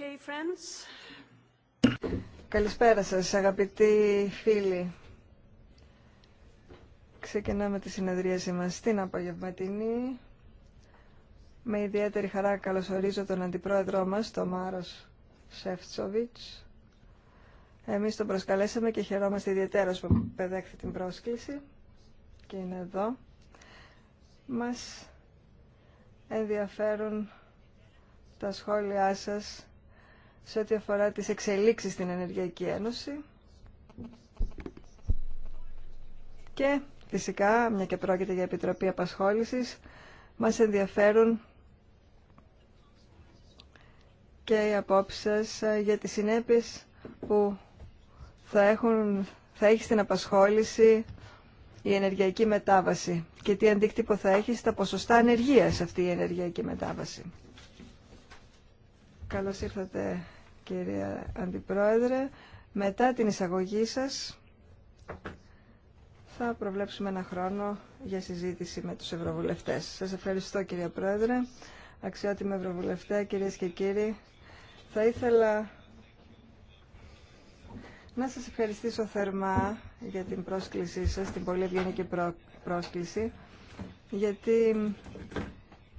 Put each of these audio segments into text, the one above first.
Okay, friends. Καλησπέρα σας αγαπητοί φίλοι. Ξεκινάμε τη συνεδρίαση μας την απογευματινή. Με ιδιαίτερη χαρά καλωσορίζω τον αντιπρόεδρό μας, τον Μάρος Σεφτσοβιτς. Εμείς τον προσκαλέσαμε και χαιρόμαστε ιδιαίτερα που πεδέχθη την πρόσκληση και είναι εδώ. Μας ενδιαφέρουν τα σχόλιά σας σε ό,τι αφορά τις εξελίξεις στην Ενεργειακή Ένωση. Και φυσικά, μια και πρόκειται για Επιτροπή Απασχόλησης, μας ενδιαφέρουν και οι απόψεις ε, για τις συνέπειες που θα, έχουν, θα έχει στην απασχόληση η ενεργειακή μετάβαση και τι αντίκτυπο θα έχει στα ποσοστά ανεργίας αυτή η ενεργειακή μετάβαση. Καλώς ήρθατε κυρία Αντιπρόεδρε. Μετά την εισαγωγή σας θα προβλέψουμε ένα χρόνο για συζήτηση με τους Ευρωβουλευτές. Σας ευχαριστώ κυρία Πρόεδρε, αξιότιμη Ευρωβουλευτέ, κυρίες και κύριοι. Θα ήθελα να σας ευχαριστήσω θερμά για την πρόσκλησή σας, την πολύ ευγενική πρόσκληση, γιατί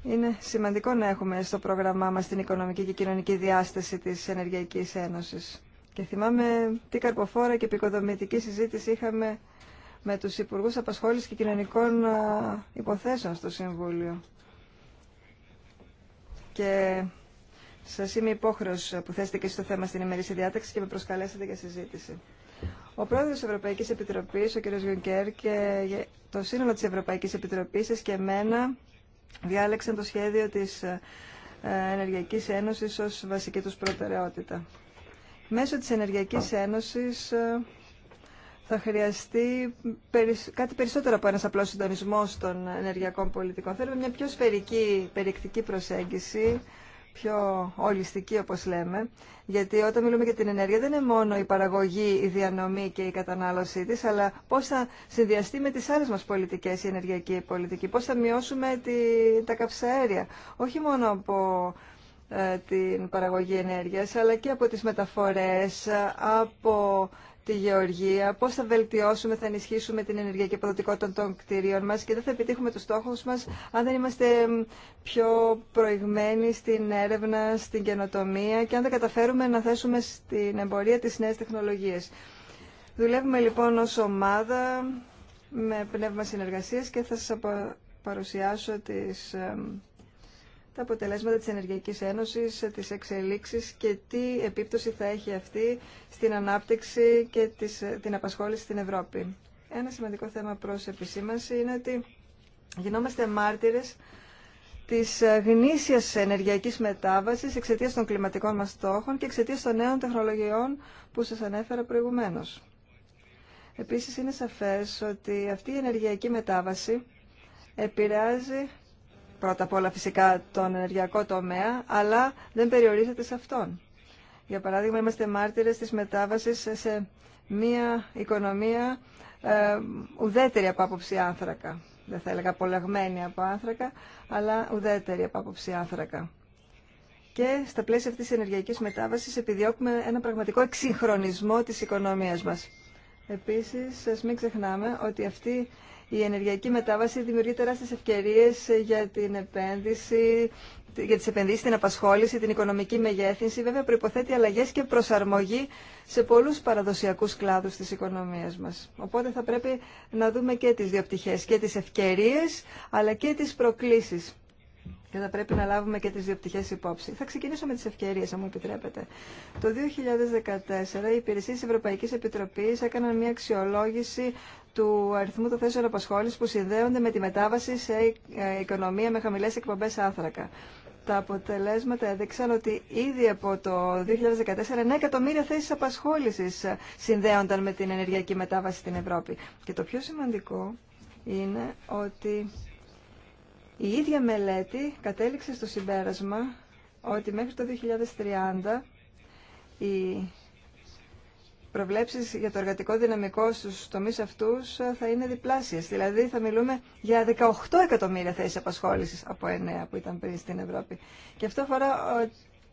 είναι σημαντικό να έχουμε στο πρόγραμμά μας την οικονομική και κοινωνική διάσταση της Ενεργειακής Ένωσης. Και θυμάμαι τι καρποφόρα και επικοδομητική συζήτηση είχαμε με τους Υπουργούς Απασχόλησης και Κοινωνικών Υποθέσεων στο Συμβούλιο. Και σας είμαι υπόχρεος που θέσετε και στο θέμα στην ημερήσια διάταξη και με προσκαλέσατε για συζήτηση. Ο πρόεδρος της Ευρωπαϊκής Επιτροπής, ο κ. Γιουνκέρ, και το σύνολο της Ευρωπαϊκής Επιτροπής και εμένα διάλεξαν το σχέδιο της ε, Ενεργειακής Ένωσης ως βασική τους προτεραιότητα. Μέσω της Ενεργειακής Ένωσης ε, θα χρειαστεί κάτι περισσότερο από ένας απλός συντονισμός των ενεργειακών πολιτικών. Θέλουμε μια πιο σφαιρική, περιεκτική προσέγγιση πιο ολιστική όπως λέμε, γιατί όταν μιλούμε για την ενέργεια δεν είναι μόνο η παραγωγή, η διανομή και η κατανάλωσή της, αλλά πώς θα συνδυαστεί με τις άλλες μας πολιτικές η ενεργειακή πολιτική, πώς θα μειώσουμε τη, τα καυσαέρια, όχι μόνο από ε, την παραγωγή ενέργειας, αλλά και από τις μεταφορές, από τη γεωργία, πώς θα βελτιώσουμε, θα ενισχύσουμε την ενεργειακή αποδοτικότητα των κτηρίων μας και δεν θα επιτύχουμε τους στόχους μας αν δεν είμαστε πιο προηγμένοι στην έρευνα, στην καινοτομία και αν δεν καταφέρουμε να θέσουμε στην εμπορία τις νέες τεχνολογίες. Δουλεύουμε λοιπόν ως ομάδα με πνεύμα συνεργασίας και θα σας παρουσιάσω τις τα αποτελέσματα της Ενεργειακής Ένωσης, τις εξελίξεις και τι επίπτωση θα έχει αυτή στην ανάπτυξη και την απασχόληση στην Ευρώπη. Ένα σημαντικό θέμα προς επισήμανση είναι ότι γινόμαστε μάρτυρες της γνήσιας ενεργειακής μετάβασης εξαιτία των κλιματικών μας στόχων και εξαιτία των νέων τεχνολογιών που σας ανέφερα προηγουμένως. Επίσης είναι σαφές ότι αυτή η ενεργειακή μετάβαση επηρεάζει πρώτα απ' όλα φυσικά τον ενεργειακό τομέα, αλλά δεν περιορίζεται σε αυτόν. Για παράδειγμα, είμαστε μάρτυρες της μετάβασης σε μια οικονομία ε, ουδέτερη από άποψη άνθρακα. Δεν θα έλεγα απολαγμένη από άνθρακα, αλλά ουδέτερη από άποψη άνθρακα. Και στα πλαίσια αυτής της ενεργειακής μετάβασης επιδιώκουμε ένα πραγματικό εξυγχρονισμό της οικονομίας μας. Επίσης, σας μην ξεχνάμε ότι αυτή η ενεργειακή μετάβαση δημιουργεί τεράστιες ευκαιρίε ε, για την επένδυση, για τις επενδύσεις, την απασχόληση, την οικονομική μεγέθυνση. Βέβαια προποθέτει αλλαγέ και προσαρμογή σε πολλού παραδοσιακού κλάδου τη οικονομία μα. Οπότε θα πρέπει να δούμε και τι δύο πτυχέ, και τι ευκαιρίε, αλλά και τι προκλήσει. Και θα πρέπει να λάβουμε και τις δύο υπόψη. Θα ξεκινήσω με τις ευκαιρίες, αν μου επιτρέπετε. Το 2014 οι υπηρεσίες της Ευρωπαϊκής Επιτροπής έκαναν μια αξιολόγηση του αριθμού των θέσεων απασχόληση που συνδέονται με τη μετάβαση σε ε, οικονομία με χαμηλέ εκπομπέ άνθρακα. Τα αποτελέσματα έδειξαν ότι ήδη από το 2014 9 εκατομμύρια θέσει απασχόληση συνδέονταν με την ενεργειακή μετάβαση στην Ευρώπη. Και το πιο σημαντικό είναι ότι η ίδια μελέτη κατέληξε στο συμπέρασμα ότι μέχρι το 2030 η προβλέψεις για το εργατικό δυναμικό στους τομείς αυτούς ε, θα είναι διπλάσιες. Δηλαδή θα μιλούμε για 18 εκατομμύρια θέσεις απασχόλησης από 9 που ήταν πριν στην Ευρώπη. Και αυτό αφορά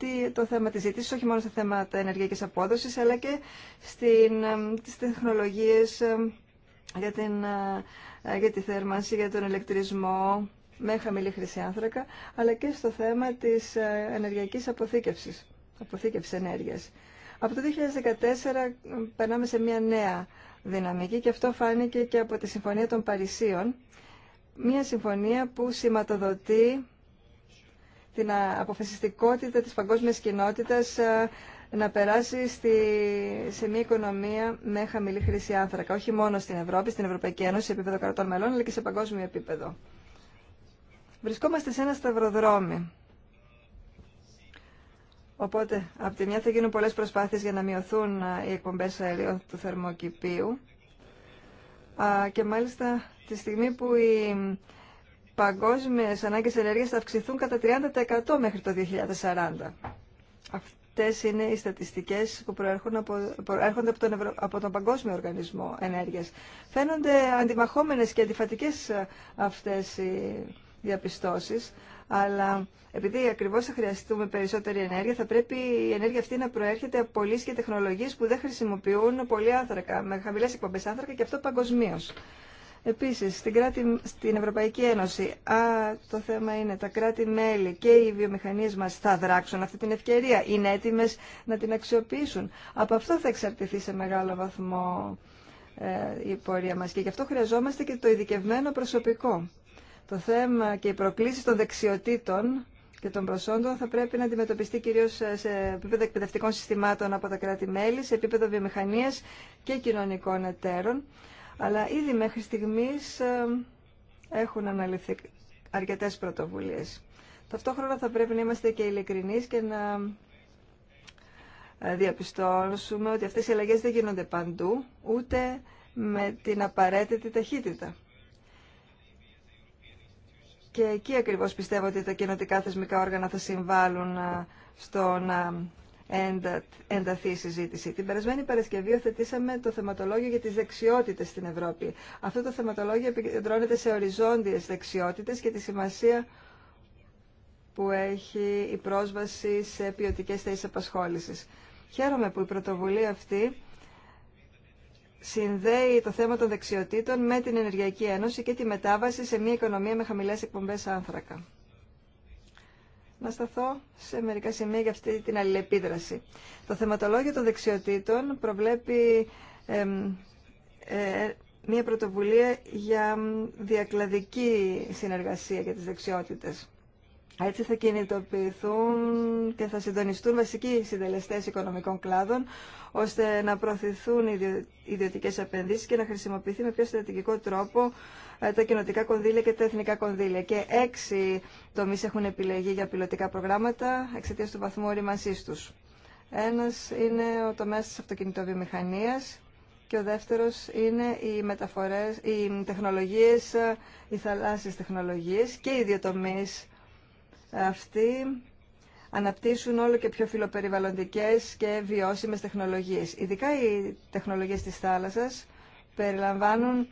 ε, το θέμα της ζήτησης, όχι μόνο στα θέματα ενεργειακής απόδοσης, αλλά και στην, στις ε, τεχνολογίες για, την, για τη θέρμανση, για τον ηλεκτρισμό, με χαμηλή χρυσή άνθρακα, αλλά και στο θέμα της ενεργειακής αποθήκευσης, αποθήκευσης ενέργειας. Από το 2014 περνάμε σε μια νέα δυναμική και αυτό φάνηκε και από τη Συμφωνία των Παρισίων, μια συμφωνία που σηματοδοτεί την αποφασιστικότητα της παγκόσμιας κοινότητας να περάσει στη, σε μια οικονομία με χαμηλή χρήση άνθρακα, όχι μόνο στην Ευρώπη, στην Ευρωπαϊκή Ένωση, σε επίπεδο κρατών μελών, αλλά και σε παγκόσμιο επίπεδο. Βρισκόμαστε σε ένα σταυροδρόμι Οπότε, από τη μια θα γίνουν πολλές προσπάθειες για να μειωθούν οι εκπομπές αερίων του θερμοκηπίου και μάλιστα τη στιγμή που οι παγκόσμιες ανάγκες ενέργειας θα αυξηθούν κατά 30% μέχρι το 2040. Αυτές είναι οι στατιστικές που προέρχονται από τον, από τον Παγκόσμιο Οργανισμό Ενέργειας. Φαίνονται αντιμαχόμενες και αντιφατικές αυτές οι διαπιστώσεις, αλλά επειδή ακριβώς θα χρειαστούμε περισσότερη ενέργεια, θα πρέπει η ενέργεια αυτή να προέρχεται από λύσεις και τεχνολογίες που δεν χρησιμοποιούν πολύ άνθρακα, με χαμηλές εκπομπές άνθρακα και αυτό παγκοσμίω. Επίσης, στην, στην Ευρωπαϊκή Ένωση, α, το θέμα είναι τα κράτη-μέλη και οι βιομηχανίες μας θα δράξουν αυτή την ευκαιρία, είναι έτοιμες να την αξιοποιήσουν. Από αυτό θα εξαρτηθεί σε μεγάλο βαθμό ε, η πορεία μας και γι' αυτό χρειαζόμαστε και το ειδικευμένο προσωπικό. Το θέμα και οι προκλήσεις των δεξιοτήτων και των προσόντων θα πρέπει να αντιμετωπιστεί κυρίω σε επίπεδο εκπαιδευτικών συστημάτων από τα κράτη-μέλη, σε επίπεδο βιομηχανία και κοινωνικών εταίρων. Αλλά ήδη μέχρι στιγμή ε, έχουν αναλυθεί αρκετέ πρωτοβουλίε. Ταυτόχρονα θα πρέπει να είμαστε και ειλικρινεί και να ε, διαπιστώσουμε ότι αυτές οι αλλαγές δεν γίνονται παντού, ούτε με την απαραίτητη ταχύτητα. Και εκεί ακριβώς πιστεύω ότι τα κοινοτικά θεσμικά όργανα θα συμβάλλουν στο να ενταθεί η συζήτηση. Την περασμένη Παρασκευή οθετήσαμε το θεματολόγιο για τις δεξιότητες στην Ευρώπη. Αυτό το θεματολόγιο επικεντρώνεται σε οριζόντιες δεξιότητες και τη σημασία που έχει η πρόσβαση σε ποιοτικέ θέσει απασχόληση. Χαίρομαι που η πρωτοβουλία αυτή συνδέει το θέμα των δεξιοτήτων με την Ενεργειακή Ένωση και τη μετάβαση σε μια οικονομία με χαμηλές εκπομπές άνθρακα. Να σταθώ σε μερικά σημεία για αυτή την αλληλεπίδραση. Το θεματολόγιο των δεξιοτήτων προβλέπει ε, ε, μια πρωτοβουλία για διακλαδική συνεργασία για τις δεξιότητες. Έτσι θα κινητοποιηθούν και θα συντονιστούν βασικοί συντελεστές οικονομικών κλάδων, ώστε να προωθηθούν οι ιδιωτικές επενδύσεις και να χρησιμοποιηθεί με πιο στρατηγικό τρόπο ε, τα κοινοτικά κονδύλια και τα εθνικά κονδύλια. Και έξι τομείς έχουν επιλεγεί για πιλωτικά προγράμματα εξαιτία του βαθμού οριμασή τους. Ένας είναι ο τομέας της αυτοκινητοβιομηχανίας και ο δεύτερος είναι οι μεταφορές, οι τεχνολογίες, ε, οι θαλάσσιες τεχνολογίες και οι δύο αυτοί αναπτύσσουν όλο και πιο φιλοπεριβαλλοντικές και βιώσιμες τεχνολογίες. Ειδικά οι τεχνολογίες της θάλασσας περιλαμβάνουν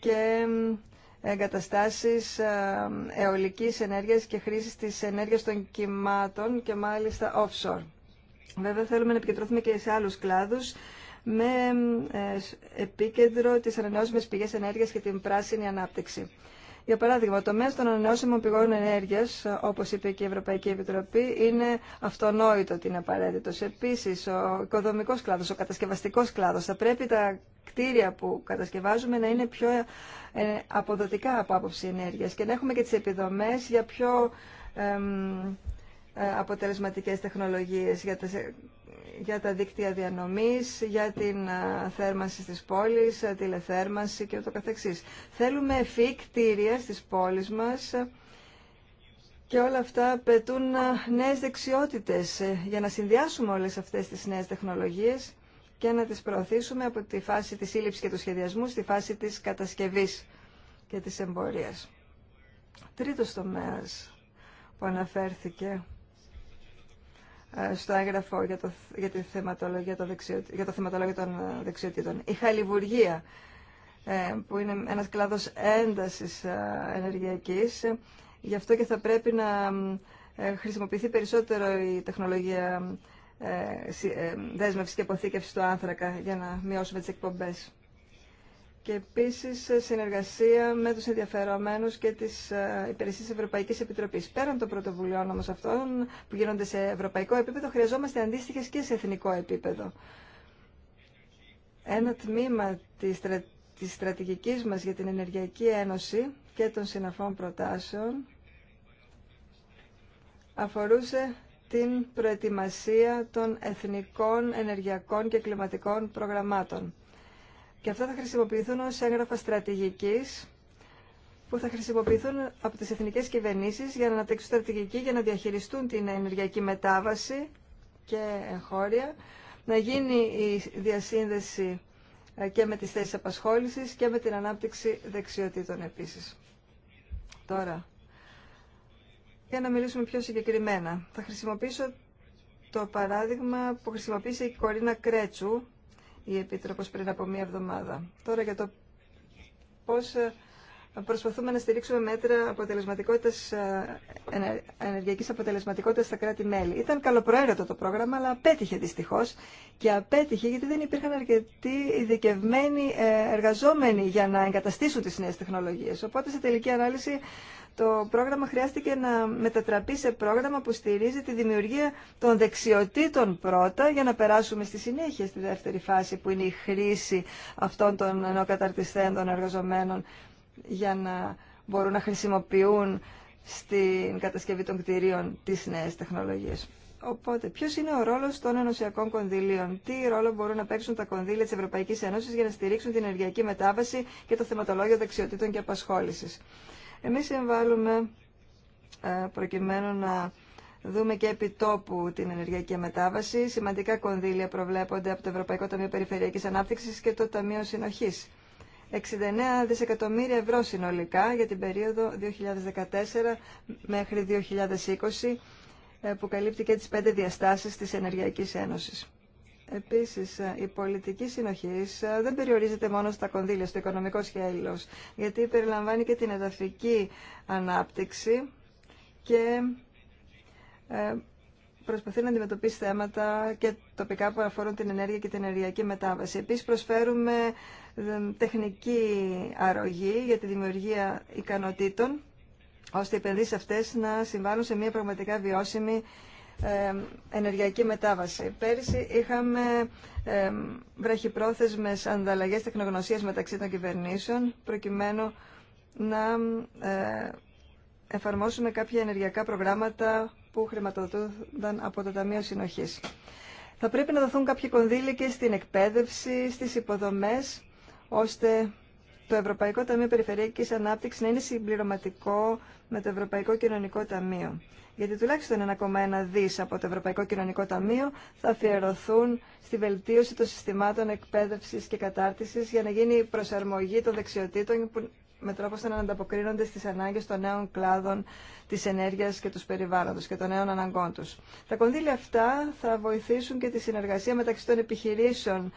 και εγκαταστάσεις ε, αιωλικής ενέργειας και χρήσης της ενέργειας των κυμάτων και μάλιστα offshore. Βέβαια θέλουμε να επικεντρωθούμε και σε άλλους κλάδους με ε, επίκεντρο τις ανανεώσιμες πηγές ενέργειας και την πράσινη ανάπτυξη. Για παράδειγμα, το μέσο των ανανεώσιμων πηγών ενέργεια, όπω είπε και η Ευρωπαϊκή Επιτροπή, είναι αυτονόητο ότι είναι απαραίτητο. Επίση, ο οικοδομικό κλάδο, ο κατασκευαστικό κλάδο, θα πρέπει τα κτίρια που κατασκευάζουμε να είναι πιο ε, αποδοτικά από άποψη ενέργεια και να έχουμε και τι επιδομέ για πιο ε, αποτελεσματικές τεχνολογίες για τα, για τα δίκτυα διανομής, για την ε, θέρμανση της πόλης, ε, τηλεθέρμανση και ούτω καθεξής. Θέλουμε εφή κτίρια στις πόλεις μας και όλα αυτά πετούν νέες δεξιότητες για να συνδυάσουμε όλες αυτές τις νέες τεχνολογίες και να τις προωθήσουμε από τη φάση της σύλληψης και του σχεδιασμού στη φάση της κατασκευής και της εμπορίας. Τρίτος τομέας που αναφέρθηκε ε, στο έγγραφο για το, για, τη θεματολογία των για το θεματολόγιο των ε, δεξιοτήτων. Η χαλιβουργία, ε, που είναι ένας κλάδος έντασης ενεργειακής, γι' αυτό και θα πρέπει να χρησιμοποιηθεί περισσότερο η τεχνολογία δέσμευση και αποθήκευση του άνθρακα για να μειώσουμε τις εκπομπές και επίσης συνεργασία με τους ενδιαφερομένους και τις ε, υπηρεσίες Ευρωπαϊκής Επιτροπής. Πέραν των πρωτοβουλειών όμως αυτών που γίνονται σε ευρωπαϊκό επίπεδο, χρειαζόμαστε αντίστοιχε και σε εθνικό επίπεδο. Ένα τμήμα της, στρα... της στρατηγικής μας για την Ενεργειακή Ένωση και των συναφών προτάσεων αφορούσε την προετοιμασία των εθνικών ενεργειακών και κλιματικών προγραμμάτων. Και αυτά θα χρησιμοποιηθούν ως έγγραφα στρατηγικής που θα χρησιμοποιηθούν από τις εθνικές κυβερνήσεις για να αναπτύξουν στρατηγική, για να διαχειριστούν την ενεργειακή μετάβαση και εγχώρια, να γίνει η διασύνδεση ε, και με τις θέσεις απασχόλησης και με την ανάπτυξη δεξιοτήτων επίσης. Τώρα, για να μιλήσουμε πιο συγκεκριμένα, θα χρησιμοποιήσω το παράδειγμα που χρησιμοποίησε η Κορίνα Κρέτσου η Επίτροπος πριν από μία εβδομάδα. Τώρα για το πώς ε, προσπαθούμε να στηρίξουμε μέτρα αποτελεσματικότητας, ε, ενεργειακής αποτελεσματικότητας στα κράτη-μέλη. Ήταν καλοπροαίρετο το πρόγραμμα, αλλά απέτυχε δυστυχώς και απέτυχε γιατί δεν υπήρχαν αρκετοί ειδικευμένοι ε, εργαζόμενοι για να εγκαταστήσουν τις νέες τεχνολογίες. Οπότε, σε τελική ανάλυση, το πρόγραμμα χρειάστηκε να μετατραπεί σε πρόγραμμα που στηρίζει τη δημιουργία των δεξιοτήτων πρώτα για να περάσουμε στη συνέχεια στη δεύτερη φάση που είναι η χρήση αυτών των των εργαζομένων για να μπορούν να χρησιμοποιούν στην κατασκευή των κτηρίων τις νέες τεχνολογίες. Οπότε, ποιο είναι ο ρόλο των ενωσιακών κονδυλίων, τι ρόλο μπορούν να παίξουν τα κονδύλια τη Ευρωπαϊκή Ένωση για να στηρίξουν την ενεργειακή μετάβαση και το θεματολόγιο δεξιοτήτων και απασχόληση. Εμείς συμβάλλουμε ε, προκειμένου να δούμε και επί τόπου την ενεργειακή μετάβαση. Σημαντικά κονδύλια προβλέπονται από το Ευρωπαϊκό Ταμείο Περιφερειακής Ανάπτυξης και το Ταμείο Συνοχής. 69 δισεκατομμύρια ευρώ συνολικά για την περίοδο 2014 μέχρι 2020 ε, που καλύπτει και τις πέντε διαστάσεις της Ενεργειακής Ένωσης. Επίσης, ε, η πολιτική συνοχή ε, δεν περιορίζεται μόνο στα κονδύλια, στο οικονομικό σχέδιο, γιατί περιλαμβάνει και την εδαφική ανάπτυξη και ε, προσπαθεί να αντιμετωπίσει θέματα και τοπικά που αφορούν την ενέργεια και την ενεργειακή μετάβαση. Επίσης, προσφέρουμε τεχνική αρρωγή για τη δημιουργία ικανοτήτων, ώστε οι επενδύσει αυτές να συμβάλλουν σε μια πραγματικά βιώσιμη ενεργειακή μετάβαση. Πέρυσι είχαμε ε, βραχυπρόθεσμες ανταλλαγές τεχνογνωσίας μεταξύ των κυβερνήσεων προκειμένου να ε, εφαρμόσουμε κάποια ενεργειακά προγράμματα που χρηματοδοτούνταν από το Ταμείο Συνοχής. Θα πρέπει να δοθούν κάποιοι κονδύλια στην εκπαίδευση, στις υποδομές, ώστε το Ευρωπαϊκό Ταμείο Περιφερειακής Ανάπτυξης να είναι συμπληρωματικό με το Ευρωπαϊκό Κοινωνικό Ταμείο. Γιατί τουλάχιστον 1,1 δις από το Ευρωπαϊκό Κοινωνικό Ταμείο θα αφιερωθούν στη βελτίωση των συστημάτων εκπαίδευσης και κατάρτισης για να γίνει η προσαρμογή των δεξιοτήτων που με τρόπο ώστε να ανταποκρίνονται στις ανάγκες των νέων κλάδων της ενέργειας και του περιβάλλοντος και των νέων αναγκών τους. Τα κονδύλια αυτά θα βοηθήσουν και τη συνεργασία μεταξύ των επιχειρήσεων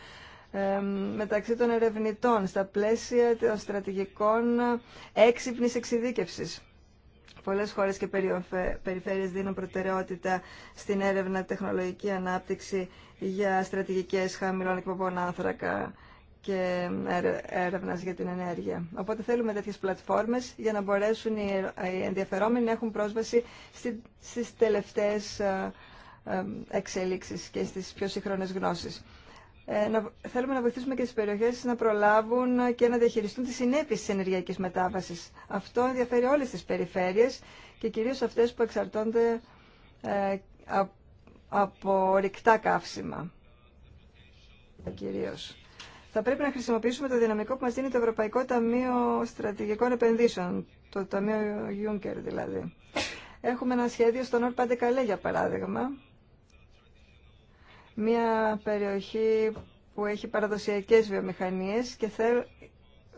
μεταξύ των ερευνητών στα πλαίσια των στρατηγικών έξυπνης εξειδίκευσης. Πολλές χώρες και περιφέρειες δίνουν προτεραιότητα στην έρευνα τεχνολογική ανάπτυξη για στρατηγικές χαμηλών εκπομπών άνθρακα και έρευνα για την ενέργεια. Οπότε θέλουμε τέτοιε πλατφόρμε για να μπορέσουν οι ενδιαφερόμενοι να έχουν πρόσβαση στι τελευταίε ε, ε, εξέλιξει και στι πιο σύγχρονε γνώσει. Ε, θέλουμε να βοηθήσουμε και τις περιοχές να προλάβουν και να διαχειριστούν τις συνέπειες της ενεργειακής μετάβασης. Αυτό ενδιαφέρει όλες τις περιφέρειες και κυρίως αυτές που εξαρτώνται ε, από ρηκτά καύσιμα. Κυρίως. Θα πρέπει να χρησιμοποιήσουμε το δυναμικό που μας δίνει το Ευρωπαϊκό Ταμείο Στρατηγικών Επενδύσεων, το Ταμείο Juncker δηλαδή. Έχουμε ένα σχέδιο στον Καλέ για παράδειγμα, μια περιοχή που έχει παραδοσιακές βιομηχανίες και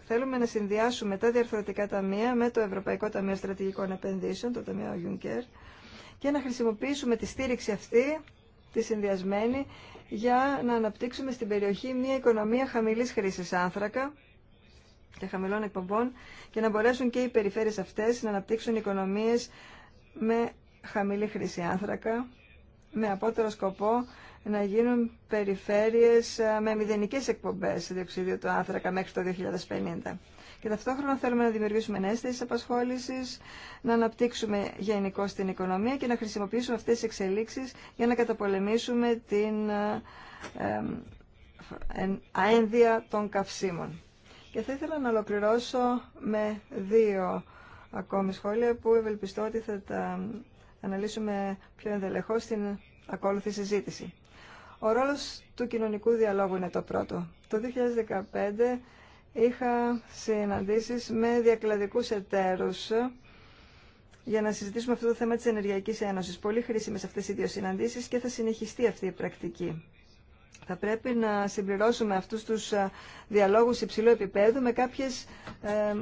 θέλουμε να συνδυάσουμε τα διαρθρωτικά ταμεία με το Ευρωπαϊκό Ταμείο Στρατηγικών Επενδύσεων, το Ταμείο Juncker, και να χρησιμοποιήσουμε τη στήριξη αυτή, τη συνδυασμένη, για να αναπτύξουμε στην περιοχή μια οικονομία χαμηλής χρήσης άνθρακα και χαμηλών εκπομπών και να μπορέσουν και οι περιφέρειες αυτές να αναπτύξουν οικονομίες με χαμηλή χρήση άνθρακα, με απότερο σκοπό να γίνουν περιφέρειες ε, με μηδενικές εκπομπές διοξιδίου του άνθρακα μέχρι το 2050. Και ταυτόχρονα θέλουμε να δημιουργήσουμε νέες θέσεις απασχόλησης, να αναπτύξουμε γενικώ την οικονομία και να χρησιμοποιήσουμε αυτές τις εξελίξεις για να καταπολεμήσουμε την ε, αένδια των καυσίμων. Και θα ήθελα να ολοκληρώσω με δύο ακόμη σχόλια που ευελπιστώ ότι θα τα αναλύσουμε πιο ενδελεχώς στην ακόλουθη συζήτηση. Ο ρόλος του κοινωνικού διαλόγου είναι το πρώτο. Το 2015 είχα συναντήσεις με διακλαδικούς εταίρους για να συζητήσουμε αυτό το θέμα της Ενεργειακής Ένωσης. Πολύ χρήσιμες αυτές οι δύο συναντήσεις και θα συνεχιστεί αυτή η πρακτική. Θα πρέπει να συμπληρώσουμε αυτούς τους διαλόγους υψηλού επίπεδου με κάποιες ε,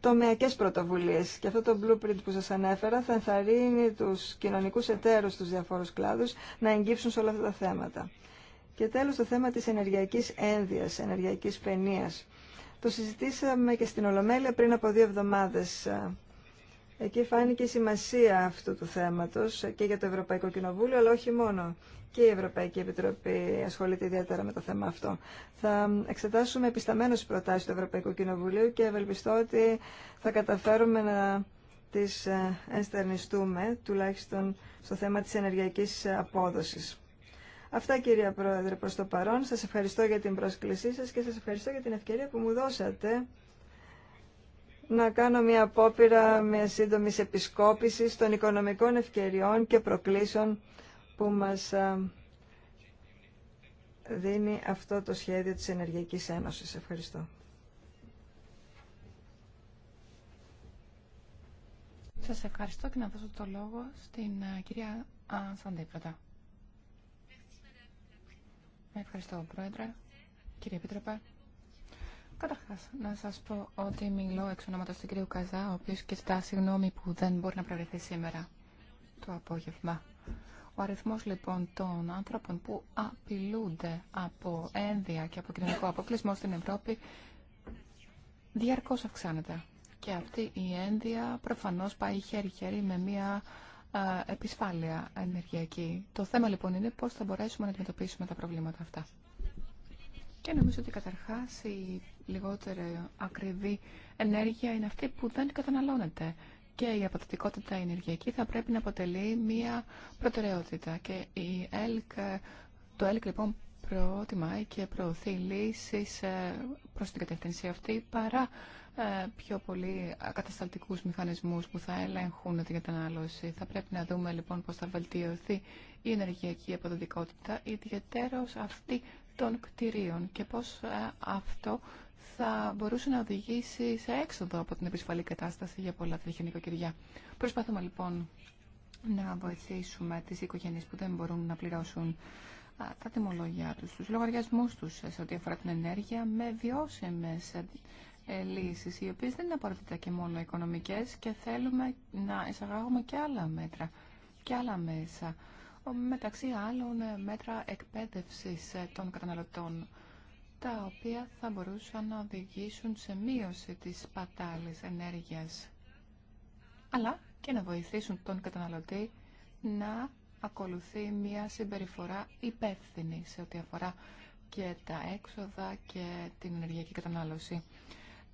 τομεακές πρωτοβουλίες. Και αυτό το blueprint που σας ανέφερα θα ενθαρρύνει τους κοινωνικούς εταίρους στους διαφόρους κλάδους να εγγύψουν σε όλα αυτά τα θέματα. Και τέλος το θέμα της ενεργειακής ένδυας, ενεργειακής παινίας. Το συζητήσαμε και στην Ολομέλεια πριν από δύο εβδομάδες Εκεί φάνηκε η σημασία αυτού του θέματος και για το Ευρωπαϊκό Κοινοβούλιο, αλλά όχι μόνο. Και η Ευρωπαϊκή Επιτροπή ασχολείται ιδιαίτερα με το θέμα αυτό. Θα εξετάσουμε επισταμένως τις προτάσεις του Ευρωπαϊκού Κοινοβουλίου και ευελπιστώ ότι θα καταφέρουμε να τις ε, ενστερνιστούμε, τουλάχιστον στο θέμα της ενεργειακής απόδοσης. Αυτά κυρία Πρόεδρε προς το παρόν. Σας ευχαριστώ για την πρόσκλησή σας και σας ευχαριστώ για την ευκαιρία που μου δώσατε να κάνω μια απόπειρα με σύντομη επισκόπηση των οικονομικών ευκαιριών και προκλήσεων που μας δίνει αυτό το σχέδιο της Ενεργειακής Ένωσης. Ευχαριστώ. Σας ευχαριστώ και να δώσω το λόγο στην κυρία Σαντέπρατα. Ευχαριστώ, Πρόεδρε, κύριε Επίτροπε. Καταρχά, να σα πω ότι μιλώ εξ ονόματο του κ. Καζά, ο οποίο και ζητά συγγνώμη που δεν μπορεί να προηγηθεί σήμερα το απόγευμα. Ο αριθμό λοιπόν των άνθρωπων που απειλούνται από ένδια και από κοινωνικό αποκλεισμό στην Ευρώπη διαρκώ αυξάνεται. Και αυτή η ένδια προφανώ πάει χέρι-χέρι με μια επισφάλεια ενεργειακή. Το θέμα λοιπόν είναι πώ θα μπορέσουμε να αντιμετωπίσουμε τα προβλήματα αυτά. Και νομίζω ότι καταρχάς λιγότερη ακριβή ενέργεια είναι αυτή που δεν καταναλώνεται. Και η αποδοτικότητα ενεργειακή θα πρέπει να αποτελεί μία προτεραιότητα. Και η ΕΛΚ, το ΕΛΚ λοιπόν προτιμάει και προωθεί λύσει ε, προς την κατεύθυνση αυτή παρά ε, πιο πολύ κατασταλτικούς μηχανισμούς που θα ελέγχουν την κατανάλωση. Θα πρέπει να δούμε λοιπόν πώς θα βελτιωθεί η ενεργειακή αποδοτικότητα, ιδιαίτερως αυτή των κτηρίων και πώς ε, αυτό θα μπορούσε να οδηγήσει σε έξοδο από την επισφαλή κατάσταση για πολλά τέτοια νοικοκυριά. Προσπαθούμε λοιπόν να βοηθήσουμε τις οικογένειες που δεν μπορούν να πληρώσουν τα τιμολόγια τους, τους λογαριασμούς τους σε ό,τι αφορά την ενέργεια με βιώσιμες ε, ε, λύσεις, οι οποίες δεν είναι απαραίτητα και μόνο οικονομικές και θέλουμε να εισαγάγουμε και άλλα μέτρα και άλλα μέσα. Μεταξύ άλλων ε, μέτρα εκπαίδευσης των καταναλωτών τα οποία θα μπορούσαν να οδηγήσουν σε μείωση της πατάλης ενέργειας, αλλά και να βοηθήσουν τον καταναλωτή να ακολουθεί μια συμπεριφορά υπεύθυνη σε ό,τι αφορά και τα έξοδα και την ενεργειακή κατανάλωση.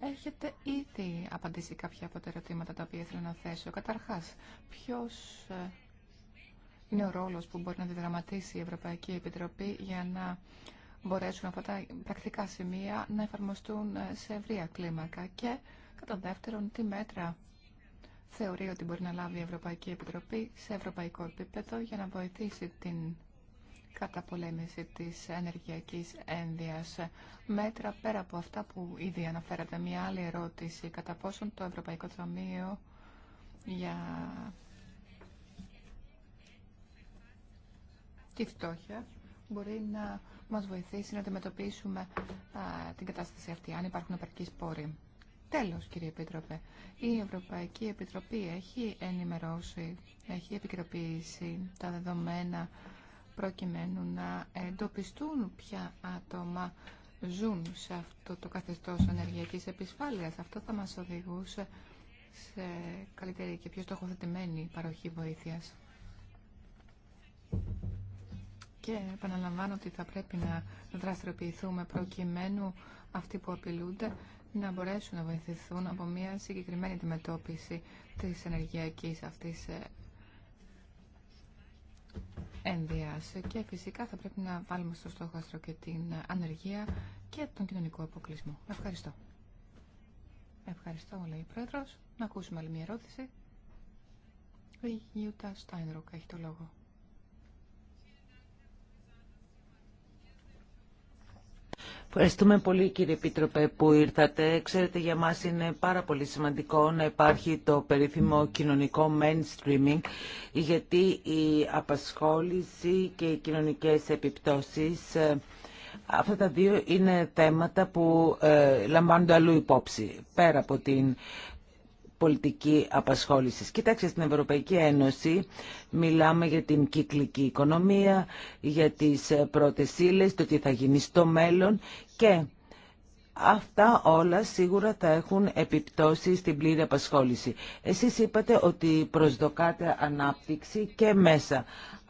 Έχετε ήδη απαντήσει κάποια από τα ερωτήματα τα οποία ήθελα να θέσω. Καταρχάς, ποιος ε, είναι ο ρόλος που μπορεί να διδραματίσει η Ευρωπαϊκή Επιτροπή για να μπορέσουν αυτά τα πρακτικά σημεία να εφαρμοστούν ε, σε ευρεία κλίμακα και κατά δεύτερον τι μέτρα θεωρεί ότι μπορεί να λάβει η Ευρωπαϊκή Επιτροπή σε ευρωπαϊκό επίπεδο για να βοηθήσει την καταπολέμηση της ενεργειακής ένδυας. Μέτρα πέρα από αυτά που ήδη αναφέρατε. Μία άλλη ερώτηση, κατά πόσον το Ευρωπαϊκό Ταμείο για τη φτώχεια μπορεί να που μας βοηθήσει να αντιμετωπίσουμε την κατάσταση αυτή, αν υπάρχουν επαρκείς πόροι. Τέλος, κύριε Επίτροπε, η Ευρωπαϊκή Επιτροπή έχει ενημερώσει, έχει επικροποιήσει τα δεδομένα προκειμένου να εντοπιστούν ποια άτομα ζουν σε αυτό το καθεστώς ενεργειακής επισφάλειας. Αυτό θα μας οδηγούσε σε καλύτερη και πιο στοχοθετημένη παροχή βοήθειας. Και επαναλαμβάνω ότι θα πρέπει να δραστηριοποιηθούμε προκειμένου αυτοί που απειλούνται να μπορέσουν να βοηθηθούν από μια συγκεκριμένη αντιμετώπιση της ενεργειακής αυτής ε, ένδυας. Και φυσικά θα πρέπει να βάλουμε στο στόχαστρο και την ανεργία και τον κοινωνικό αποκλεισμό. Ευχαριστώ. Ευχαριστώ, λέει η Πρόεδρος. Να ακούσουμε άλλη μια ερώτηση. Η Γιούτα Στάινρουκ έχει το λόγο. Ευχαριστούμε πολύ κύριε Επίτροπε που ήρθατε. Ξέρετε για μας είναι πάρα πολύ σημαντικό να υπάρχει το περίφημο κοινωνικό mainstreaming γιατί η απασχόληση και οι κοινωνικές επιπτώσεις ε, αυτά τα δύο είναι θέματα που ε, λαμβάνονται αλλού υπόψη πέρα από την πολιτική απασχόλησης. Κοιτάξτε, στην Ευρωπαϊκή Ένωση μιλάμε για την κυκλική οικονομία, για τις ε, πρώτες ύλες, το τι θα γίνει στο μέλλον και Αυτά όλα σίγουρα θα έχουν επιπτώσει στην πλήρη απασχόληση. Εσείς είπατε ότι προσδοκάτε ανάπτυξη και μέσα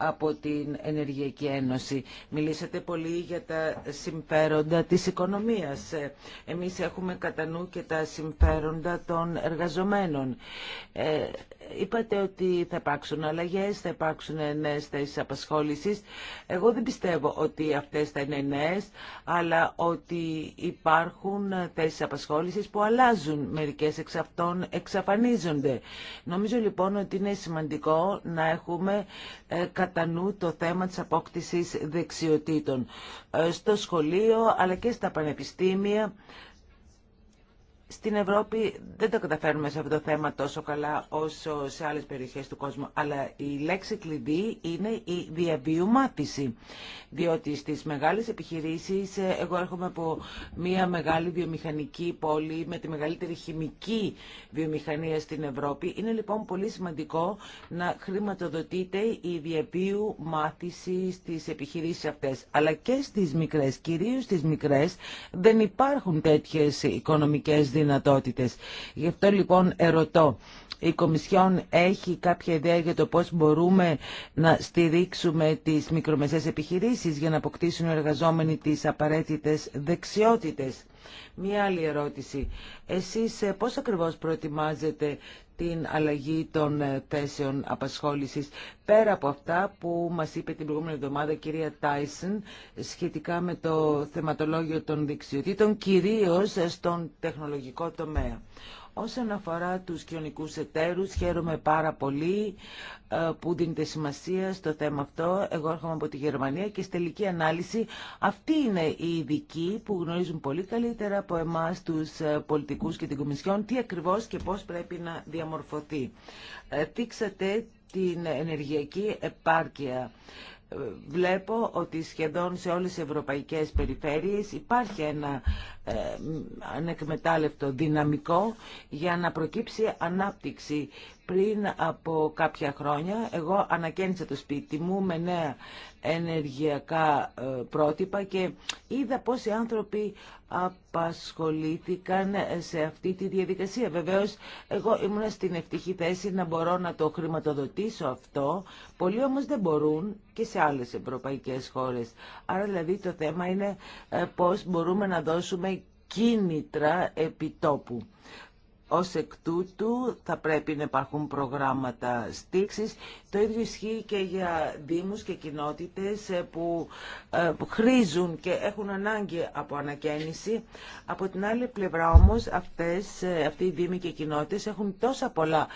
από την Ενεργειακή Ένωση. Μιλήσατε πολύ για τα συμφέροντα της οικονομίας. Εμείς έχουμε κατά νου και τα συμφέροντα των εργαζομένων. Ε, είπατε ότι θα υπάρξουν αλλαγές, θα υπάρξουν νέες θέσεις απασχόλησης. Εγώ δεν πιστεύω ότι αυτές θα είναι νέες, αλλά ότι υπάρχουν θέσεις απασχόλησης που αλλάζουν. Μερικές εξ αυτών εξαφανίζονται. Νομίζω λοιπόν ότι είναι σημαντικό να έχουμε ε, κατά το θέμα της απόκτησης δεξιοτήτων ε, στο σχολείο αλλά και στα πανεπιστήμια στην Ευρώπη δεν το καταφέρνουμε σε αυτό το θέμα τόσο καλά όσο σε άλλες περιοχές του κόσμου. Αλλά η λέξη κλειδί είναι η διαβίου μάθηση. Διότι στις μεγάλες επιχειρήσεις, ε, εγώ έρχομαι από μια μεγάλη βιομηχανική πόλη με τη μεγαλύτερη χημική βιομηχανία στην Ευρώπη. Είναι λοιπόν πολύ σημαντικό να χρηματοδοτείται η διαβίου μάθηση στις επιχειρήσεις αυτές. Αλλά και στις μικρές, κυρίως στις μικρές, δεν υπάρχουν τέτοιες οικονομικές δυνατότητες δυνατότητες. Γι' αυτό λοιπόν ερωτώ, η Κομισιόν έχει κάποια ιδέα για το πώς μπορούμε να στηρίξουμε τις μικρομεσαίες επιχειρήσεις για να αποκτήσουν οι εργαζόμενοι τις απαραίτητες δεξιότητες. Μία άλλη ερώτηση. Εσείς ε, πώς ακριβώς προετοιμάζετε την αλλαγή των ε, θέσεων απασχόλησης. Πέρα από αυτά που μας είπε την προηγούμενη εβδομάδα η κυρία Τάισεν σχετικά με το θεματολόγιο των δεξιοτήτων, κυρίως στον τεχνολογικό τομέα. Όσον αφορά τους κοινωνικούς εταίρους, χαίρομαι πάρα πολύ ε, που δίνετε σημασία στο θέμα αυτό. Εγώ έρχομαι από τη Γερμανία και στη τελική ανάλυση αυτοί είναι οι ειδικοί που γνωρίζουν πολύ καλύτερα από εμάς τους ε, πολιτικούς και την Κομισιόν τι ακριβώς και πώς πρέπει να διαμορφωθεί. Ε, δείξατε την ενεργειακή επάρκεια βλέπω ότι σχεδόν σε όλες τις ευρωπαϊκές περιφέρειες υπάρχει ένα ε, ανεκμετάλλευτο δυναμικό για να προκύψει ανάπτυξη. Πριν από κάποια χρόνια εγώ ανακαίνισα το σπίτι μου με νέα ενεργειακά ε, πρότυπα και είδα πόσοι άνθρωποι απασχολήθηκαν ε, σε αυτή τη διαδικασία. Βεβαίως, εγώ ήμουν στην ευτυχή θέση να μπορώ να το χρηματοδοτήσω αυτό. Πολλοί όμως δεν μπορούν και σε άλλες ευρωπαϊκές χώρες. Άρα δηλαδή το θέμα είναι ε, πώς μπορούμε να δώσουμε κίνητρα επιτόπου. Ως εκ τούτου θα πρέπει να υπάρχουν προγράμματα στήξης. Το ίδιο ισχύει και για δήμους και κοινότητες ε, ε, που χρήζουν και έχουν ανάγκη από ανακαίνιση. Από την άλλη πλευρά όμως αυτές, ε, αυτοί οι δήμοι και οι κοινότητες έχουν τόσα πολλά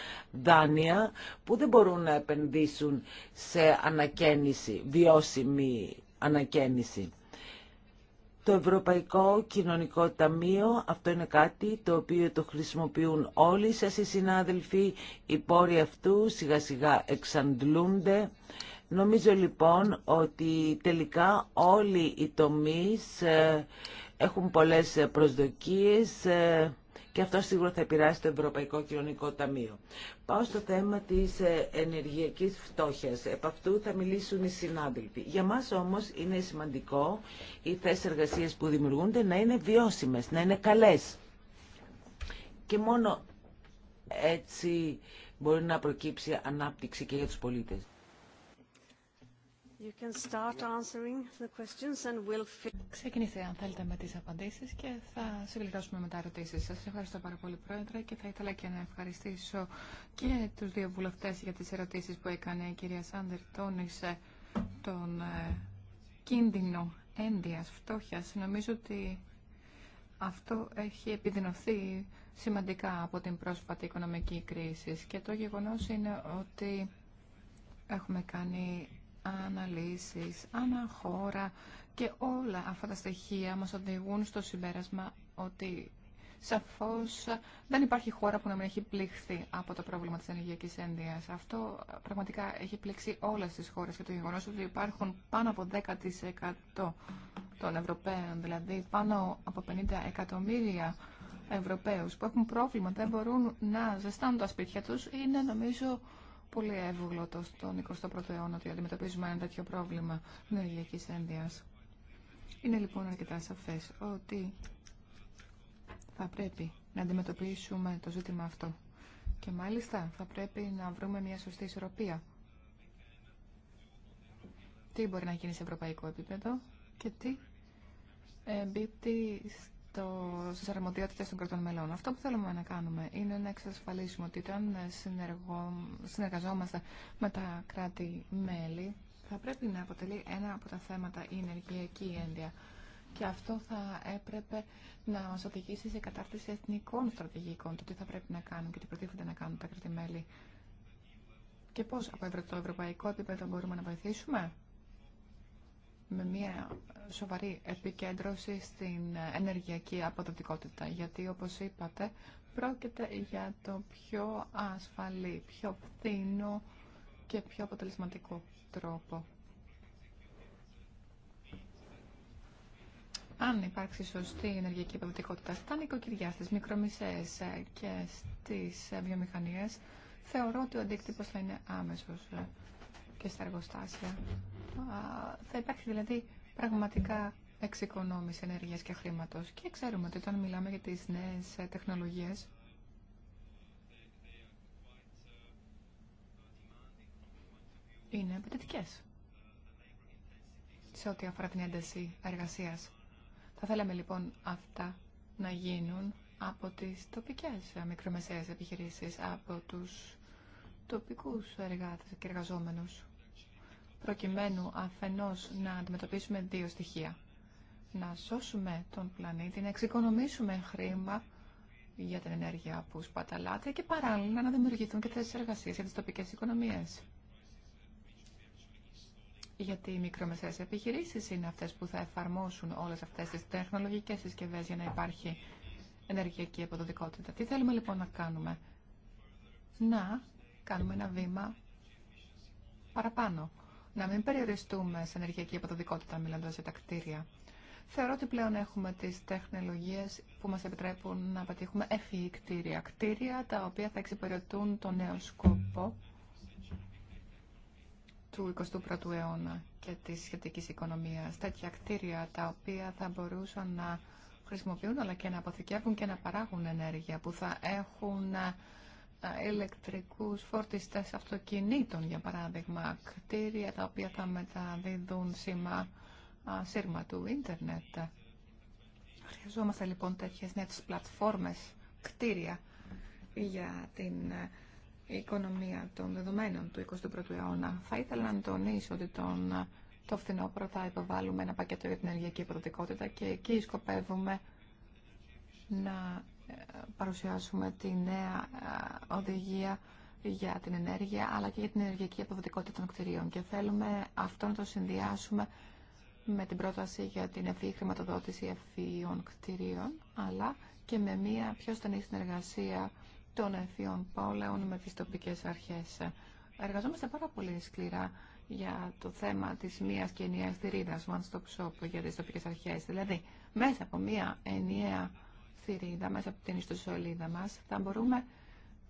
δάνεια που δεν μπορούν να επενδύσουν σε ανακαίνιση, βιώσιμη ανακαίνιση. Το Ευρωπαϊκό Κοινωνικό Ταμείο, αυτό είναι κάτι το οποίο το χρησιμοποιούν όλοι σας οι συνάδελφοι. Οι πόροι αυτού σιγά σιγά εξαντλούνται. Νομίζω λοιπόν ότι τελικά όλοι οι τομείς ε, έχουν πολλές προσδοκίες ε, και αυτό σίγουρα θα επηρεάσει το Ευρωπαϊκό Κοινωνικό Ταμείο. Πάω στο θέμα της ε, ενεργειακής φτώχεια. Επ' αυτού θα μιλήσουν οι συνάδελφοι. Για μας όμως είναι σημαντικό οι θέσει εργασία που δημιουργούνται να είναι βιώσιμες, να είναι καλές. Και μόνο έτσι μπορεί να προκύψει ανάπτυξη και για τους πολίτες. You Ξεκινήστε αν θέλετε με τις απαντήσεις και θα συμπληρώσουμε τα ερωτήσεις. Σας ευχαριστώ πάρα πολύ Πρόεδρε και θα ήθελα και να ευχαριστήσω και τους δύο βουλευτές για τις ερωτήσεις που έκανε η κυρία Σάντερ. Τόνισε τον ε, κίνδυνο ένδυας φτώχειας. Νομίζω ότι αυτό έχει επιδεινωθεί σημαντικά από την πρόσφατη οικονομική κρίση και το γεγονός είναι ότι έχουμε κάνει αναλύσεις, αναχώρα και όλα αυτά τα στοιχεία μας οδηγούν στο συμπέρασμα ότι σαφώς δεν υπάρχει χώρα που να μην έχει πληχθεί από το πρόβλημα της ενεργειακής ένδυας. Αυτό πραγματικά έχει πληξει όλες τις χώρες και το γεγονός ότι υπάρχουν πάνω από 10% των Ευρωπαίων, δηλαδή πάνω από 50 εκατομμύρια Ευρωπαίους που έχουν πρόβλημα, δεν μπορούν να ζεστάνουν τα σπίτια τους, είναι νομίζω πολύ το στον 21ο αιώνα ότι αντιμετωπίζουμε ένα τέτοιο πρόβλημα ενεργειακής ένδυας. Είναι λοιπόν αρκετά σαφές ότι θα πρέπει να αντιμετωπίσουμε το ζήτημα αυτό. Και μάλιστα θα πρέπει να βρούμε μια σωστή ισορροπία. Τι μπορεί να γίνει σε ευρωπαϊκό επίπεδο και τι εμπίπτει στο, στις αρμοδιότητες των κρατών μελών. Αυτό που θέλουμε να κάνουμε είναι να εξασφαλίσουμε ότι όταν ε, συνεργαζόμαστε με τα κράτη-μέλη θα πρέπει να αποτελεί ένα από τα θέματα η ενεργειακή ένδια. Και αυτό θα έπρεπε να μας οδηγήσει σε κατάρτιση εθνικών στρατηγικών, το τι θα πρέπει να κάνουν και τι προτίθεται να κάνουν τα κράτη-μέλη. Και πώς από το ευρωπαϊκό επίπεδο μπορούμε να βοηθήσουμε με μια σοβαρή επικέντρωση στην ενεργειακή αποδοτικότητα. Γιατί, όπως είπατε, πρόκειται για το πιο ασφαλή, πιο φθηνό και πιο αποτελεσματικό τρόπο. Αν υπάρξει σωστή ενεργειακή αποδοτικότητα στα νοικοκυριά, στις μικρομισές και στις βιομηχανίες, θεωρώ ότι ο αντίκτυπος θα είναι άμεσος και στα εργοστάσια θα υπάρχει δηλαδή πραγματικά εξοικονόμηση ενέργειας και χρήματος. Και ξέρουμε ότι όταν μιλάμε για τις νέες ε, τεχνολογίες, είναι επιτετικές σε ό,τι αφορά την ένταση εργασίας. Θα θέλαμε λοιπόν αυτά να γίνουν από τις τοπικές ε, μικρομεσαίες επιχειρήσεις, από τους τοπικούς εργάτες και εργαζόμενους προκειμένου αφενός να αντιμετωπίσουμε δύο στοιχεία. Να σώσουμε τον πλανήτη, να εξοικονομήσουμε χρήμα για την ενέργεια που σπαταλάται και παράλληλα να δημιουργηθούν και θέσει εργασία για τι τοπικέ οικονομίε. Γιατί οι μικρομεσαίε επιχειρήσει είναι αυτέ που θα εφαρμόσουν όλε αυτέ τι τεχνολογικέ συσκευέ για να υπάρχει ενεργειακή αποδοτικότητα. Τι θέλουμε λοιπόν να κάνουμε, Να κάνουμε ένα βήμα παραπάνω να μην περιοριστούμε σε ενεργειακή αποδοτικότητα μιλώντα για τα κτίρια. Θεωρώ ότι πλέον έχουμε τι τεχνολογίε που μα επιτρέπουν να πετύχουμε ευφυή κτίρια. Κτίρια τα οποία θα εξυπηρετούν τον νέο σκοπό του 21ου αιώνα και τη σχετική οικονομία. Τέτοια κτίρια τα οποία θα μπορούσαν να χρησιμοποιούν αλλά και να αποθηκεύουν και να παράγουν ενέργεια που θα έχουν ηλεκτρικούς φορτιστές αυτοκινήτων, για παράδειγμα, κτίρια τα οποία θα μεταδίδουν σήμα σύρμα του ίντερνετ. Χρειαζόμαστε λοιπόν τέτοιες νέες πλατφόρμες, κτίρια για την ε, οικονομία των δεδομένων του 21ου αιώνα. Θα ήθελα να τονίσω ότι τον, ε, το φθινόπωρο θα υποβάλουμε ένα πακέτο για την ενεργειακή υποδοτικότητα και εκεί σκοπεύουμε να παρουσιάσουμε τη νέα ε, οδηγία για την ενέργεια αλλά και για την ενεργειακή αποδοτικότητα των κτηρίων και θέλουμε αυτό να το συνδυάσουμε με την πρόταση για την ευφύ χρηματοδότηση ευφύων κτηρίων αλλά και με μια πιο στενή συνεργασία των ευφύων πόλεων με τις τοπικές αρχές. Εργαζόμαστε πάρα πολύ σκληρά για το θέμα της μίας και ενιαίας θηρίδας, one-stop shop για τις τοπικές αρχές. Δηλαδή, μέσα από μια ενιαία θηρίδα, μέσα από την ιστοσελίδα μας, θα, μπορούμε,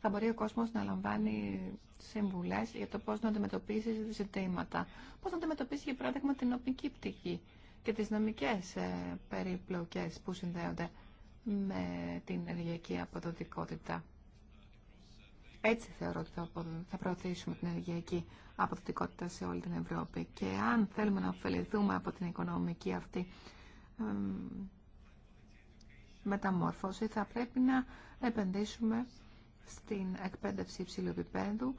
θα μπορεί ο κόσμος να λαμβάνει συμβουλές για το πώς να αντιμετωπίσει ζητήματα. Πώς να αντιμετωπίσει, για παράδειγμα, την οπική πτυχή και τις νομικές ε, περιπλοκές που συνδέονται με την ενεργειακή αποδοτικότητα. Έτσι θεωρώ ότι θα προωθήσουμε την ενεργειακή αποδοτικότητα σε όλη την Ευρώπη. Και αν θέλουμε να ωφεληθούμε από την οικονομική αυτή μεταμόρφωση θα πρέπει να επενδύσουμε στην εκπαίδευση υψηλού επίπεδου,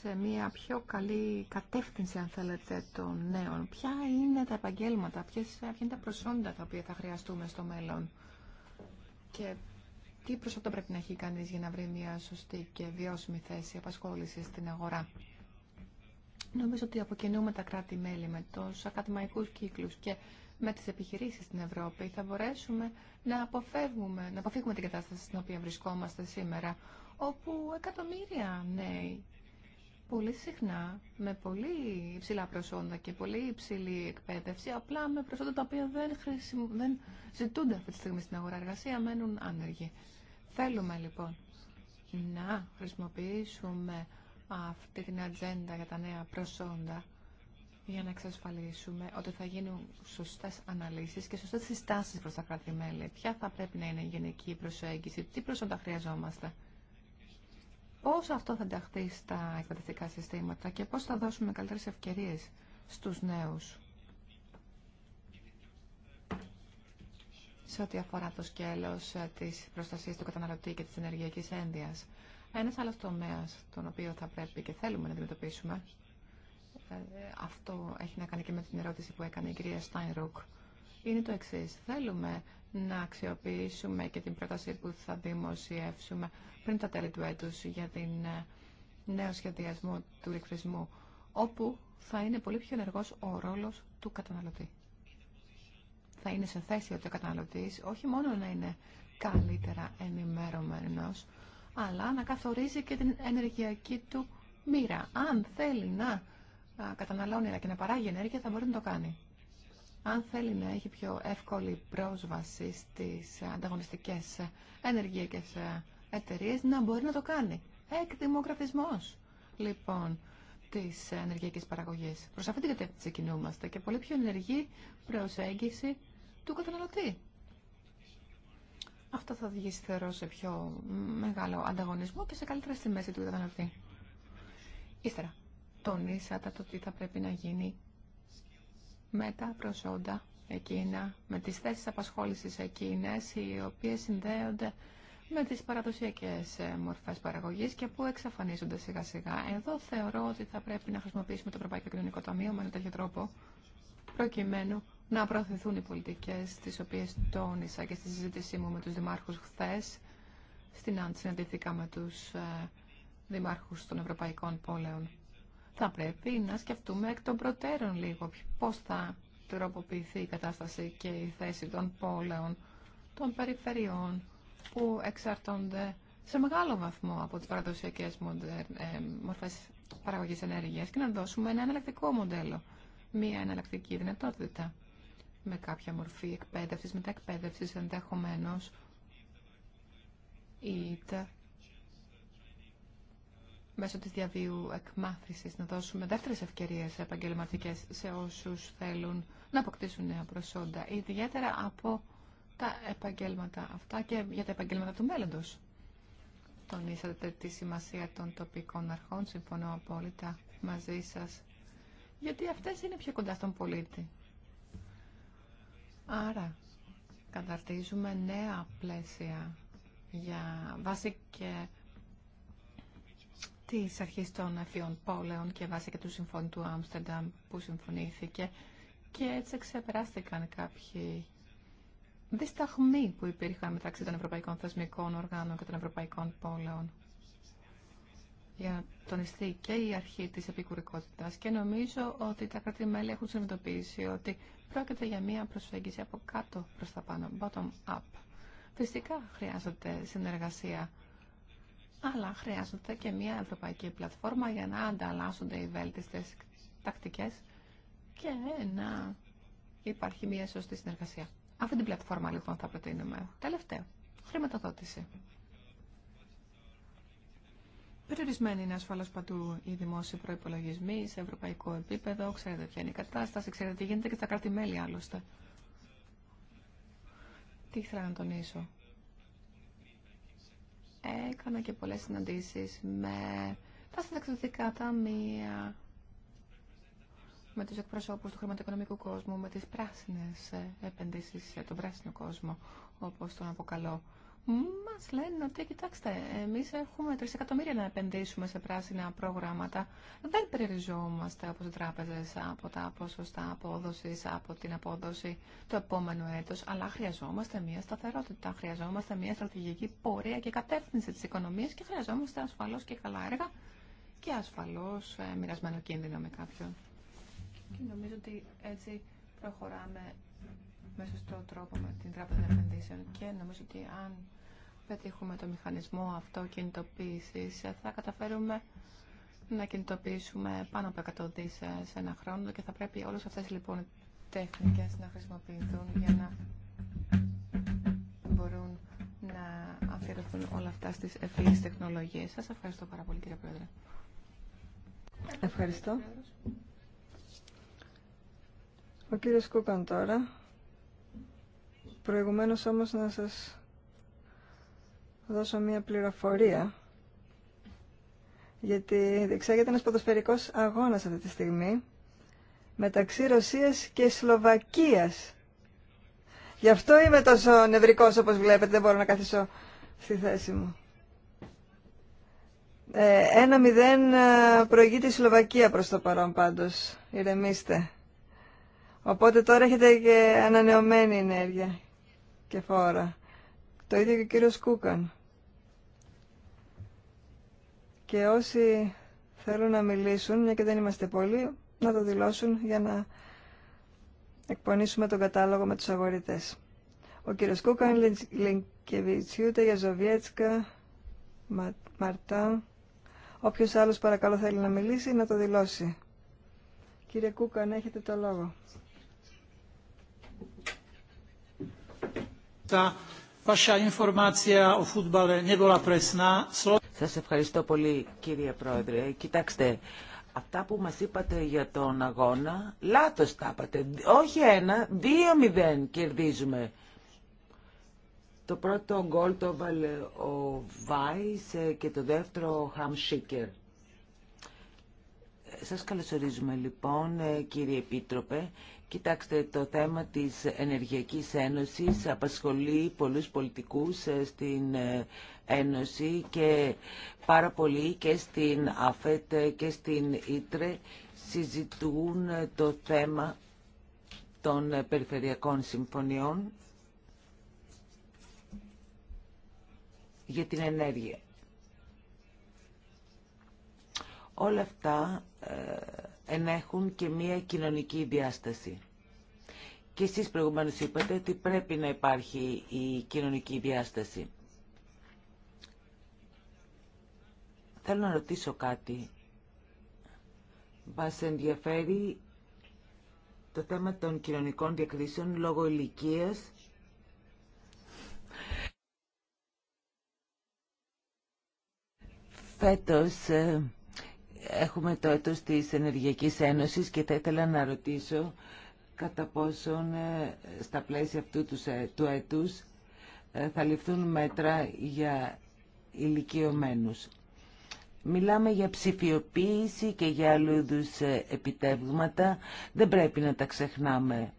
σε μια πιο καλή κατεύθυνση, αν θέλετε, των νέων. Ποια είναι τα επαγγέλματα, ποιες, ποια είναι τα προσόντα τα οποία θα χρειαστούμε στο μέλλον και τι προσόντα πρέπει να έχει κανείς για να βρει μια σωστή και βιώσιμη θέση απασχόληση στην αγορά. Νομίζω ότι αποκαινούμε τα κράτη-μέλη με τους ακαδημαϊκούς κύκλους και με τις επιχειρήσεις στην Ευρώπη θα μπορέσουμε να, αποφεύγουμε, να αποφύγουμε την κατάσταση στην οποία βρισκόμαστε σήμερα, όπου εκατομμύρια νέοι πολύ συχνά με πολύ υψηλά προσόντα και πολύ υψηλή εκπαίδευση, απλά με προσόντα τα οποία δεν, δεν ζητούνται αυτή τη στιγμή στην αγορά εργασία, μένουν άνεργοι. Θέλουμε λοιπόν να χρησιμοποιήσουμε αυτή την ατζέντα για τα νέα προσόντα για να εξασφαλίσουμε ότι θα γίνουν σωστές αναλύσεις και σωστές συστάσεις προς τα κράτη-μέλη. Ποια θα πρέπει να είναι η γενική προσέγγιση, τι προσόντα χρειαζόμαστε. Πώς αυτό θα ενταχθεί στα εκπαιδευτικά συστήματα και πώς θα δώσουμε καλύτερες ευκαιρίες στους νέους. Σε ό,τι αφορά το σκέλος ε, της προστασίας του καταναλωτή και της ενεργειακής ένδυας. Ένας άλλος τομέας, τον οποίο θα πρέπει και θέλουμε να αντιμετωπίσουμε, ε, αυτό έχει να κάνει και με την ερώτηση που έκανε η κυρία Στάινρουκ. Είναι το εξή. Θέλουμε να αξιοποιήσουμε και την πρόταση που θα δημοσιεύσουμε πριν τα τέλη του έτους για την ε, νέο σχεδιασμό του ρικρισμού όπου θα είναι πολύ πιο ενεργός ο ρόλος του καταναλωτή. Θα είναι σε θέση ότι ο καταναλωτής όχι μόνο να είναι καλύτερα ενημερωμένος, αλλά να καθορίζει και την ενεργειακή του μοίρα. Αν θέλει να καταναλώνει αλλά και να παράγει ενέργεια θα μπορεί να το κάνει. Αν θέλει να έχει πιο εύκολη πρόσβαση στις ανταγωνιστικές ενεργειακές εταιρείε να μπορεί να το κάνει. Εκδημοκρατισμός, λοιπόν, της ενεργειακής παραγωγής. Προς αυτήν την κατεύθυνση κινούμαστε και πολύ πιο ενεργή προσέγγιση του καταναλωτή. Αυτό θα οδηγήσει, θεωρώ, σε πιο μεγάλο ανταγωνισμό και σε καλύτερα στη μέση του καταναλωτή. Ύστερα, τονίσατε το τι θα πρέπει να γίνει με τα προσόντα εκείνα, με τις θέσεις απασχόλησης εκείνες, οι οποίες συνδέονται με τις παραδοσιακές ε, μορφές παραγωγής και που εξαφανίζονται σιγά σιγά. Εδώ θεωρώ ότι θα πρέπει να χρησιμοποιήσουμε το Ευρωπαϊκό Κοινωνικό Ταμείο με ένα τέτοιο τρόπο, προκειμένου να προωθηθούν οι πολιτικές τις οποίες τόνισα και στη συζήτησή μου με τους δημάρχους χθε, στην αντισυναντηθήκα με τους ε, δημάρχους των Ευρωπαϊκών Πόλεων θα πρέπει να σκεφτούμε εκ των προτέρων λίγο πώς θα τροποποιηθεί η κατάσταση και η θέση των πόλεων, των περιφερειών που εξαρτώνται σε μεγάλο βαθμό από τις παραδοσιακές ε, μορφές παραγωγής ενέργειας και να δώσουμε ένα εναλλακτικό μοντέλο, μία εναλλακτική δυνατότητα με κάποια μορφή εκπαίδευσης, μεταεκπαίδευσης ενδεχομένως ή μέσω της διαβίου εκμάθησης να δώσουμε δεύτερες ευκαιρίες επαγγελματικές σε όσους θέλουν να αποκτήσουν νέα προσόντα, ιδιαίτερα από τα επαγγέλματα αυτά και για τα επαγγέλματα του μέλλοντος. Τονίσατε τη σημασία των τοπικών αρχών, συμφωνώ απόλυτα μαζί σας, γιατί αυτές είναι πιο κοντά στον πολίτη. Άρα, καταρτίζουμε νέα πλαίσια για βάση και τη αρχή των αθλίων πόλεων και βάσει και του συμφώνου του Άμστερνταμ που συμφωνήθηκε και έτσι ξεπεράστηκαν κάποιοι δισταχμοί που υπήρχαν μεταξύ των ευρωπαϊκών θεσμικών οργάνων και των ευρωπαϊκών πόλεων για να τονιστεί και η αρχή της επικουρικότητας και νομίζω ότι τα κράτη-μέλη έχουν συνειδητοποιήσει ότι πρόκειται για μια προσέγγιση από κάτω προς τα πάνω, bottom up. Φυσικά χρειάζεται συνεργασία αλλά χρειάζεται και μια ευρωπαϊκή πλατφόρμα για να ανταλλάσσονται οι βέλτιστες τακτικές και να υπάρχει μια σωστή συνεργασία. Αυτή την πλατφόρμα λοιπόν θα προτείνουμε. Τελευταίο, χρηματοδότηση. Περιορισμένη είναι ασφαλώς παντού η δημόσια προπολογισμή, σε ευρωπαϊκό επίπεδο. Ξέρετε ποια είναι η κατάσταση, ξέρετε τι γίνεται και στα κράτη-μέλη άλλωστε. Τι ήθελα να τονίσω. Έκανα και πολλές συναντήσεις με τα συνταξιδοτικά ταμεία, με τους εκπροσώπους του χρηματοοικονομικού κόσμου, με τις πράσινες επενδύσεις, τον πράσινο κόσμο, όπως τον αποκαλώ. Μα λένε ότι, κοιτάξτε, εμεί έχουμε 3 εκατομμύρια να επενδύσουμε σε πράσινα προγράμματα. Δεν περιοριζόμαστε όπω οι τράπεζες, από τα ποσοστά απόδοση από την απόδοση του επόμενου έτος, αλλά χρειαζόμαστε μια σταθερότητα, χρειαζόμαστε μια στρατηγική πορεία και κατεύθυνση τη οικονομία και χρειαζόμαστε ασφαλώ και καλά έργα και ασφαλώς ε, μοιρασμένο κίνδυνο με κάποιον. Και νομίζω ότι έτσι προχωράμε με σωστό τρόπο με την Τράπεζα Επενδύσεων και νομίζω ότι αν πετύχουμε το μηχανισμό αυτό θα καταφέρουμε να κινητοποιήσουμε πάνω από 100 δις σε ένα χρόνο και θα πρέπει όλες αυτές λοιπόν οι τέχνικες να χρησιμοποιηθούν για να μπορούν να αφιερωθούν όλα αυτά στις ευφύλες τεχνολογίες. Σας ευχαριστώ πάρα πολύ κύριε Πρόεδρε. Ευχαριστώ. Ο κύριος Κούκαν τώρα Προηγουμένως όμως να σας δώσω μία πληροφορία γιατί διεξάγεται ένας ποδοσφαιρικός αγώνας αυτή τη στιγμή μεταξύ Ρωσίας και Σλοβακίας. Γι' αυτό είμαι τόσο νευρικός όπως βλέπετε, δεν μπορώ να καθίσω στη θέση μου. Ε, ένα μηδέν ε, προηγείται η Σλοβακία προς το παρόν πάντως. Ηρεμήστε. Οπότε τώρα έχετε και ανανεωμένη ενέργεια και φόρα. Το ίδιο και ο κύριος Κούκαν. Και όσοι θέλουν να μιλήσουν, μια και δεν είμαστε πολλοί, να το δηλώσουν για να εκπονήσουμε τον κατάλογο με τους αγορητές. Ο κύριος Κούκαν, Λινκεβιτσιούτα, Γιαζοβιέτσκα, Μαρτάν, Μαρτά. Όποιος άλλος παρακαλώ θέλει να μιλήσει, να το δηλώσει. Κύριε Κούκαν, έχετε το λόγο. Σα Σας ευχαριστώ πολύ κύριε Πρόεδρε. Κοιτάξτε, αυτά που μας είπατε για τον αγώνα, λάθος τα είπατε. Όχι ένα, δύο μηδέν κερδίζουμε. Το πρώτο γκολ το έβαλε ο Βάις ε, και το δεύτερο ο Χαμσίκερ. Ε, σας καλωσορίζουμε λοιπόν ε, κύριε Επίτροπε Κοιτάξτε, το θέμα της Ενεργειακής Ένωσης απασχολεί πολλούς πολιτικούς ε, στην ε, Ένωση και πάρα πολλοί και στην ΑΦΕΤ και στην ΙΤΡΕ συζητούν ε, το θέμα των περιφερειακών συμφωνιών για την ενέργεια. Όλα αυτά ενέχουν και μία κοινωνική διάσταση. Και εσείς προηγουμένως είπατε ότι πρέπει να υπάρχει η κοινωνική διάσταση. Θέλω να ρωτήσω κάτι. Μας ενδιαφέρει το θέμα των κοινωνικών διακρίσεων λόγω ηλικία. Φέτος ε, έχουμε το έτος της Ενεργειακής Ένωσης και θα ήθελα να ρωτήσω κατά πόσον ε, στα πλαίσια αυτού ε, του έτους ε, θα ληφθούν μέτρα για ηλικιωμένους. Μιλάμε για ψηφιοποίηση και για άλλου είδου επιτεύγματα. Δεν πρέπει να τα ξεχνάμε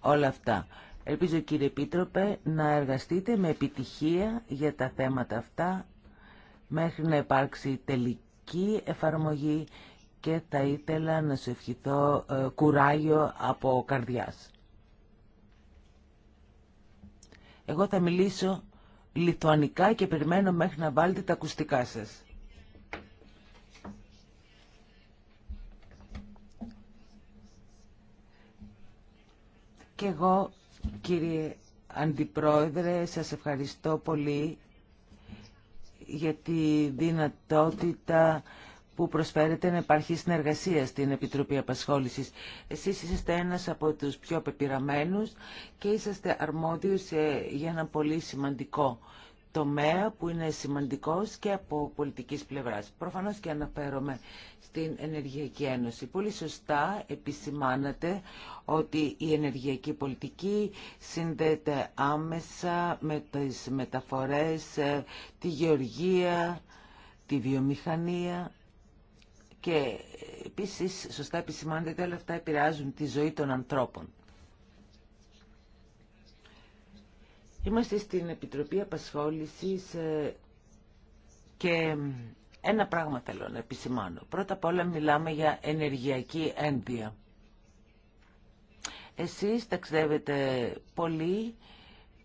όλα αυτά. Ελπίζω κύριε Επίτροπε να εργαστείτε με επιτυχία για τα θέματα αυτά μέχρι να υπάρξει τελική πρακτική εφαρμογή και τα ήθελα να σου ευχηθώ ε, κουράγιο από καρδιάς. Εγώ θα μιλήσω λιθουανικά και περιμένω μέχρι να βάλετε τα ακουστικά σας. Και εγώ, κύριε Αντιπρόεδρε, σας ευχαριστώ πολύ για τη δυνατότητα που προσφέρεται να υπάρχει συνεργασία στην Επιτροπή Απασχόλησης. Εσείς είστε ένας από τους πιο πεπειραμένους και είσαστε αρμόδιος ε, για ένα πολύ σημαντικό τομέα που είναι σημαντικός και από πολιτικής πλευράς. Προφανώς και αναφέρομαι στην Ενεργειακή Ένωση. Πολύ σωστά επισημάνατε ότι η ενεργειακή πολιτική συνδέεται άμεσα με τις μεταφορές, ε, τη γεωργία, τη βιομηχανία και επίσης σωστά επισημάνατε ότι όλα αυτά επηρεάζουν τη ζωή των ανθρώπων. Είμαστε στην Επιτροπή Απασχόλησης ε, και ένα πράγμα θέλω να επισημάνω. Πρώτα απ' όλα μιλάμε για ενεργειακή ένδυα. Εσείς ταξιδεύετε πολύ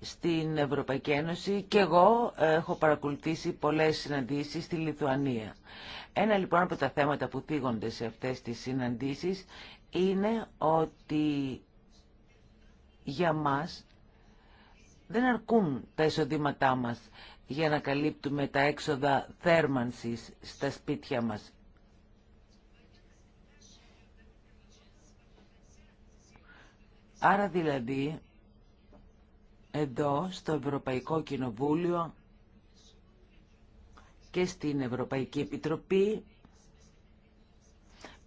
στην Ευρωπαϊκή Ένωση και εγώ έχω παρακολουθήσει πολλές συναντήσεις στη Λιθουανία. Ένα λοιπόν από τα θέματα που θίγονται σε αυτές τις συναντήσεις είναι ότι για μας δεν αρκούν τα εισοδήματά μας για να καλύπτουμε τα έξοδα θέρμανσης στα σπίτια μας. Άρα δηλαδή, εδώ στο Ευρωπαϊκό Κοινοβούλιο και στην Ευρωπαϊκή Επιτροπή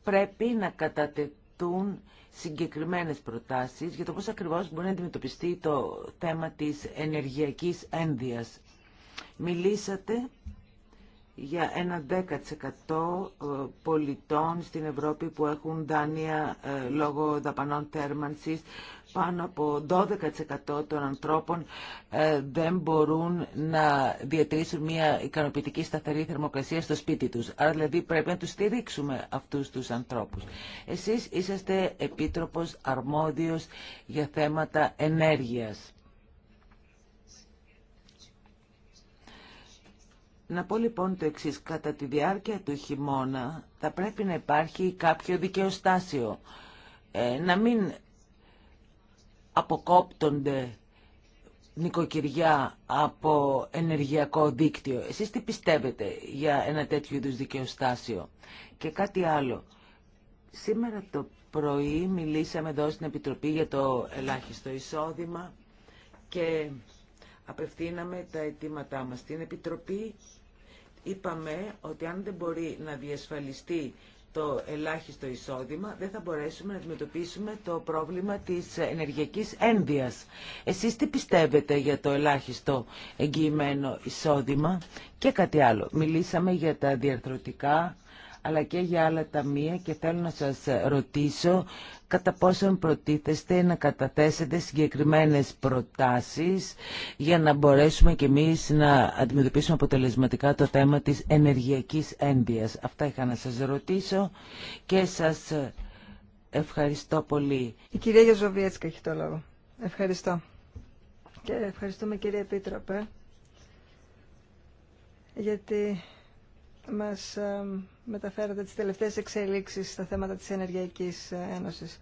πρέπει να κατατετούν συγκεκριμένες προτάσεις για το πώς ακριβώς μπορεί να αντιμετωπιστεί το θέμα της ενεργειακής ένδυας. Μιλήσατε για ένα 10% ε, πολιτών στην Ευρώπη που έχουν δάνεια ε, λόγω δαπανών θέρμανσης. Πάνω από 12% των ανθρώπων ε, δεν μπορούν να διατηρήσουν μια ικανοποιητική σταθερή θερμοκρασία στο σπίτι τους. Άρα δηλαδή πρέπει να τους στηρίξουμε αυτούς τους ανθρώπους. Εσείς είσαστε επίτροπος αρμόδιος για θέματα ενέργειας. Να πω λοιπόν το εξής. Κατά τη διάρκεια του χειμώνα θα πρέπει να υπάρχει κάποιο δικαιοστάσιο. Ε, να μην αποκόπτονται νοικοκυριά από ενεργειακό δίκτυο. Εσείς τι πιστεύετε για ένα τέτοιο είδους δικαιοστάσιο. Και κάτι άλλο. Σήμερα το πρωί μιλήσαμε εδώ στην Επιτροπή για το ελάχιστο εισόδημα και απευθύναμε τα αιτήματά μας στην Επιτροπή είπαμε ότι αν δεν μπορεί να διασφαλιστεί το ελάχιστο εισόδημα, δεν θα μπορέσουμε να αντιμετωπίσουμε το πρόβλημα της ενεργειακής ένδυας. Εσείς τι πιστεύετε για το ελάχιστο εγγυημένο εισόδημα και κάτι άλλο. Μιλήσαμε για τα διαρθρωτικά αλλά και για άλλα ταμεία και θέλω να σας ρωτήσω κατά πόσον προτίθεστε να καταθέσετε συγκεκριμένες προτάσεις για να μπορέσουμε κι εμείς να αντιμετωπίσουμε αποτελεσματικά το θέμα της ενεργειακής ένδυας. Αυτά είχα να σας ρωτήσω και σας ευχαριστώ πολύ. Η κυρία Γιαζοβιέτσκα έχει το λόγο. Ευχαριστώ. Και ευχαριστούμε κύριε Επίτροπε γιατί μας μεταφέρατε τις τελευταίες εξελίξεις στα θέματα της Ενεργειακής Ένωσης.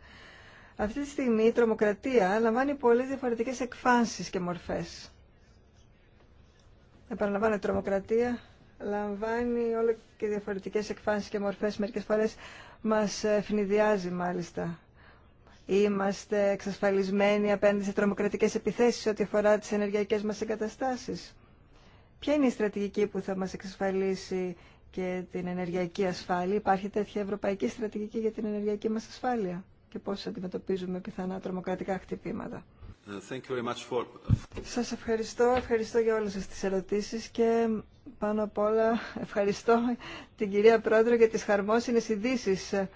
Αυτή τη στιγμή η τρομοκρατία λαμβάνει πολλές διαφορετικές εκφάνσεις και μορφές. Επαναλαμβάνω, η τρομοκρατία λαμβάνει όλο και διαφορετικές εκφάνσεις και μορφές. Μερικές φορές μας ευνηδιάζει μάλιστα. Είμαστε εξασφαλισμένοι απέναντι σε τρομοκρατικές επιθέσεις ό,τι αφορά τις ενεργειακές μας εγκαταστάσεις. Ποια είναι η στρατηγική που θα μας εξασφαλίσει και την ενεργειακή ασφάλεια. Υπάρχει τέτοια ευρωπαϊκή στρατηγική για την ενεργειακή μας ασφάλεια και πώς αντιμετωπίζουμε πιθανά τρομοκρατικά χτυπήματα. Thank Σας ευχαριστώ, ευχαριστώ για όλες σας τις ερωτήσεις και πάνω απ' όλα ευχαριστώ την κυρία Πρόεδρο για τις χαρμόσυνες ειδήσει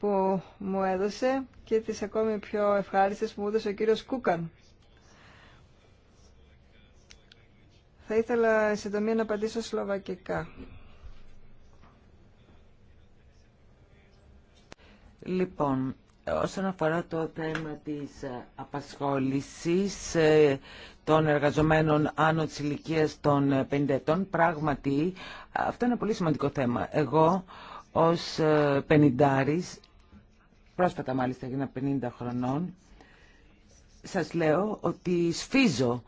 που μου έδωσε και τις ακόμη πιο ευχάριστες που μου έδωσε ο κύριος Κούκαν. Θα ήθελα συντομία να απαντήσω σλοβακικά. Λοιπόν, όσον αφορά το θέμα της ε, απασχόλησης ε, των εργαζομένων άνω της ηλικία των 50 ε, ετών, πράγματι, αυτό είναι ένα πολύ σημαντικό θέμα. Εγώ, ως 50 πρόσφατα μάλιστα έγινα 50 χρονών, σας λέω ότι σφίζω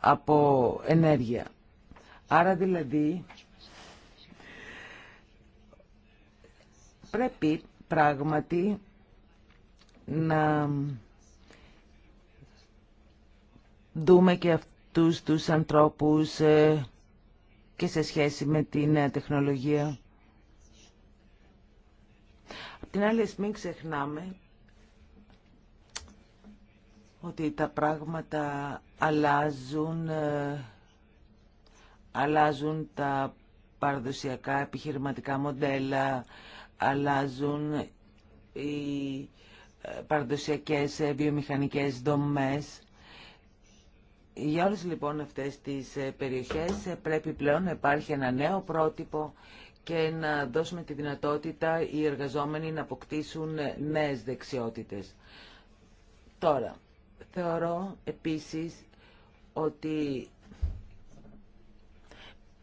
από ενέργεια. Άρα δηλαδή πρέπει πράγματι να δούμε και αυτούς τους ανθρώπους ε, και σε σχέση με την τεχνολογία. Απ' την άλλη, μην ξεχνάμε ότι τα πράγματα αλλάζουν, ε, αλλάζουν τα παραδοσιακά επιχειρηματικά μοντέλα, αλλάζουν οι ε, παραδοσιακές ε, βιομηχανικές δομές. Για όλες λοιπόν αυτές τις ε, περιοχές πρέπει πλέον να υπάρχει ένα νέο πρότυπο και να δώσουμε τη δυνατότητα οι εργαζόμενοι να αποκτήσουν νέες δεξιότητες. Τώρα, θεωρώ επίσης ότι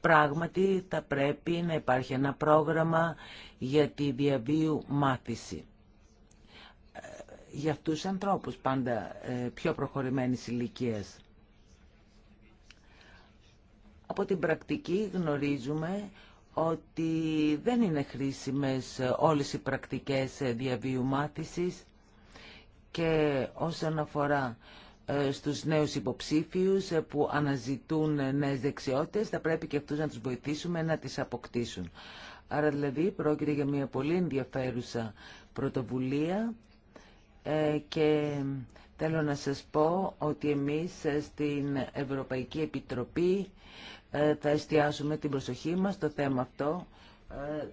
πράγματι θα πρέπει να υπάρχει ένα πρόγραμμα για τη διαβίου μάθηση. Ε, για αυτούς τους ανθρώπους πάντα ε, πιο προχωρημένης ηλικία. Από την πρακτική γνωρίζουμε ότι δεν είναι χρήσιμες ε, όλες οι πρακτικές διαβίου μάθησης και όσον αφορά στους νέους υποψήφιους που αναζητούν νέες δεξιότητες θα πρέπει και αυτούς να τους βοηθήσουμε να τις αποκτήσουν. Άρα δηλαδή πρόκειται για μια πολύ ενδιαφέρουσα πρωτοβουλία ε, και θέλω να σας πω ότι εμείς ε, στην Ευρωπαϊκή Επιτροπή ε, θα εστιάσουμε την προσοχή μας στο θέμα αυτό,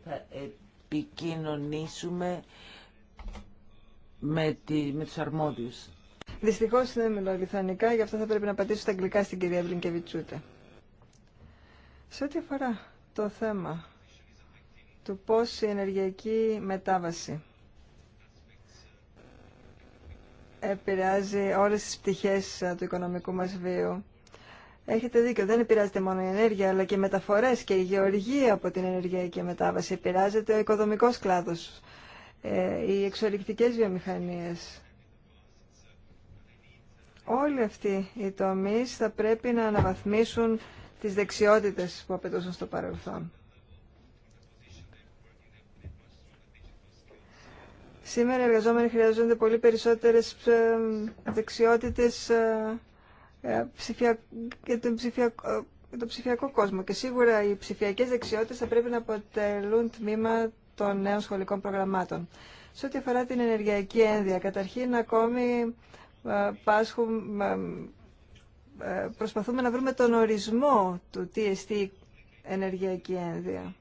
θα επικοινωνήσουμε με, τη, με τους αρμόδιους. Δυστυχώς δεν ναι, μιλώ λιθανικά, γι' αυτό θα πρέπει να πατήσω στα αγγλικά στην κυρία Βλυνκεβιτσούτε. Σε ό,τι αφορά το θέμα του πώς η ενεργειακή μετάβαση επηρεάζει όλες τις πτυχές ε, του οικονομικού μας βίου. Έχετε δίκιο, δεν επηρεάζεται μόνο η ενέργεια, αλλά και οι μεταφορές και η γεωργία από την ενεργειακή μετάβαση. Επηρεάζεται ο οικοδομικός κλάδος, ε, οι εξορυκτικές βιομηχανίες. Όλοι αυτοί οι τομείς θα πρέπει να αναβαθμίσουν τις δεξιότητες που απαιτούσαν στο παρελθόν. Σήμερα οι εργαζόμενοι χρειάζονται πολύ περισσότερες ε, δεξιότητες για ε, ε, τον ψηφιακό, κόσμο και σίγουρα οι ψηφιακές δεξιότητες θα πρέπει να αποτελούν τμήμα των νέων σχολικών προγραμμάτων. Σε ό,τι αφορά την ενεργειακή ένδυα, καταρχήν ακόμη προσπαθούμε να βρούμε τον ορισμό του τι εστί ενεργειακή ένδυα.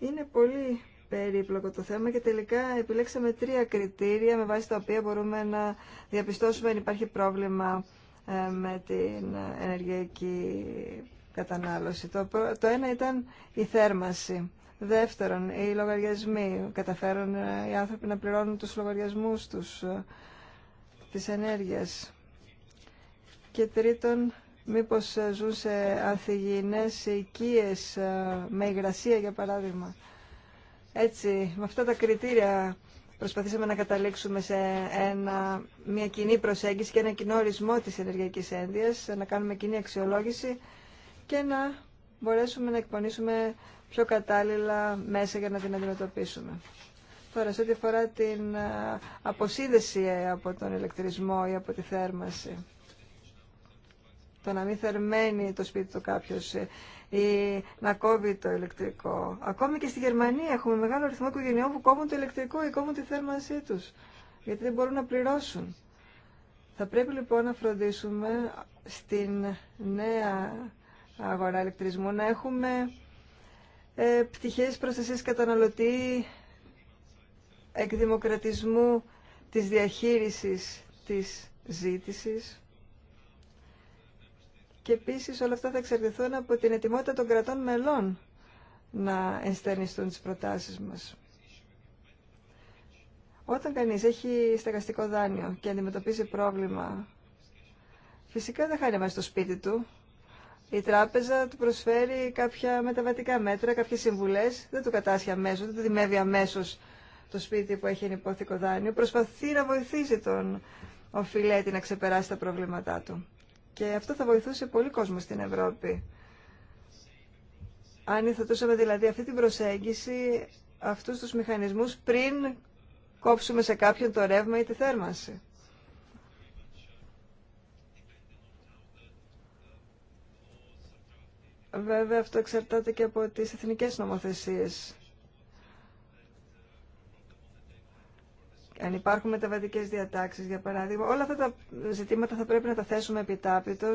Είναι πολύ περίπλοκο το θέμα και τελικά επιλέξαμε τρία κριτήρια με βάση τα οποία μπορούμε να διαπιστώσουμε αν υπάρχει πρόβλημα ε, με την ενεργειακή κατανάλωση. Το, ένα ήταν η θέρμανση. Δεύτερον, οι λογαριασμοί. Καταφέρουν ε, οι άνθρωποι να πληρώνουν τους λογαριασμούς τους ε, της ενέργειας. Και τρίτον, μήπως ζουν σε ανθυγιεινές με υγρασία, για παράδειγμα. Έτσι, με αυτά τα κριτήρια προσπαθήσαμε να καταλήξουμε σε ένα, μια κοινή προσέγγιση και ένα κοινό ορισμό της ενεργειακής ένδυας, να κάνουμε κοινή αξιολόγηση και να μπορέσουμε να εκπονήσουμε πιο κατάλληλα μέσα για να την αντιμετωπίσουμε. Τώρα, σε ό,τι αφορά την ε, αποσύνδεση ε, από τον ηλεκτρισμό ή από τη θέρμανση να μην θερμαίνει το σπίτι του κάποιο ε, ή να κόβει το ηλεκτρικό. Ακόμη και στη Γερμανία έχουμε μεγάλο αριθμό οικογενειών που κόβουν το ηλεκτρικό ή κόβουν τη θέρμανσή του, γιατί δεν μπορούν να πληρώσουν. Θα πρέπει λοιπόν να φροντίσουμε στην νέα αγορά ηλεκτρισμού να έχουμε ε, πτυχές καταναλωτή, εκδημοκρατισμού της διαχείρισης της ζήτησης και επίση όλα αυτά θα εξαρτηθούν από την ετοιμότητα των κρατών μελών να ενστερνιστούν τις προτάσεις μας. Όταν κανείς έχει στεγαστικό δάνειο και αντιμετωπίζει πρόβλημα, φυσικά δεν χάνει μέσα στο σπίτι του. Η τράπεζα του προσφέρει κάποια μεταβατικά μέτρα, κάποιες συμβουλές, δεν του κατάσχει αμέσω, δεν του δημεύει αμέσω το σπίτι που έχει ενυπόθηκο δάνειο. Προσπαθεί να βοηθήσει τον οφειλέτη να ξεπεράσει τα προβλήματά του. Και αυτό θα βοηθούσε πολύ κόσμο στην Ευρώπη. Αν υιοθετούσαμε δηλαδή αυτή την προσέγγιση, αυτούς τους μηχανισμούς πριν κόψουμε σε κάποιον το ρεύμα ή τη θέρμανση. Βέβαια αυτό εξαρτάται και από τις εθνικές νομοθεσίες. αν υπάρχουν μεταβατικέ διατάξεις, για παράδειγμα. Όλα αυτά τα ζητήματα θα πρέπει να τα θέσουμε επιτάπητο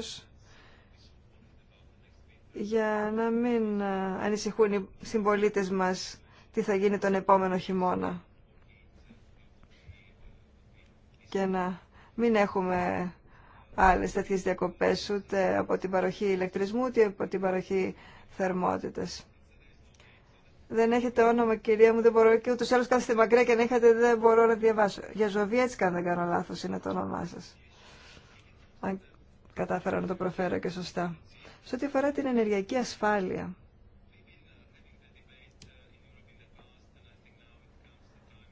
για να μην ε, ανησυχούν οι συμπολίτε μας τι θα γίνει τον επόμενο χειμώνα. Και να μην έχουμε άλλε τέτοιε διακοπέ ούτε από την παροχή ηλεκτρισμού ούτε από την παροχή θερμότητας δεν έχετε όνομα, κυρία μου, δεν μπορώ και ούτως άλλως κάθεστε μακριά και αν έχετε δεν μπορώ να διαβάσω. Για έτσι κάνω, δεν κάνω λάθος, είναι το όνομά σας. Αν κατάφερα να το προφέρω και σωστά. Σε ό,τι αφορά την ενεργειακή ασφάλεια,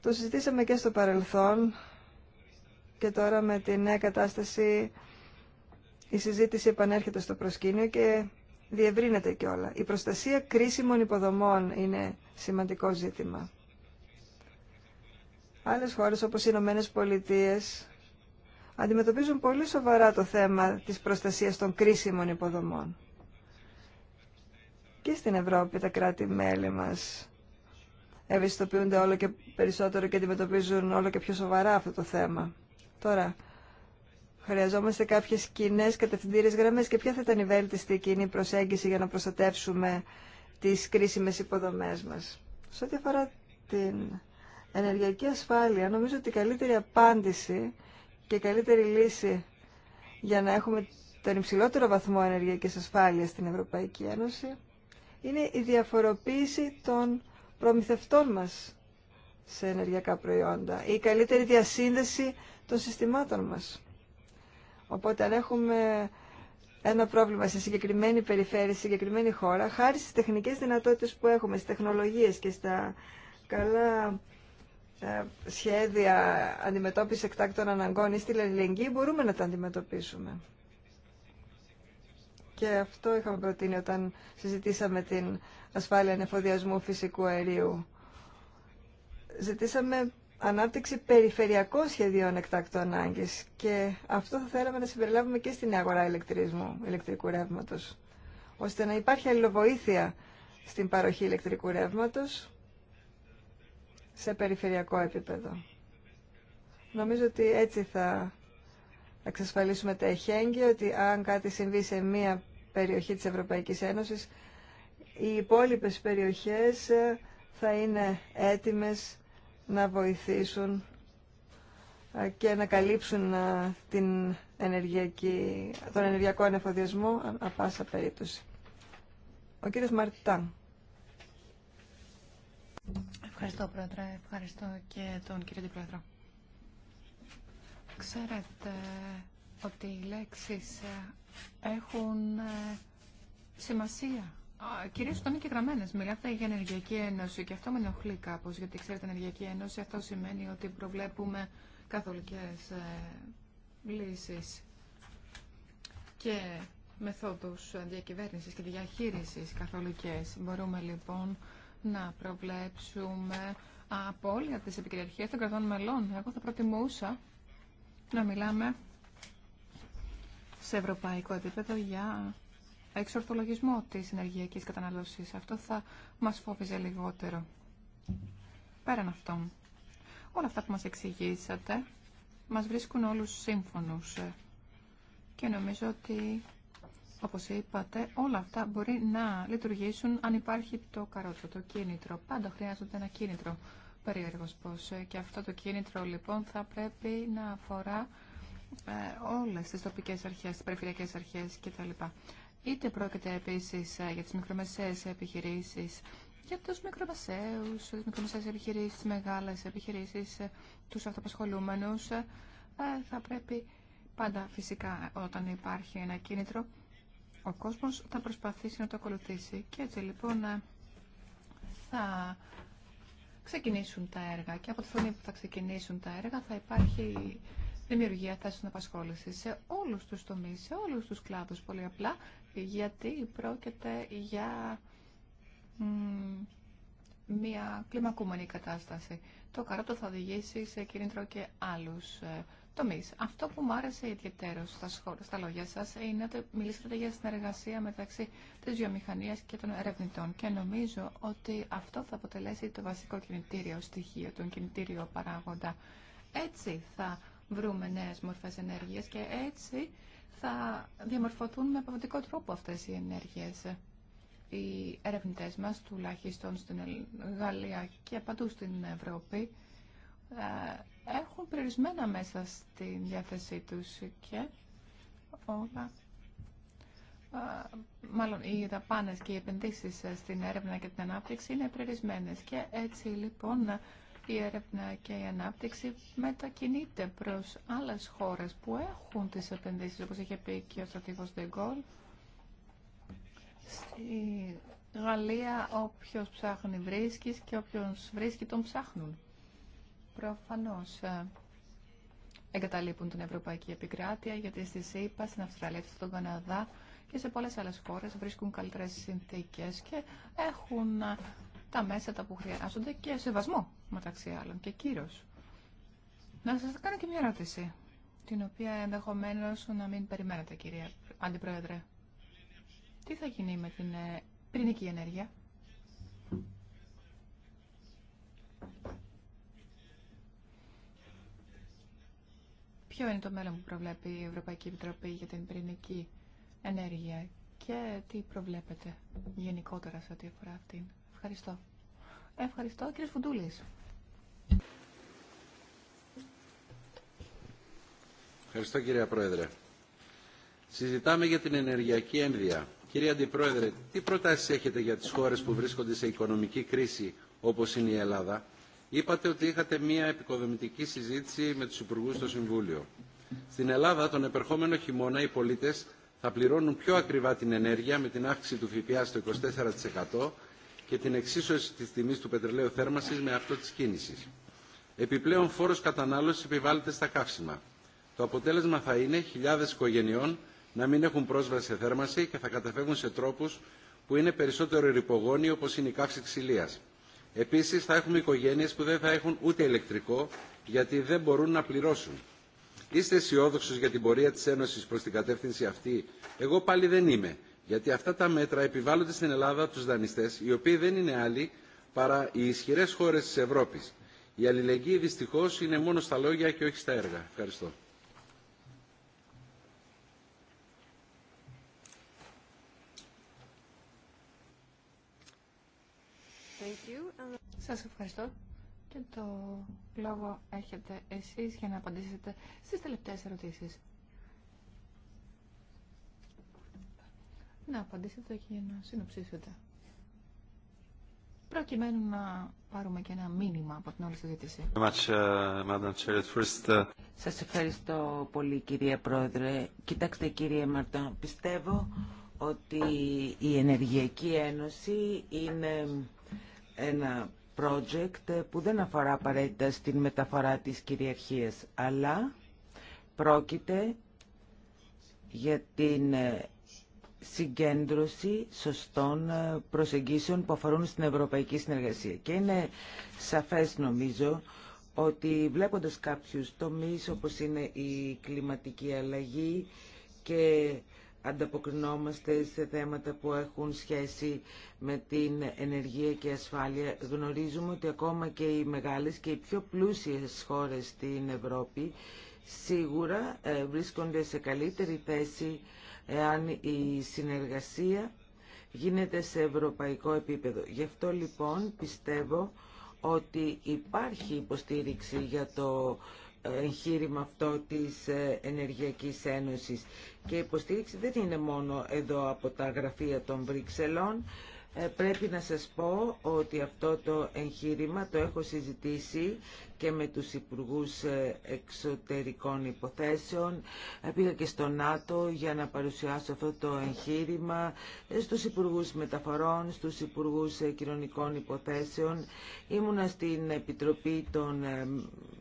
το συζητήσαμε και στο παρελθόν και τώρα με τη νέα κατάσταση η συζήτηση επανέρχεται στο προσκήνιο και διευρύνεται όλα. Η προστασία κρίσιμων υποδομών είναι σημαντικό ζήτημα. Άλλες χώρες όπως οι Ηνωμένε Πολιτείε αντιμετωπίζουν πολύ σοβαρά το θέμα της προστασίας των κρίσιμων υποδομών. Και στην Ευρώπη τα κράτη-μέλη μας ευαισθητοποιούνται όλο και περισσότερο και αντιμετωπίζουν όλο και πιο σοβαρά αυτό το θέμα. Τώρα, Χρειαζόμαστε κάποιε κοινέ κατευθυντήριε γραμμέ και ποια θα ήταν η βέλτιστη κοινή προσέγγιση για να προστατεύσουμε τι κρίσιμε υποδομέ μα. Σε ό,τι αφορά την ενεργειακή ασφάλεια, νομίζω ότι η καλύτερη απάντηση και η καλύτερη λύση για να έχουμε τον υψηλότερο βαθμό ενεργειακής ασφάλειας στην Ευρωπαϊκή Ένωση είναι η διαφοροποίηση των προμηθευτών μας σε ενεργειακά προϊόντα ή η καλύτερη διασύνδεση των συστημάτων μας. Οπότε αν έχουμε ένα πρόβλημα σε συγκεκριμένη περιφέρεια, σε συγκεκριμένη χώρα, χάρη στις τεχνικές δυνατότητες που έχουμε, στις τεχνολογίες και στα καλά ε, σχέδια αντιμετώπισης εκτάκτων αναγκών ή στη λελεγγύη μπορούμε να τα αντιμετωπίσουμε. Και αυτό είχαμε προτείνει όταν συζητήσαμε την ασφάλεια ανεφοδιασμού φυσικού αερίου. Ζητήσαμε ανάπτυξη περιφερειακών σχεδίων εκτάκτου ανάγκη. Και αυτό θα θέλαμε να συμπεριλάβουμε και στην αγορά ηλεκτρισμού, ηλεκτρικού ρεύματο. ώστε να υπάρχει αλληλοβοήθεια στην παροχή ηλεκτρικού ρεύματο σε περιφερειακό επίπεδο. Νομίζω ότι έτσι θα εξασφαλίσουμε τα εχέγγυα ότι αν κάτι συμβεί σε μία περιοχή της Ευρωπαϊκής Ένωσης, οι υπόλοιπες περιοχές θα είναι έτοιμες να βοηθήσουν και να καλύψουν την ενεργειακή, τον ενεργειακό ανεφοδιασμό απάσα πάσα περίπτωση. Ο κύριος Μαρτάν. Ευχαριστώ πρόεδρε, ευχαριστώ και τον κύριο Διπρόεδρο. Ξέρετε ότι οι λέξεις ε, έχουν ε, σημασία Κυρίω όταν είναι και γραμμένε, μιλάτε για Ενεργειακή Ένωση και αυτό με ενοχλεί κάπω, γιατί ξέρετε, Ενεργειακή Ένωση αυτό σημαίνει ότι προβλέπουμε καθολικέ ε, λύσει και μεθόδου διακυβέρνηση και διαχείριση καθολικέ. Μπορούμε λοιπόν να προβλέψουμε απόλυτα τι επικυριαρχίε των κρατών μελών. Εγώ θα προτιμούσα να μιλάμε σε ευρωπαϊκό επίπεδο για εξορθολογισμό της ενεργειακής καταναλώσης. Αυτό θα μας φόβιζε λιγότερο. Πέραν αυτών, όλα αυτά που μας εξηγήσατε μας βρίσκουν όλους σύμφωνους. Και νομίζω ότι, όπως είπατε, όλα αυτά μπορεί να λειτουργήσουν αν υπάρχει το καρότο, το κίνητρο. Πάντα χρειάζονται ένα κίνητρο περίεργος πώς. Και αυτό το κίνητρο, λοιπόν, θα πρέπει να αφορά ε, όλες τις τοπικές αρχές, τις περιφερειακές αρχές κτλ είτε πρόκειται επίσης ε, για τις μικρομεσαίες επιχειρήσεις, για τους μικρομεσαίους, τις μικρομεσαίες επιχειρήσεις, τι μεγάλες επιχειρήσεις, ε, τους αυτοπασχολούμενους, ε, θα πρέπει πάντα φυσικά όταν υπάρχει ένα κίνητρο, ο κόσμος θα προσπαθήσει να το ακολουθήσει. Και έτσι λοιπόν θα ξεκινήσουν τα έργα και από τη φωνή που θα ξεκινήσουν τα έργα θα υπάρχει δημιουργία θέσεων απασχόληση σε όλους τους τομείς, σε όλους τους κλάδους πολύ απλά γιατί πρόκειται για μια κλιμακούμενη κατάσταση. Το καρότο θα οδηγήσει σε κίνητρο και άλλους ε, τομείς. Αυτό που μου άρεσε ιδιαίτερο στα, λόγια σας είναι ότι μιλήσατε για συνεργασία μεταξύ της βιομηχανίας και των ερευνητών και νομίζω ότι αυτό θα αποτελέσει το βασικό κινητήριο στοιχείο, τον κινητήριο παράγοντα. Έτσι θα βρούμε νέες μορφές ενέργειας και έτσι θα διαμορφωθούν με πραγματικό τρόπο αυτές οι ενέργειες. Οι ερευνητές μας, τουλάχιστον στην Γαλλία και παντού στην Ευρώπη, ε, έχουν περιορισμένα μέσα στη διάθεσή τους και όλα ε, μάλλον οι δαπάνε και οι επενδύσεις στην έρευνα και την ανάπτυξη είναι περιορισμένες και έτσι λοιπόν η έρευνα και η ανάπτυξη μετακινείται προς άλλες χώρες που έχουν τις επενδύσεις, όπως είχε πει και ο στρατηγός Ντεγκόλ Στη Γαλλία όποιος ψάχνει βρίσκει και όποιος βρίσκει τον ψάχνουν. Προφανώς ε, εγκαταλείπουν την Ευρωπαϊκή Επικράτεια γιατί στη ΣΥΠΑ, στην Αυστραλία, στον Καναδά και σε πολλές άλλες χώρες βρίσκουν καλύτερες συνθήκες και έχουν ε, τα μέσα τα που χρειάζονται και σεβασμό μεταξύ άλλων, και κύρος. Να σας κάνω και μια ερώτηση, την οποία ενδεχομένω να μην περιμένετε, κυρία Αντιπρόεδρε. Τι θα γίνει με την ε, πυρηνική ενέργεια. Ποιο είναι το μέλλον που προβλέπει η Ευρωπαϊκή Επιτροπή για την πυρηνική ενέργεια και τι προβλέπετε γενικότερα σε ό,τι αφορά αυτήν. Ευχαριστώ. Ευχαριστώ κύριε Φουντούλης. Ευχαριστώ κύριε Πρόεδρε. Συζητάμε για την ενεργειακή ένδυα. Κύριε Αντιπρόεδρε, τι προτάσεις έχετε για τις χώρες που βρίσκονται σε οικονομική κρίση όπως είναι η Ελλάδα. Είπατε ότι είχατε μία επικοδομητική συζήτηση με τους υπουργούς στο Συμβούλιο. Στην Ελλάδα τον επερχόμενο χειμώνα οι πολίτες θα πληρώνουν πιο ακριβά την ενέργεια με την αύξηση του ΦΠΑ στο 24% και την εξίσωση της τιμής του πετρελαίου θέρμασης με αυτό της κίνησης. Επιπλέον φόρος κατανάλωσης επιβάλλεται στα καύσιμα. Το αποτέλεσμα θα είναι χιλιάδες οικογενειών να μην έχουν πρόσβαση σε θέρμανση και θα καταφεύγουν σε τρόπους που είναι περισσότερο ρηπογόνοι όπως είναι η καύση ξυλίας. Επίσης θα έχουμε οικογένειες που δεν θα έχουν ούτε ηλεκτρικό γιατί δεν μπορούν να πληρώσουν. Είστε αισιόδοξο για την πορεία της Ένωσης προς την κατεύθυνση αυτή. Εγώ πάλι δεν είμαι γιατί αυτά τα μέτρα επιβάλλονται στην Ελλάδα από τους δανειστές, οι οποίοι δεν είναι άλλοι παρά οι ισχυρές χώρες της Ευρώπης. Η αλληλεγγύη δυστυχώς είναι μόνο στα λόγια και όχι στα έργα. Ευχαριστώ. Σας ευχαριστώ και το λόγο έχετε εσείς για να απαντήσετε στις τελευταίες ερωτήσεις. να απαντήσετε και να συνοψίσετε. Προκειμένου να πάρουμε και ένα μήνυμα από την όλη συζήτηση. Uh, uh, σας ευχαριστώ πολύ κυρία Πρόεδρε. Κοιτάξτε κύριε Μαρτών, πιστεύω ότι η Ενεργειακή Ένωση είναι ένα project που δεν αφορά απαραίτητα στην μεταφορά της κυριαρχίας, αλλά πρόκειται για την συγκέντρωση σωστών ε, προσεγγίσεων που αφορούν στην ευρωπαϊκή συνεργασία. Και είναι σαφές νομίζω ότι βλέποντας κάποιους τομείς όπως είναι η κλιματική αλλαγή και ανταποκρινόμαστε σε θέματα που έχουν σχέση με την ενεργία και ασφάλεια. Γνωρίζουμε ότι ακόμα και οι μεγάλες και οι πιο πλούσιες χώρες στην Ευρώπη σίγουρα ε, βρίσκονται σε καλύτερη θέση εάν η συνεργασία γίνεται σε ευρωπαϊκό επίπεδο. Γι' αυτό λοιπόν πιστεύω ότι υπάρχει υποστήριξη για το εγχείρημα αυτό της ε, Ενεργειακής Ένωσης και η υποστήριξη δεν είναι μόνο εδώ από τα γραφεία των Βρυξελών ε, πρέπει να σας πω ότι αυτό το εγχείρημα το έχω συζητήσει και με τους Υπουργούς ε, Εξωτερικών Υποθέσεων. Πήγα και στο ΝΑΤΟ για να παρουσιάσω αυτό το εγχείρημα ε, στους Υπουργούς Μεταφορών, στους Υπουργούς ε, Κοινωνικών Υποθέσεων. Ήμουνα στην Επιτροπή των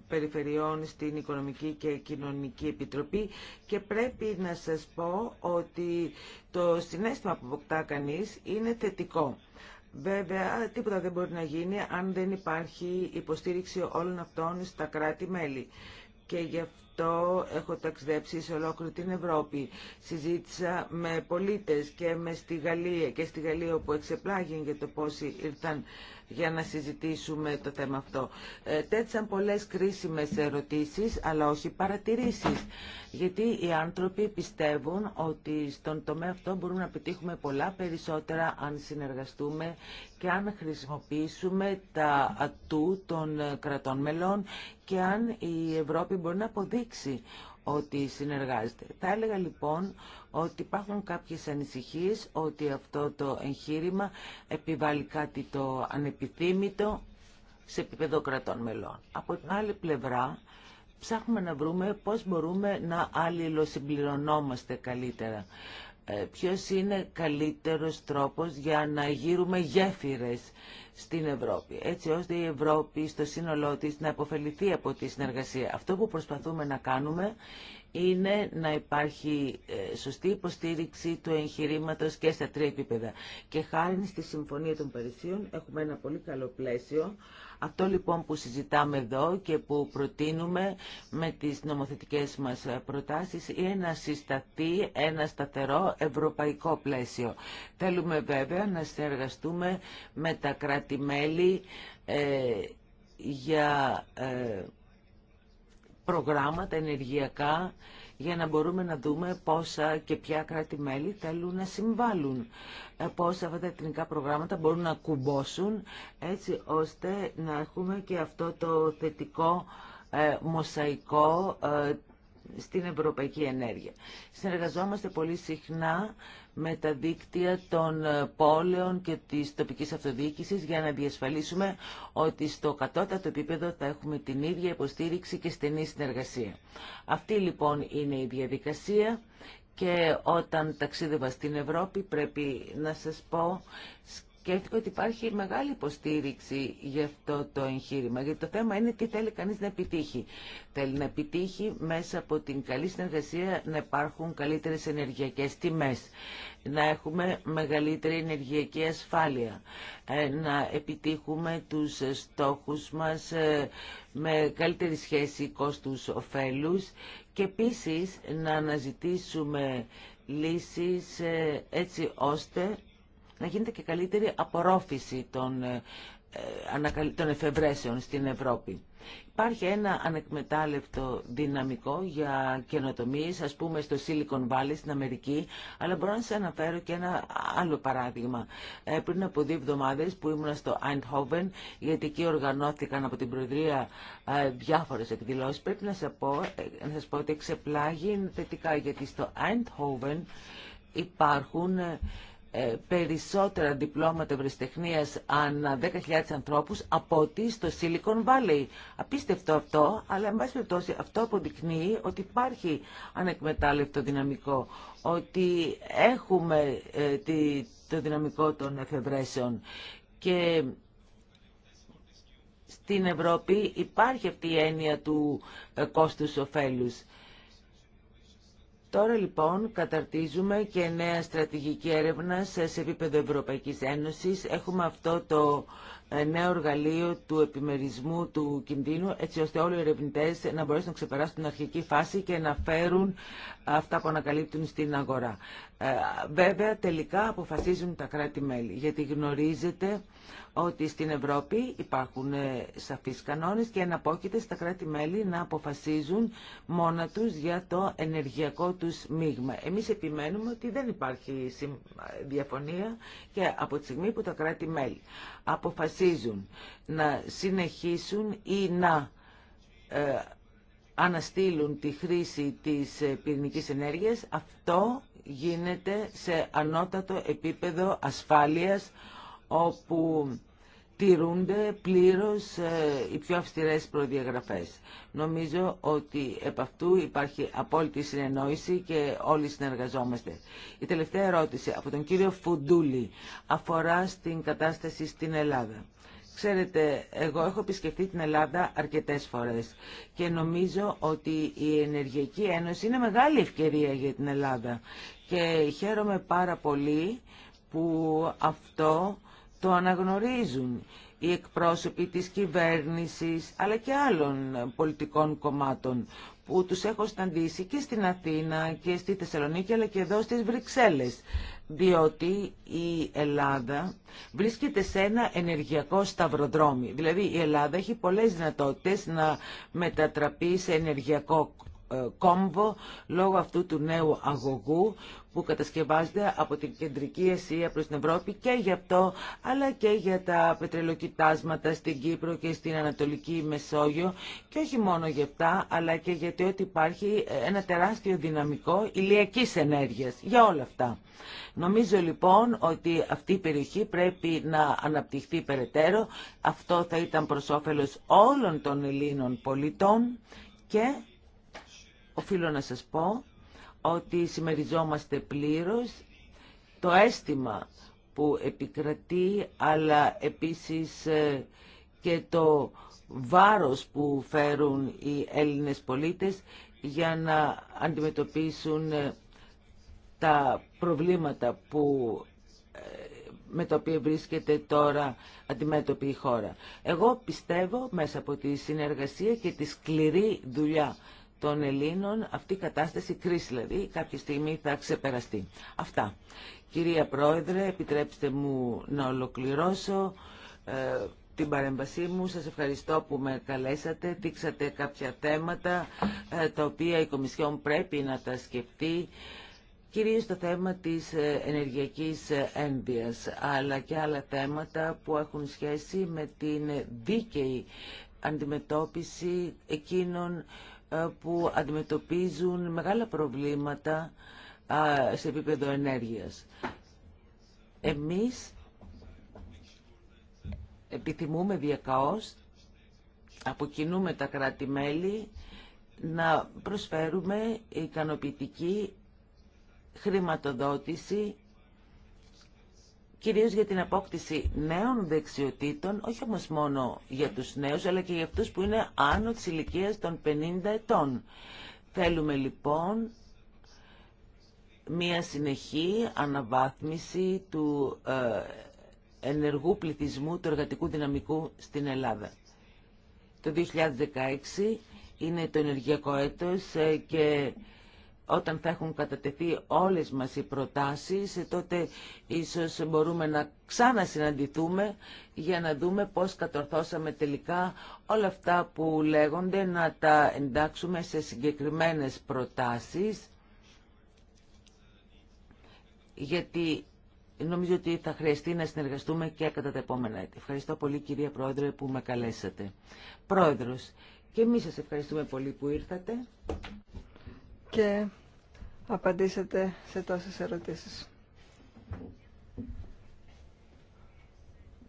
Περιφερειών, στην Οικονομική και Κοινωνική Επιτροπή και πρέπει να σας πω ότι το συνέστημα που αποκτά κανείς είναι θετικό. Βέβαια, τίποτα δεν μπορεί να γίνει αν δεν υπάρχει υποστήριξη όλων αυτών στα κράτη-μέλη. Και γι' αυτό έχω ταξιδέψει σε ολόκληρη την Ευρώπη. Συζήτησα με πολίτες και με στη Γαλλία και στη Γαλλία όπου εξεπλάγει για το πόσοι ήρθαν για να συζητήσουμε το θέμα αυτό. Ε, Τέτσαν πολλές κρίσιμες ερωτήσεις, αλλά όχι παρατηρήσεις. Γιατί οι άνθρωποι πιστεύουν ότι στον τομέα αυτό μπορούμε να πετύχουμε πολλά περισσότερα αν συνεργαστούμε και αν χρησιμοποιήσουμε τα ατού των κρατών μελών και αν η Ευρώπη μπορεί να αποδείξει ότι συνεργάζεται. Θα έλεγα λοιπόν ότι υπάρχουν κάποιες ανησυχίες ότι αυτό το εγχείρημα επιβάλλει κάτι το ανεπιθύμητο σε επίπεδο κρατών μελών. Από την άλλη πλευρά ψάχνουμε να βρούμε πώς μπορούμε να αλληλοσυμπληρωνόμαστε καλύτερα. Ε, ποιος είναι καλύτερος τρόπος για να γύρουμε γέφυρες στην Ευρώπη, έτσι ώστε η Ευρώπη στο σύνολό της να αποφεληθεί από τη συνεργασία. Αυτό που προσπαθούμε να κάνουμε είναι να υπάρχει ε, σωστή υποστήριξη του εγχειρήματο και στα τρία επίπεδα. Και χάρη στη Συμφωνία των Παρισίων έχουμε ένα πολύ καλό πλαίσιο. Αυτό λοιπόν που συζητάμε εδώ και που προτείνουμε με τις νομοθετικές μας προτάσεις είναι να συσταθεί ένα σταθερό ευρωπαϊκό πλαίσιο. Θέλουμε βέβαια να συνεργαστούμε με τα κράτη-μέλη ε, για... Ε, προγράμματα ενεργειακά για να μπορούμε να δούμε πόσα και ποια κράτη-μέλη θέλουν να συμβάλλουν, ε, πόσα αυτά τα εθνικά προγράμματα μπορούν να κουμπώσουν έτσι ώστε να έχουμε και αυτό το θετικό ε, μοσαϊκό ε, στην ευρωπαϊκή ενέργεια. Συνεργαζόμαστε πολύ συχνά με τα δίκτυα των ε, πόλεων και της τοπικής αυτοδιοίκησης για να διασφαλίσουμε ότι στο κατώτατο επίπεδο θα έχουμε την ίδια υποστήριξη και στενή συνεργασία. Αυτή λοιπόν είναι η διαδικασία και όταν ταξίδευα στην Ευρώπη πρέπει να σας πω σκέφτηκα ότι υπάρχει μεγάλη υποστήριξη για αυτό το εγχείρημα. Γιατί το θέμα είναι τι θέλει κανεί να επιτύχει. Θέλει να επιτύχει μέσα από την καλή συνεργασία να υπάρχουν καλύτερε ενεργειακέ τιμέ. Να έχουμε μεγαλύτερη ενεργειακή ασφάλεια. Ε, να επιτύχουμε τους στόχους μας ε, με καλύτερη σχέση κόστους-οφέλους και επίση να αναζητήσουμε λύσεις ε, έτσι ώστε να γίνεται και καλύτερη απορρόφηση των, ε, ε, των εφευρέσεων στην Ευρώπη. Υπάρχει ένα ανεκμετάλλευτο δυναμικό για καινοτομίε ας πούμε στο Silicon Valley στην Αμερική, αλλά μπορώ να σας αναφέρω και ένα άλλο παράδειγμα. Ε, πριν από δύο εβδομάδες που ήμουν στο Eindhoven, γιατί εκεί οργανώθηκαν από την Προεδρία διάφορες εκδηλώσεις, πρέπει να σας πω, να σας πω ότι εξεπλάγει θετικά, γιατί στο Eindhoven υπάρχουν ε, περισσότερα διπλώματα ευρεσιτεχνίας ανά 10.000 ανθρώπους από ότι στο Silicon Valley. Απίστευτο αυτό, αλλά εν πάση περιπτώσει αυτό αποδεικνύει ότι υπάρχει ανεκμετάλλευτο δυναμικό, ότι έχουμε ε, το δυναμικό των εφευρέσεων και στην Ευρώπη υπάρχει αυτή η έννοια του ε, κόστους ωφέλους. Τώρα λοιπόν καταρτίζουμε και νέα στρατηγική έρευνα σε επίπεδο Ευρωπαϊκής Ένωσης. Έχουμε αυτό το ε, νέο εργαλείο του επιμερισμού του κινδύνου, έτσι ώστε όλοι οι ερευνητέ να μπορέσουν να ξεπεράσουν την αρχική φάση και να φέρουν αυτά που ανακαλύπτουν στην αγορά. Ε, βέβαια, τελικά αποφασίζουν τα κράτη-μέλη, γιατί γνωρίζετε ότι στην Ευρώπη υπάρχουν ε, σαφείς κανόνες και αναπόκειται στα κράτη-μέλη να αποφασίζουν μόνα τους για το ενεργειακό τους μείγμα. Εμείς επιμένουμε ότι δεν υπάρχει διαφωνία και από τη στιγμή που τα κράτη-μέλη αποφασίζουν να συνεχίσουν ή να ε, αναστείλουν τη χρήση της ε, πυρηνικής ενέργειας, αυτό γίνεται σε ανώτατο επίπεδο ασφάλειας όπου τηρούνται πλήρως ε, οι πιο αυστηρές προδιαγραφές. Νομίζω ότι επ' αυτού υπάρχει απόλυτη συνεννόηση και όλοι συνεργαζόμαστε. Η τελευταία ερώτηση από τον κύριο Φουντούλη αφορά στην κατάσταση στην Ελλάδα. Ξέρετε, εγώ έχω επισκεφτεί την Ελλάδα αρκετές φορές και νομίζω ότι η Ενεργειακή Ένωση είναι μεγάλη ευκαιρία για την Ελλάδα και χαίρομαι πάρα πολύ που αυτό το αναγνωρίζουν οι εκπρόσωποι της κυβέρνησης αλλά και άλλων πολιτικών κομμάτων που τους έχω σταντήσει και στην Αθήνα και στη Θεσσαλονίκη αλλά και εδώ στις Βρυξέλλες διότι η Ελλάδα βρίσκεται σε ένα ενεργειακό σταυροδρόμι. Δηλαδή η Ελλάδα έχει πολλές δυνατότητες να μετατραπεί σε ενεργειακό ε, κόμβο λόγω αυτού του νέου αγωγού που κατασκευάζεται από την Κεντρική Ασία προς την Ευρώπη και γι' αυτό αλλά και για τα πετρελοκοιτάσματα στην Κύπρο και στην Ανατολική Μεσόγειο και όχι μόνο γι' αυτά αλλά και γιατί ότι υπάρχει ένα τεράστιο δυναμικό ηλιακής ενέργειας για όλα αυτά. Νομίζω λοιπόν ότι αυτή η περιοχή πρέπει να αναπτυχθεί περαιτέρω. Αυτό θα ήταν προς όφελος όλων των Ελλήνων πολιτών και οφείλω να σας πω ότι συμμεριζόμαστε πλήρως το αίσθημα που επικρατεί, αλλά επίσης ε, και το βάρος που φέρουν οι Έλληνες πολίτες για να αντιμετωπίσουν ε, τα προβλήματα που, ε, με τα οποία βρίσκεται τώρα αντιμέτωπη η χώρα. Εγώ πιστεύω μέσα από τη συνεργασία και τη σκληρή δουλειά των Ελλήνων αυτή η κατάσταση κρίση δηλαδή κάποια στιγμή θα ξεπεραστεί. Αυτά. Κυρία Πρόεδρε, επιτρέψτε μου να ολοκληρώσω ε, την παρέμβασή μου. Σας ευχαριστώ που με καλέσατε. Δείξατε κάποια θέματα ε, τα οποία η Κομισιόν πρέπει να τα σκεφτεί κυρίως το θέμα της ε, ενεργειακής ένδυας, αλλά και άλλα θέματα που έχουν σχέση με την δίκαιη αντιμετώπιση εκείνων ε, που αντιμετωπίζουν μεγάλα προβλήματα σε επίπεδο ενέργειας. Εμείς επιθυμούμε διακαώς, αποκινούμε τα κράτη-μέλη, να προσφέρουμε ικανοποιητική χρηματοδότηση κυρίως για την απόκτηση νέων δεξιοτήτων, όχι όμως μόνο για τους νέους, αλλά και για αυτούς που είναι άνω της ηλικίας των 50 ετών. Θέλουμε λοιπόν μία συνεχή αναβάθμιση του ε, ενεργού πληθυσμού του εργατικού δυναμικού στην Ελλάδα. Το 2016 είναι το ενεργειακό έτος ε, και όταν θα έχουν κατατεθεί όλες μας οι προτάσεις, ε, τότε ίσως μπορούμε να ξανασυναντηθούμε για να δούμε πώς κατορθώσαμε τελικά όλα αυτά που λέγονται να τα εντάξουμε σε συγκεκριμένες προτάσεις, γιατί νομίζω ότι θα χρειαστεί να συνεργαστούμε και κατά τα επόμενα έτη. Ευχαριστώ πολύ κυρία Πρόεδρε που με καλέσατε. Πρόεδρος, και εμείς σας ευχαριστούμε πολύ που ήρθατε. Και απαντήσετε σε τόσες ερωτήσεις.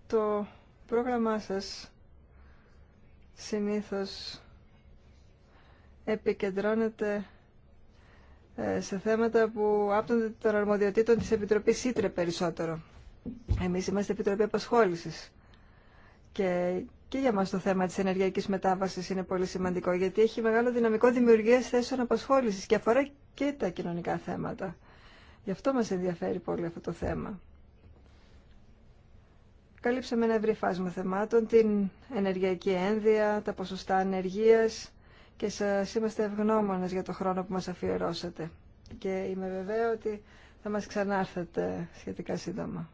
Το πρόγραμμά σας συνήθως επικεντρώνεται ε, σε θέματα που άπτονται των αρμοδιοτήτων της Επιτροπής Ήτρε περισσότερο. Εμείς είμαστε Επιτροπή Απασχόλησης και, και για μας το θέμα της ενεργειακής μετάβασης είναι πολύ σημαντικό γιατί έχει μεγάλο δυναμικό δημιουργίας θέσεων απασχόλησης και αφορά και τα κοινωνικά θέματα. Γι' αυτό μας ενδιαφέρει πολύ αυτό το θέμα. Καλύψαμε ένα ευρύ φάσμα θεμάτων, την ενεργειακή ένδυα, τα ποσοστά ανεργίας και σας είμαστε ευγνώμονες για το χρόνο που μας αφιερώσατε. Και είμαι βεβαία ότι θα μας ξανάρθετε σχετικά σύντομα.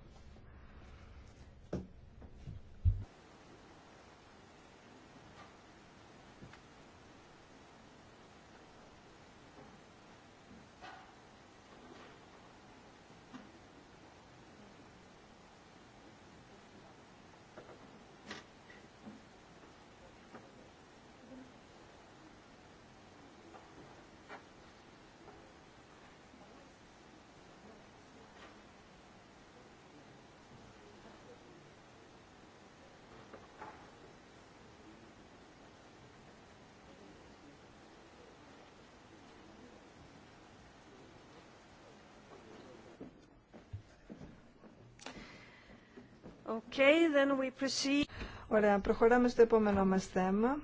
Ωραία, προχωράμε στο επόμενό μας θέμα.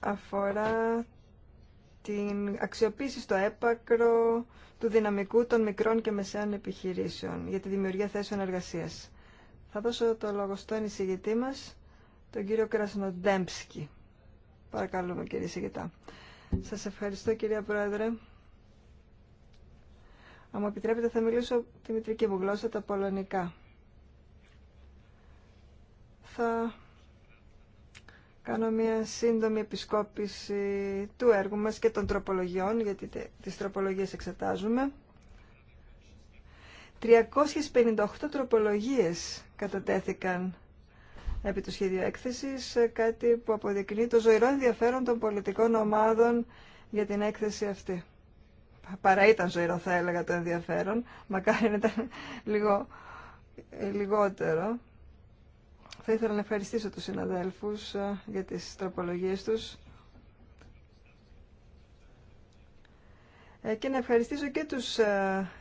Αφορά την αξιοποίηση στο έπακρο του δυναμικού των μικρών και μεσαίων επιχειρήσεων για τη δημιουργία θέσεων εργασίας. Θα δώσω το λόγο στον εισηγητή μας, τον κύριο Κρασνοντέμψκι. Παρακαλούμε κύριε εισηγητά. Σας ευχαριστώ κυρία Πρόεδρε. Αν μου επιτρέπετε θα μιλήσω τη μητρική μου γλώσσα, τα πολωνικά. Θα κάνω μια σύντομη επισκόπηση του έργου μας και των τροπολογιών, γιατί τις τροπολογίες εξετάζουμε. 358 τροπολογίες κατατέθηκαν επί του σχέδιου έκθεσης, κάτι που αποδεικνύει το ζωηρό ενδιαφέρον των πολιτικών ομάδων για την έκθεση αυτή παρά ήταν ζωηρό θα έλεγα το ενδιαφέρον, μακάρι να ήταν λίγο ε, λιγότερο. Θα ήθελα να ευχαριστήσω τους συναδέλφους ε, για τις τροπολογίες τους ε, και να ευχαριστήσω και τους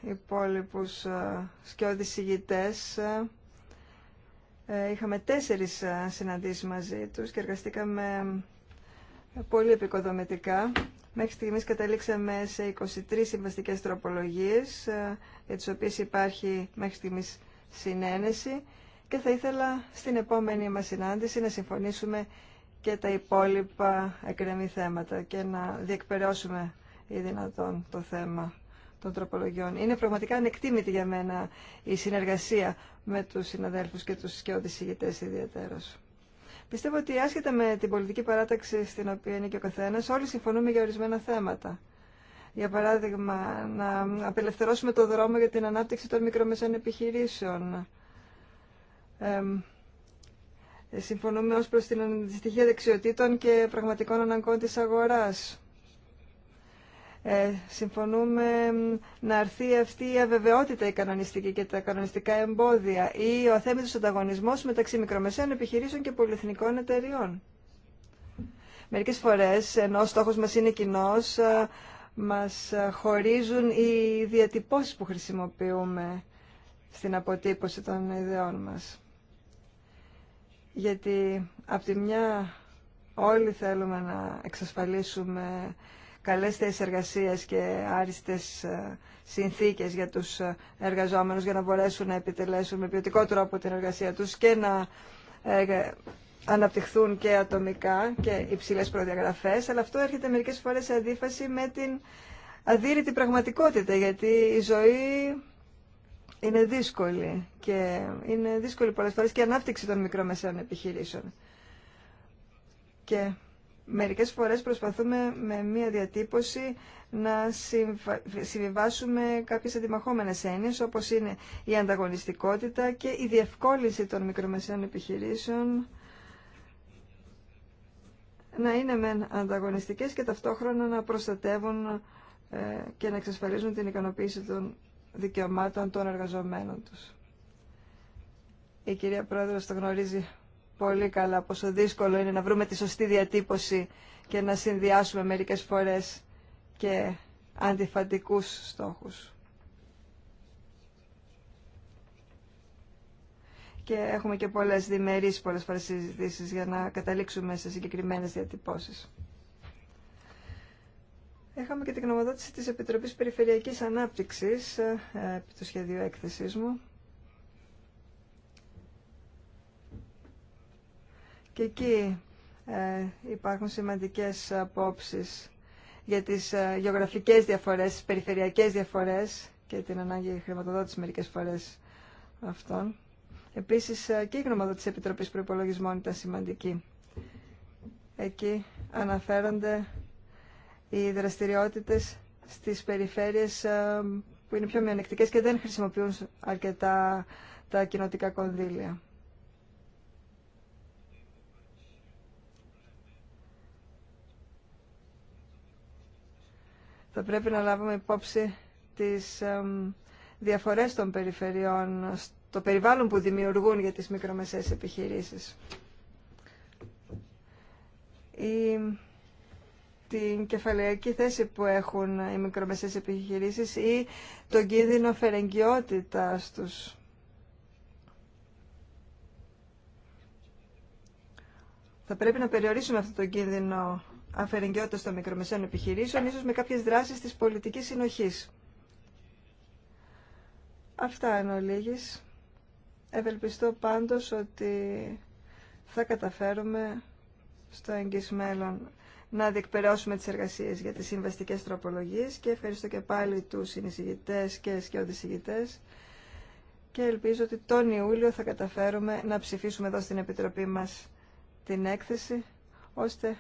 υπόλοιπους σκιώδης ηγητές. Είχαμε τέσσερις συναντήσεις μαζί τους και εργαστήκαμε πολύ επικοδομητικά. Μέχρι στιγμής καταλήξαμε σε 23 συμβαστικές τροπολογίες, ε, για τις οποίες υπάρχει μέχρι στιγμής συνένεση και θα ήθελα στην επόμενη μας συνάντηση να συμφωνήσουμε και τα υπόλοιπα εκκρεμή θέματα και να διεκπαιρεώσουμε ή δυνατόν το θέμα των τροπολογιών. Είναι πραγματικά ανεκτήμητη για μένα η συνεργασία με τους συναδέλφους και τους σκιώδης ηγητές ιδιαίτερως. Πιστεύω ότι άσχετα με την πολιτική παράταξη στην οποία είναι και ο καθένα, όλοι συμφωνούμε για ορισμένα θέματα. Για παράδειγμα, να απελευθερώσουμε το δρόμο για την ανάπτυξη των μικρομεσαίων επιχειρήσεων. Ε, συμφωνούμε ως προς την αντιστοιχεία δεξιοτήτων και πραγματικών αναγκών της αγοράς. Ε, συμφωνούμε να αρθεί αυτή η αβεβαιότητα η κανονιστική και τα κανονιστικά εμπόδια ή ο αθέμητος ανταγωνισμός μεταξύ μικρομεσαίων επιχειρήσεων και πολυεθνικών εταιριών. Μερικές φορές, ενώ ο στόχος μας είναι κοινό, ε, μας ε, χωρίζουν οι διατυπώσεις που χρησιμοποιούμε στην αποτύπωση των ιδεών μας. Γιατί από τη μια όλοι θέλουμε να εξασφαλίσουμε καλές θέσεις εργασίας και άριστες ε, συνθήκες για τους ε, εργαζόμενους για να μπορέσουν να επιτελέσουν με ποιοτικό τρόπο την εργασία τους και να ε, αναπτυχθούν και ατομικά και υψηλές προδιαγραφές, αλλά αυτό έρχεται μερικές φορές σε αντίφαση με την αδύρυτη πραγματικότητα, γιατί η ζωή είναι δύσκολη και είναι δύσκολη πολλές φορές και η ανάπτυξη των μικρομεσαίων επιχειρήσεων. Και μερικές φορές προσπαθούμε με μία διατύπωση να συμβιβάσουμε κάποιες αντιμαχόμενες έννοιες όπως είναι η ανταγωνιστικότητα και η διευκόλυνση των μικρομεσαίων επιχειρήσεων να είναι μεν ανταγωνιστικές και ταυτόχρονα να προστατεύουν ε, και να εξασφαλίζουν την ικανοποίηση των δικαιωμάτων των εργαζομένων τους. Η κυρία Πρόεδρος το γνωρίζει πολύ καλά πόσο δύσκολο είναι να βρούμε τη σωστή διατύπωση και να συνδυάσουμε μερικές φορές και αντιφατικούς στόχους. Και έχουμε και πολλές διμερείς πολλές φορές συζητήσεις για να καταλήξουμε σε συγκεκριμένες διατυπώσεις. Έχαμε και την γνωμοδότηση της Επιτροπής Περιφερειακής Ανάπτυξης ε, επί του σχεδίου έκθεσής μου Και εκεί ε, υπάρχουν σημαντικές απόψεις για τις ε, γεωγραφικές διαφορές, τις περιφερειακές διαφορές και την ανάγκη χρηματοδότηση μερικές φορές αυτών. Επίσης ε, και η γνωμοδότηση της Επιτροπής Προϋπολογισμών ήταν σημαντική. Εκεί αναφέρονται οι δραστηριότητες στις περιφέρειες που είναι πιο μειονεκτικές και δεν χρησιμοποιούν αρκετά τα κοινοτικά κονδύλια. θα πρέπει να λάβουμε υπόψη τις διαφορές των περιφερειών στο περιβάλλον που δημιουργούν για τις μικρομεσαίες επιχειρήσεις. Η, την κεφαλαϊκή θέση που έχουν οι μικρομεσαίες επιχειρήσεις ή τον κίνδυνο φερεγγιότητας τους. Θα πρέπει να περιορίσουμε αυτό το κίνδυνο αφαιρεγγιότητας των μικρομεσαίων επιχειρήσεων, ίσως με κάποιες δράσεις της πολιτικής συνοχής. Αυτά εν ολίγης. Ευελπιστώ πάντως ότι θα καταφέρουμε στο εγγύς μέλλον να διεκπαιρεώσουμε τις εργασίες για τις συμβαστικές τροπολογίες και ευχαριστώ και πάλι τους συνεισηγητές και σκιώδησηγητές και ελπίζω ότι τον Ιούλιο θα καταφέρουμε να ψηφίσουμε εδώ στην Επιτροπή μας την έκθεση ώστε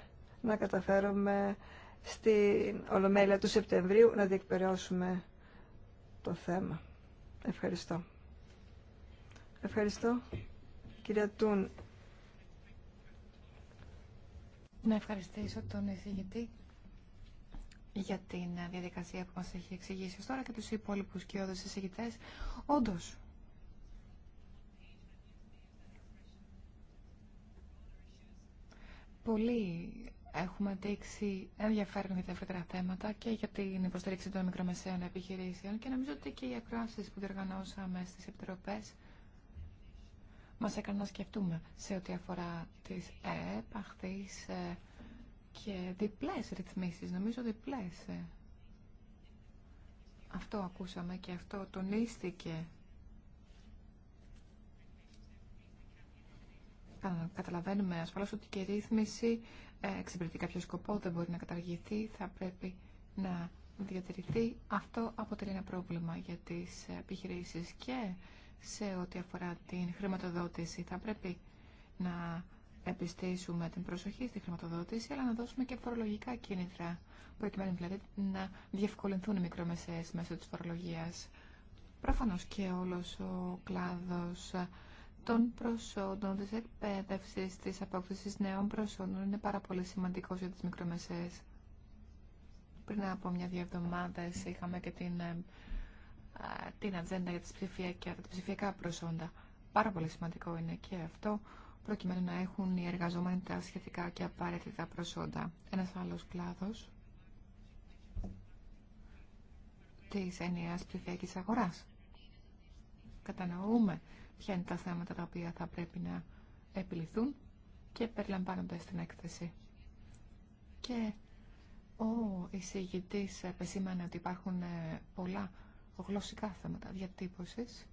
να καταφέρουμε στην Ολομέλεια του Σεπτεμβρίου να διεκπαιρεώσουμε το θέμα. Ευχαριστώ. Ευχαριστώ. Κυρία Τούν. Να ευχαριστήσω τον εισηγητή για την διαδικασία που μας έχει εξηγήσει τώρα και τους υπόλοιπους όδους εισηγητές. Όντως, πολύ Έχουμε δείξει ενδιαφέρον για τα ευρύτερα θέματα και για την υποστήριξη των μικρομεσαίων επιχειρήσεων και νομίζω ότι και οι εκφράσεις που διοργανώσαμε στι επιτροπέ μας έκαναν να σκεφτούμε σε ό,τι αφορά τις επαχθείς ε, και διπλές ρυθμίσεις, νομίζω διπλές. Ε. Αυτό ακούσαμε και αυτό τονίστηκε Καταλαβαίνουμε ασφαλώς ότι και η ρύθμιση ε, εξυπηρετεί κάποιο σκοπό, δεν μπορεί να καταργηθεί, θα πρέπει να διατηρηθεί. Αυτό αποτελεί ένα πρόβλημα για τις επιχειρήσεις και σε ό,τι αφορά την χρηματοδότηση. Θα πρέπει να επιστήσουμε την προσοχή στη χρηματοδότηση, αλλά να δώσουμε και φορολογικά κίνητρα, προκειμένου δηλαδή να διευκολυνθούν οι μικρομεσαίες μέσω της φορολογίας. Προφανώς και όλος ο κλάδος των προσόντων, της εκπαίδευση, της απόκτησης νέων προσόντων είναι πάρα πολύ σημαντικό για τις μικρομεσαίες. Πριν από μια-δύο εβδομάδες είχαμε και την, ε, την ατζέντα για τις ψηφιακά, τα ψηφιακά προσόντα. Πάρα πολύ σημαντικό είναι και αυτό, προκειμένου να έχουν οι εργαζόμενοι τα σχετικά και απαραίτητα προσόντα. Ένας άλλος κλάδος της ενιαίας ψηφιακής αγοράς. Κατανοούμε ποια είναι τα θέματα τα οποία θα πρέπει να επιληθούν και περιλαμβάνονται στην έκθεση. Και ο εισηγητής επεσήμανε ότι υπάρχουν ε, πολλά γλωσσικά θέματα διατύπωσης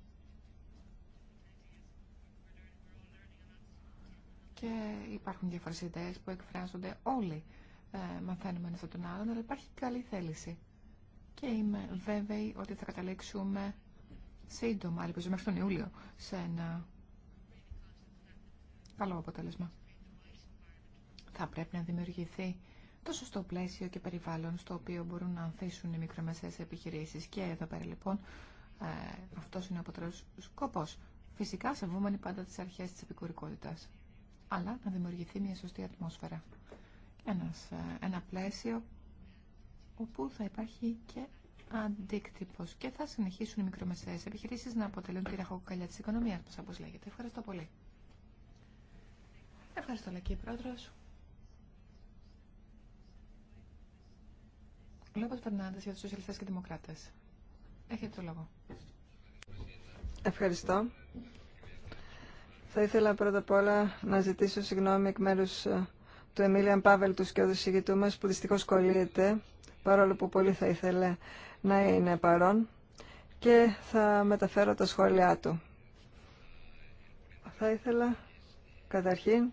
και υπάρχουν διάφορες που εκφράζονται όλοι ε, μαθαίνουμε ένα από τον άλλον αλλά υπάρχει καλή θέληση και είμαι βέβαιη ότι θα καταλήξουμε σύντομα, ελπίζω μέχρι τον Ιούλιο, σε ένα καλό αποτέλεσμα. Θα πρέπει να δημιουργηθεί το σωστό πλαίσιο και περιβάλλον στο οποίο μπορούν να ανθίσουν οι μικρομεσαίες επιχειρήσεις. Και εδώ πέρα λοιπόν ε, αυτός είναι ο αποτελέσμα σκοπός. Φυσικά σεβούμενοι πάντα τις αρχές της επικουρικότητας. Αλλά να δημιουργηθεί μια σωστή ατμόσφαιρα. Ε, ένα πλαίσιο όπου θα υπάρχει και αντίκτυπος και θα συνεχίσουν οι μικρομεσαίες επιχειρήσεις να αποτελούν τη ραχοκοκαλιά της οικονομίας μας, όπως λέγεται. Ευχαριστώ πολύ. Ευχαριστώ, Λακή Πρόεδρος. Λόγο Περνάντες για τους Σοσιαλιστές και Δημοκράτες. Έχετε το λόγο. Ευχαριστώ. Θα ήθελα πρώτα απ' όλα να ζητήσω συγγνώμη εκ μέρου ε, του Εμίλιαν Πάβελ, του σκιώδου συγγητού μα που δυστυχώς κολλείεται παρόλο που πολύ θα ήθελε να είναι παρόν και θα μεταφέρω τα σχόλιά του. Θα ήθελα καταρχήν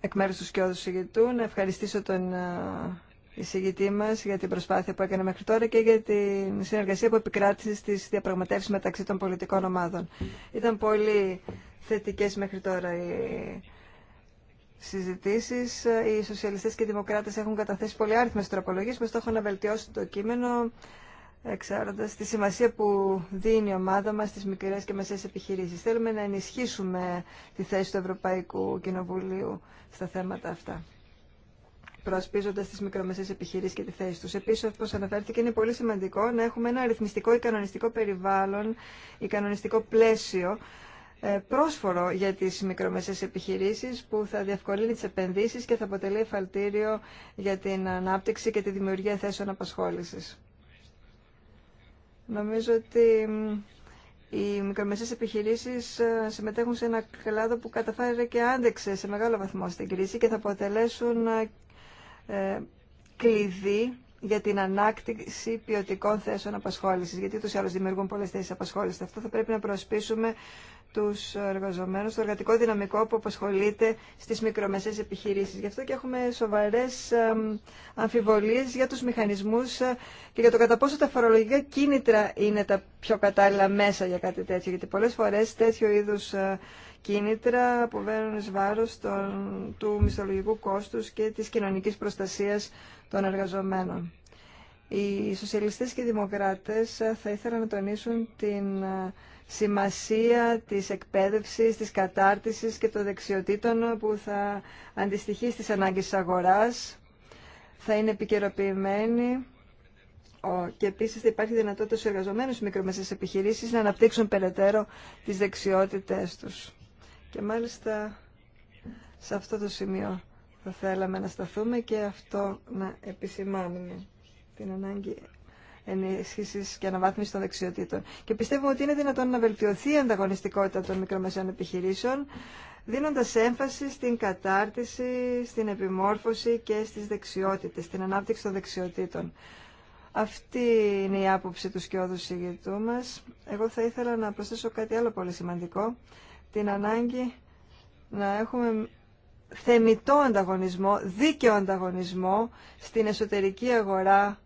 εκ μέρους του σκιώδου συγητού να ευχαριστήσω τον ε, εισηγητή μας για την προσπάθεια που έκανε μέχρι τώρα και για την συνεργασία που επικράτησε στις διαπραγματεύσεις μεταξύ των πολιτικών ομάδων. Ήταν πολύ θετικές μέχρι τώρα οι Συζητήσει. οι Σοσιαλιστέ και οι δημοκράτες έχουν καταθέσει πολλοί άριθμε τροπολογίε με στόχο να βελτιώσουν το κείμενο εξάρτητα τη σημασία που δίνει η ομάδα μα στις μικρέ και μεσαίες επιχειρήσει. Θέλουμε να ενισχύσουμε τη θέση του Ευρωπαϊκού Κοινοβουλίου στα θέματα αυτά προασπίζοντα τι μικρομεσαίε επιχειρήσει και τη θέση του. Επίση, όπω αναφέρθηκε, είναι πολύ σημαντικό να έχουμε ένα αριθμιστικό ή κανονιστικό περιβάλλον ή πλαίσιο ε, πρόσφορο για τις μικρομεσαίες επιχειρήσεις που θα διευκολύνει τις επενδύσεις και θα αποτελεί εφαλτήριο για την ανάπτυξη και τη δημιουργία θέσεων απασχόλησης. Νομίζω ότι οι μικρομεσαίες επιχειρήσεις ε, συμμετέχουν σε ένα κλάδο που καταφέρει και άντεξε σε μεγάλο βαθμό στην κρίση και θα αποτελέσουν ε, κλειδί για την ανάκτηση ποιοτικών θέσεων απασχόλησης, γιατί τους άλλους δημιουργούν πολλές θέσεις απασχόλησης. Αυτό θα πρέπει να προσπίσουμε τους εργαζομένους, το εργατικό δυναμικό που απασχολείται στις μικρομεσαίες επιχειρήσεις. Γι' αυτό και έχουμε σοβαρές αμφιβολίες για τους μηχανισμούς ε, και για το κατά πόσο τα φορολογικά κίνητρα είναι τα πιο κατάλληλα μέσα για κάτι τέτοιο. Γιατί πολλές φορές τέτοιο είδους ε, κίνητρα αποβαίνουν εις βάρος των, του μισθολογικού κόστους και της κοινωνικής προστασίας των εργαζομένων. Οι σοσιαλιστές και οι δημοκράτες ε, θα ήθελαν να τονίσουν την σημασία της εκπαίδευσης, της κατάρτισης και των δεξιοτήτων που θα αντιστοιχεί στις ανάγκες της αγοράς, θα είναι επικαιροποιημένη και επίσης θα υπάρχει δυνατότητα στους εργαζομένους μικρομεσαίες επιχειρήσεις να αναπτύξουν περαιτέρω τις δεξιότητές τους. Και μάλιστα σε αυτό το σημείο θα θέλαμε να σταθούμε και αυτό να επισημάνουμε την ανάγκη ενίσχυσης και αναβάθμιση των δεξιοτήτων. Και πιστεύουμε ότι είναι δυνατόν να βελτιωθεί η ανταγωνιστικότητα των μικρομεσαίων επιχειρήσεων, δίνοντας έμφαση στην κατάρτιση, στην επιμόρφωση και στις δεξιότητες, στην ανάπτυξη των δεξιοτήτων. Αυτή είναι η άποψη του σκιώδου συγγετού μας. Εγώ θα ήθελα να προσθέσω κάτι άλλο πολύ σημαντικό, την ανάγκη να έχουμε θεμητό ανταγωνισμό, δίκαιο ανταγωνισμό στην εσωτερική αγορά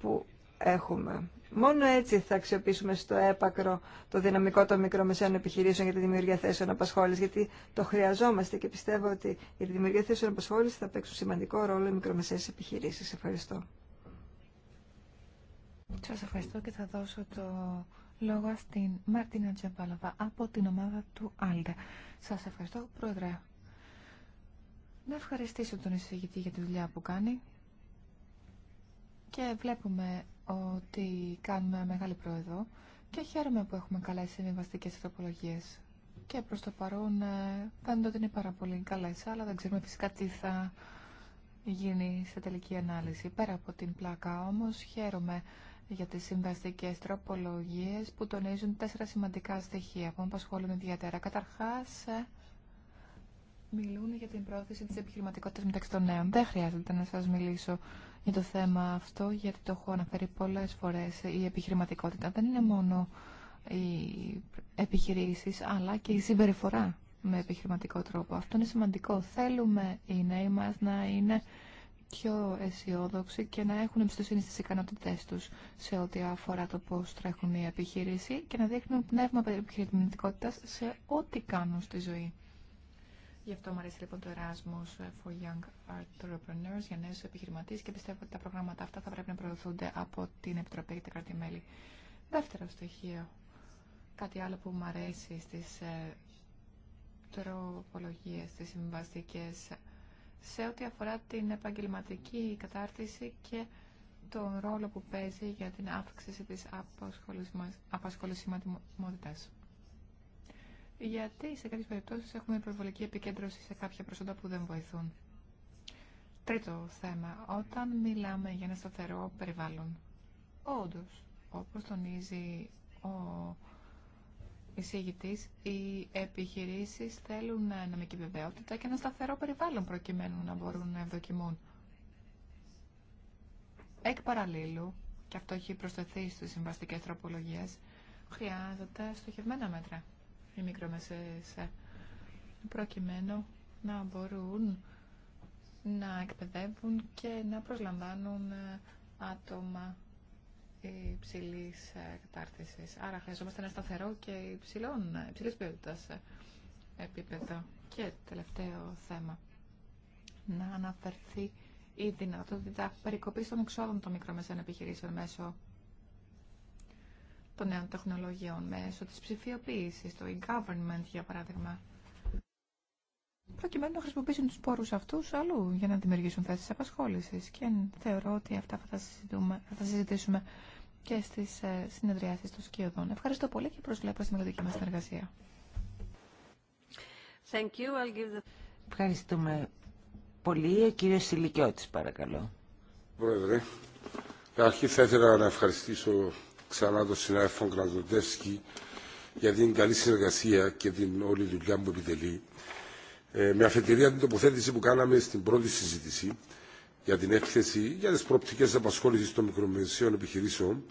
που έχουμε. Μόνο έτσι θα αξιοποιήσουμε στο έπακρο το δυναμικό των μικρομεσαίων επιχειρήσεων για τη δημιουργία θέσεων απασχόληση, γιατί το χρειαζόμαστε και πιστεύω ότι για τη δημιουργία θέσεων απασχόληση θα παίξουν σημαντικό ρόλο οι μικρομεσαίες επιχειρήσεις. Ευχαριστώ. Σα ευχαριστώ και θα δώσω το λόγο στην Μαρτίνα Τζεμπάλαβα από την ομάδα του Άλτα. Σα ευχαριστώ, Πρόεδρε. Να ευχαριστήσω τον εισηγητή για τη δουλειά που κάνει. Και βλέπουμε ότι κάνουμε μεγάλη πρόοδο και χαίρομαι που έχουμε καλές συμβιβαστικέ τροπολογίες. Και προς το παρόν ε, φαίνεται ότι είναι πάρα πολύ καλές, αλλά δεν ξέρουμε φυσικά τι θα γίνει σε τελική ανάλυση. Πέρα από την πλάκα όμως χαίρομαι για τις συμβαστικές τροπολογίες που τονίζουν τέσσερα σημαντικά στοιχεία που με απασχολούν ιδιαίτερα. Καταρχάς, ε, μιλούν για την πρόθεση της επιχειρηματικότητας μεταξύ των νέων. Δεν χρειάζεται να σας μιλήσω για το θέμα αυτό, γιατί το έχω αναφέρει πολλές φορές. Η επιχειρηματικότητα δεν είναι μόνο οι επιχειρήσεις, αλλά και η συμπεριφορά με επιχειρηματικό τρόπο. Αυτό είναι σημαντικό. Θέλουμε οι νέοι μας να είναι πιο αισιόδοξοι και να έχουν εμπιστοσύνη στις ικανότητές τους σε ό,τι αφορά το πώς τρέχουν η επιχείρηση και να δείχνουν πνεύμα επιχειρηματικότητας σε ό,τι κάνουν στη ζωή. Γι' αυτό μου αρέσει λοιπόν το Erasmus for Young Entrepreneurs για νέου επιχειρηματίε και πιστεύω ότι τα προγράμματα αυτά θα πρέπει να προωθούνται από την Επιτροπή και τα κράτη-μέλη. Δεύτερο στοιχείο, κάτι άλλο που μου αρέσει στι ε, τροπολογίε, στι συμβαστικέ, σε ό,τι αφορά την επαγγελματική κατάρτιση και τον ρόλο που παίζει για την αύξηση τη απασχολησιμότητας γιατί σε κάποιε περιπτώσει έχουμε υπερβολική επικέντρωση σε κάποια προσόντα που δεν βοηθούν. Τρίτο θέμα, όταν μιλάμε για ένα σταθερό περιβάλλον, όντω, όπω τονίζει ο εισήγητη, οι επιχειρήσει θέλουν νομική βεβαιότητα και ένα σταθερό περιβάλλον προκειμένου να μπορούν να ευδοκιμούν. Εκ παραλλήλου, και αυτό έχει προσθεθεί στι συμβαστικέ τροπολογίε, χρειάζεται στοχευμένα μέτρα οι μικρομεσαίες ε, προκειμένου να μπορούν να εκπαιδεύουν και να προσλαμβάνουν ε, άτομα υψηλή ε, κατάρτισης. Άρα χρειαζόμαστε ένα σταθερό και υψηλή ποιότητα επίπεδο. Και τελευταίο θέμα. Να αναφερθεί η δυνατότητα περικοπής των εξόδων των μικρομεσαίων επιχειρήσεων μέσω των νέων τεχνολογιών μέσω της ψηφιοποίησης, το e-government για παράδειγμα, προκειμένου να χρησιμοποιήσουν τους πόρους αυτούς αλλού για να δημιουργήσουν θέσεις απασχόλησης. Και θεωρώ ότι αυτά θα θα συζητήσουμε και στις ε, συνεδριάσεις των σκιωδών. Ευχαριστώ πολύ και προσβλέπω στη μελλοντική μας συνεργασία. Ευχαριστούμε πολύ. Ο κύριος Σιλικιώτης, παρακαλώ. Πρόεδρε, αρχή θα ήθελα να ευχαριστήσω ξανά τον συνάδελφο Κραζοντεύσκη για την καλή συνεργασία και την όλη δουλειά που επιτελεί. Ε, με αφετηρία την τοποθέτηση που κάναμε στην πρώτη συζήτηση για την έκθεση για τι προοπτικέ απασχόληση των μικρομεσαίων επιχειρήσεων,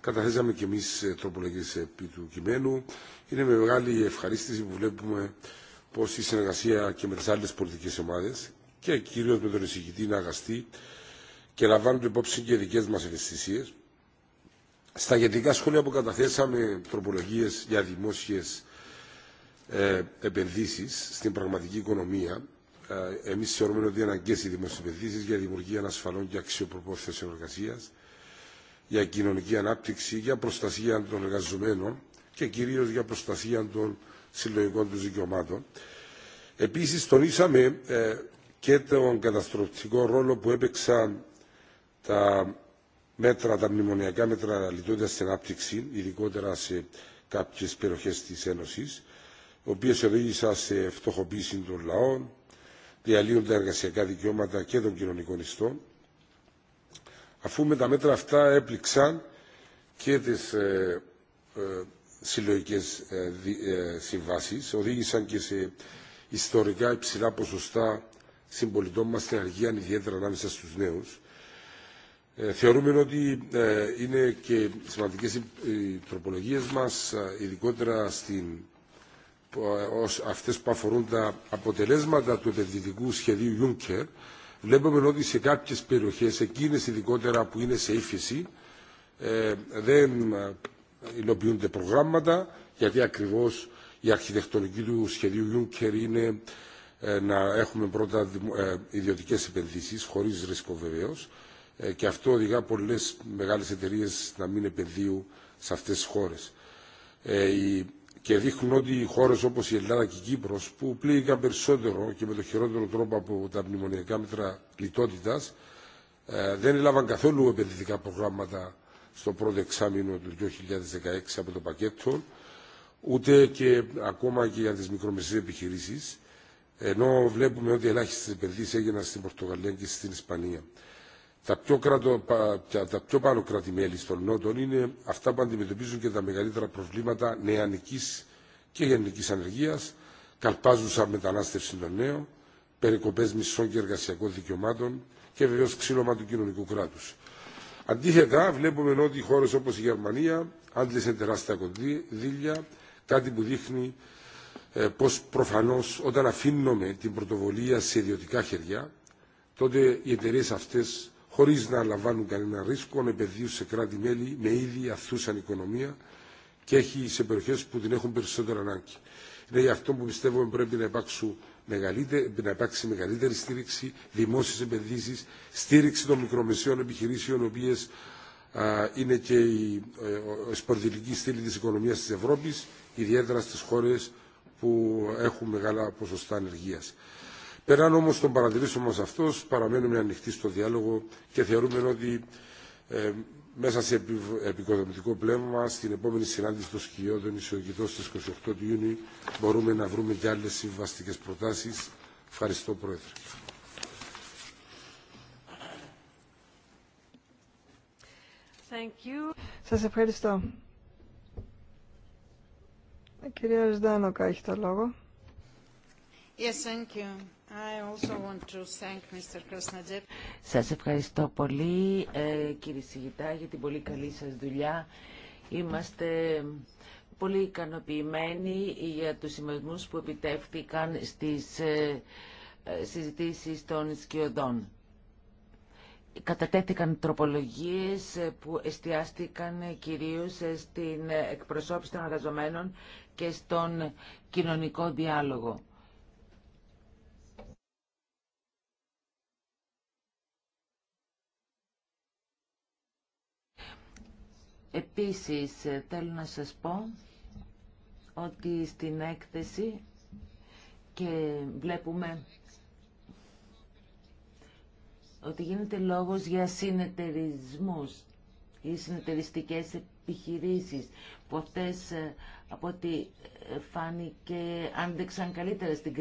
καταθέσαμε και εμεί ε, τροπολογίε επί του κειμένου. Είναι με μεγάλη ευχαρίστηση που βλέπουμε πω η συνεργασία και με τι άλλε πολιτικέ ομάδε και κυρίω με τον εισηγητή είναι αγαστή και λαμβάνουν υπόψη και δικέ μα ευαισθησίε. Στα γενικά σχόλια που καταθέσαμε τροπολογίες για δημόσιες ε, επενδύσεις στην πραγματική οικονομία, ε, εμείς θεωρούμε ότι είναι αγκές οι δημόσιες επενδύσεις για δημιουργία ανασφαλών και αξιοπροπών θέσεων εργασία, για κοινωνική ανάπτυξη, για προστασία των εργαζομένων και κυρίως για προστασία των συλλογικών του δικαιωμάτων. Επίσης τονίσαμε ε, και τον καταστροφικό ρόλο που έπαιξαν τα μέτρα, τα μνημονιακά μέτρα λειτουργούνται στην ανάπτυξη, ειδικότερα σε κάποιε περιοχέ τη Ένωση, οι οποίε οδήγησαν σε φτωχοποίηση των λαών, διαλύουν τα εργασιακά δικαιώματα και των κοινωνικών ιστών, αφού με τα μέτρα αυτά έπληξαν και τι ε, ε, συλλογικές ε, ε οδήγησαν και σε ιστορικά υψηλά ποσοστά συμπολιτών μα στην αργία, ιδιαίτερα ανάμεσα στου νέου. Ε, θεωρούμε ότι ε, είναι και σημαντικές οι τροπολογίες μας, ε, ειδικότερα στην, ως αυτές που αφορούν τα αποτελέσματα του επενδυτικού σχεδίου Juncker. Βλέπουμε ότι σε κάποιες περιοχές, εκείνες ειδικότερα που είναι σε ύφεση, δεν υλοποιούνται προγράμματα, γιατί ακριβώς η αρχιτεκτονική του σχεδίου Juncker είναι να έχουμε πρώτα ιδιωτικές επενδύσεις, χωρίς ρίσκο ε, και αυτό οδηγά πολλέ μεγάλε εταιρείε να μην επενδύουν σε αυτέ τι χώρε. Ε, και δείχνουν ότι οι χώρε όπως η Ελλάδα και η Κύπρο, που πλήγηκαν περισσότερο και με το χειρότερο τρόπο από τα μνημονιακά μέτρα λιτότητα, ε, δεν έλαβαν καθόλου επενδυτικά προγράμματα στο πρώτο εξάμεινο του 2016 από το πακέτο ούτε και ακόμα και για τι μικρομεσαίε επιχειρήσει, ενώ βλέπουμε ότι ελάχιστε επενδύσει έγιναν στην Πορτογαλία και στην Ισπανία. Τα πιο, κρατο, τα πιο πάνω κράτη-μέλη στον Νότο είναι αυτά που αντιμετωπίζουν και τα μεγαλύτερα προβλήματα νεανικής και γενικής ανεργίας, καλπάζουσα μετανάστευση των νέων, περικοπές μισθών και εργασιακών δικαιωμάτων και βεβαίως ξύλωμα του κοινωνικού κράτους. Αντίθετα, βλέπουμε ότι χώρε όπω η Γερμανία άντλησαν τεράστια κονδύλια, κάτι που δείχνει ε, πω προφανώ όταν αφήνουμε την πρωτοβολία σε ιδιωτικά χέρια, τότε οι εταιρείε αυτέ χωρί να λαμβάνουν κανένα ρίσκο, να επενδύουν σε κράτη-μέλη με ήδη αθούσαν οικονομία και έχει σε περιοχέ που την έχουν περισσότερο ανάγκη. Είναι γι' αυτό που πιστεύουμε πρέπει να, να υπάρξει μεγαλύτερη στήριξη, δημόσιε επενδύσει, στήριξη των μικρομεσαίων επιχειρήσεων, οι οποίε είναι και η ε, σπορδιλική στήλη τη οικονομία τη Ευρώπη, ιδιαίτερα στι χώρε που έχουν μεγάλα ποσοστά ανεργία. Πέραν όμω των παρατηρήσεων μα αυτό, παραμένουμε ανοιχτοί στο διάλογο και θεωρούμε ότι ε, μέσα σε επικοδομητικό πλέμμα, στην επόμενη συνάντηση των σκιώδων ισογητών στις 28 του Ιούνιου, μπορούμε να βρούμε και άλλες συμβαστικές προτάσεις. Ευχαριστώ, Πρόεδρε. Thank Σας ευχαριστώ. κυρία Ζδάνοκα έχει το λόγο. Yes, thank you. Σας ευχαριστώ πολύ ε, κύριε Σιγητά για την πολύ καλή σας δουλειά. Είμαστε πολύ ικανοποιημένοι για τους σημασμούς που επιτεύχθηκαν στις ε, ε, συζητήσεις των σκιωδών. Κατατέθηκαν τροπολογίες που εστιάστηκαν κυρίως στην εκπροσώπηση των εργαζομένων και στον κοινωνικό διάλογο. Επίσης, θέλω να σας πω ότι στην έκθεση και βλέπουμε ότι γίνεται λόγος για συνεταιρισμούς ή συνεταιριστικές επιχειρήσεις που αυτές ε, από ό,τι ε, φάνηκε άντεξαν καλύτερα στην,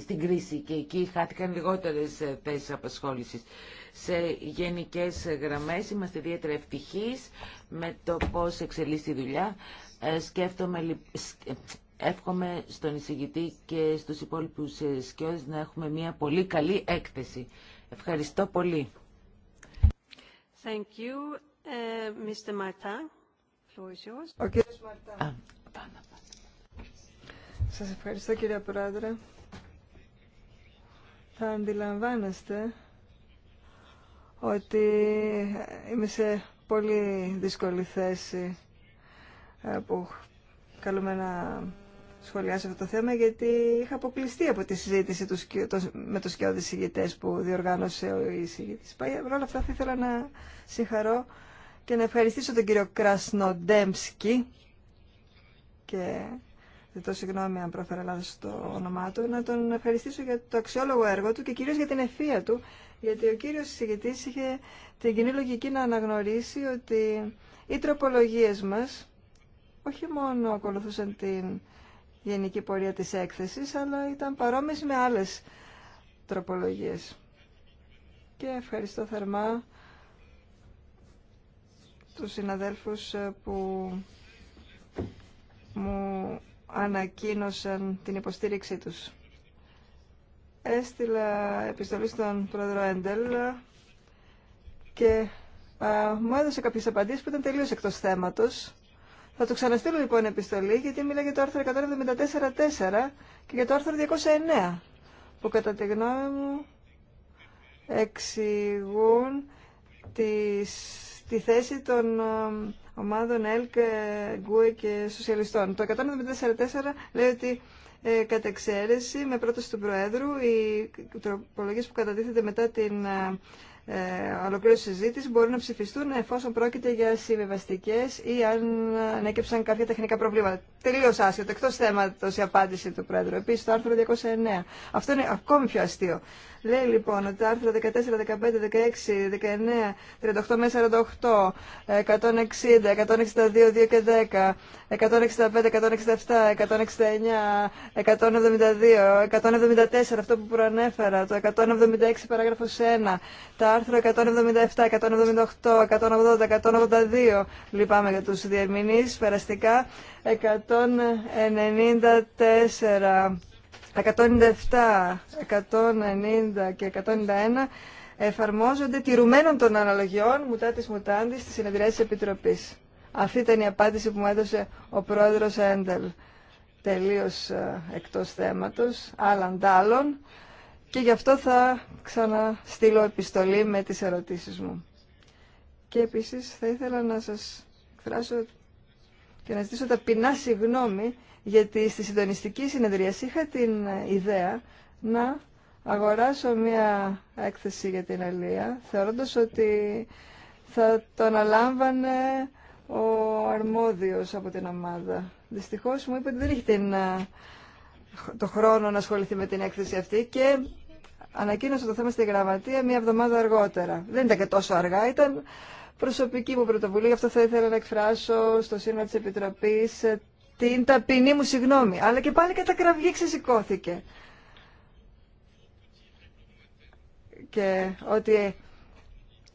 στην κρίση και εκεί χάθηκαν λιγότερες ε, θέσεις απασχόλησης. Σε γενικές γραμμές είμαστε ιδιαίτερα ευτυχείς με το πώς εξελίσσει η δουλειά. Ε, σκέφτομαι, ε, εύχομαι στον εισηγητή και στους υπόλοιπους ε, σκιώδες να έχουμε μια πολύ καλή έκθεση. Ευχαριστώ πολύ. Thank you. Mr. Σας ευχαριστώ κύριε Πρόεδρε. Θα αντιλαμβάνεστε ότι είμαι σε πολύ δύσκολη θέση ε, που καλούμε να σχολιάσω αυτό το θέμα γιατί είχα αποκλειστεί από τη συζήτηση με τους σκιώδεις ηγητές που διοργάνωσε ο εισηγητής. Παρ' όλα αυτά θα ήθελα να συγχαρώ και να ευχαριστήσω τον κύριο Κρασνοντέμσκι και ζητώ συγγνώμη αν πρόφερα λάθος το όνομά του, να τον ευχαριστήσω για το αξιόλογο έργο του και κυρίως για την ευφία του γιατί ο κύριος συζητητής είχε την κοινή λογική να αναγνωρίσει ότι οι τροπολογίες μας όχι μόνο ακολουθούσαν την γενική πορεία της έκθεσης, αλλά ήταν παρόμοιες με άλλες τροπολογίες. Και ευχαριστώ θερμά τους συναδέλφους που μου ανακοίνωσαν την υποστήριξή τους έστειλα επιστολή στον πρόεδρο Έντελ και μου έδωσε κάποιες απαντήσεις που ήταν τελείως εκτός θέματος. Θα του ξαναστείλω λοιπόν επιστολή γιατί μιλά για το άρθρο 174.4 και για το άρθρο 209 που κατά τη γνώμη μου εξηγούν τη θέση των ομάδων ΕΛΚ, ε, ΓΚΟΕ και Σοσιαλιστών. Το 174.4 λέει ότι ε, εξαίρεση, με πρόταση του Προέδρου, οι τροπολογίε που κατατίθεται μετά την ε, ολοκλήρωση συζήτηση μπορούν να ψηφιστούν εφόσον πρόκειται για συμβιβαστικέ ή αν ανέκυψαν κάποια τεχνικά προβλήματα. Τελείω άσχετο, εκτό θέματο η απάντηση του Πρόεδρου. Επίση, το άρθρο 209. Αυτό είναι ακόμη πιο αστείο. Λέει λοιπόν ότι τα άρθρα 14, 15, 16, 19, 38 48, 160, 162, 2 και 10, 165, 167, 169, 172, 174, αυτό που προανέφερα, το 176 παράγραφος 1, τα άρθρα 177, 178, 180, 182, λυπάμαι για τους διερμηνείς, περαστικά, 194 τα 197, 190 και 191 εφαρμόζονται τηρουμένων των αναλογιών μουτά τη μουτάντης της συνεδριάς τη Επιτροπής. Αυτή ήταν η απάντηση που μου έδωσε ο πρόεδρος Έντελ. Τελείως ε, εκτός θέματος, άλλαν τάλλον. Και γι' αυτό θα ξαναστείλω επιστολή με τις ερωτήσεις μου. Και επίσης θα ήθελα να σας εκφράσω και να ζητήσω ταπεινά συγγνώμη γιατί στη συντονιστική συνεδρίαση είχα την ιδέα να αγοράσω μία έκθεση για την Αλία, θεωρώντας ότι θα το αναλάμβανε ο αρμόδιος από την ομάδα. Δυστυχώς μου είπε ότι δεν είχε το χρόνο να ασχοληθεί με την έκθεση αυτή και ανακοίνωσε το θέμα στη γραμματεία μία εβδομάδα αργότερα. Δεν ήταν και τόσο αργά, ήταν προσωπική μου πρωτοβουλία, γι' αυτό θα ήθελα να εκφράσω στο σύνολο της Επιτροπής ε, την ταπεινή μου συγγνώμη. Αλλά και πάλι κατά κραυγή ξεσηκώθηκε. Και ότι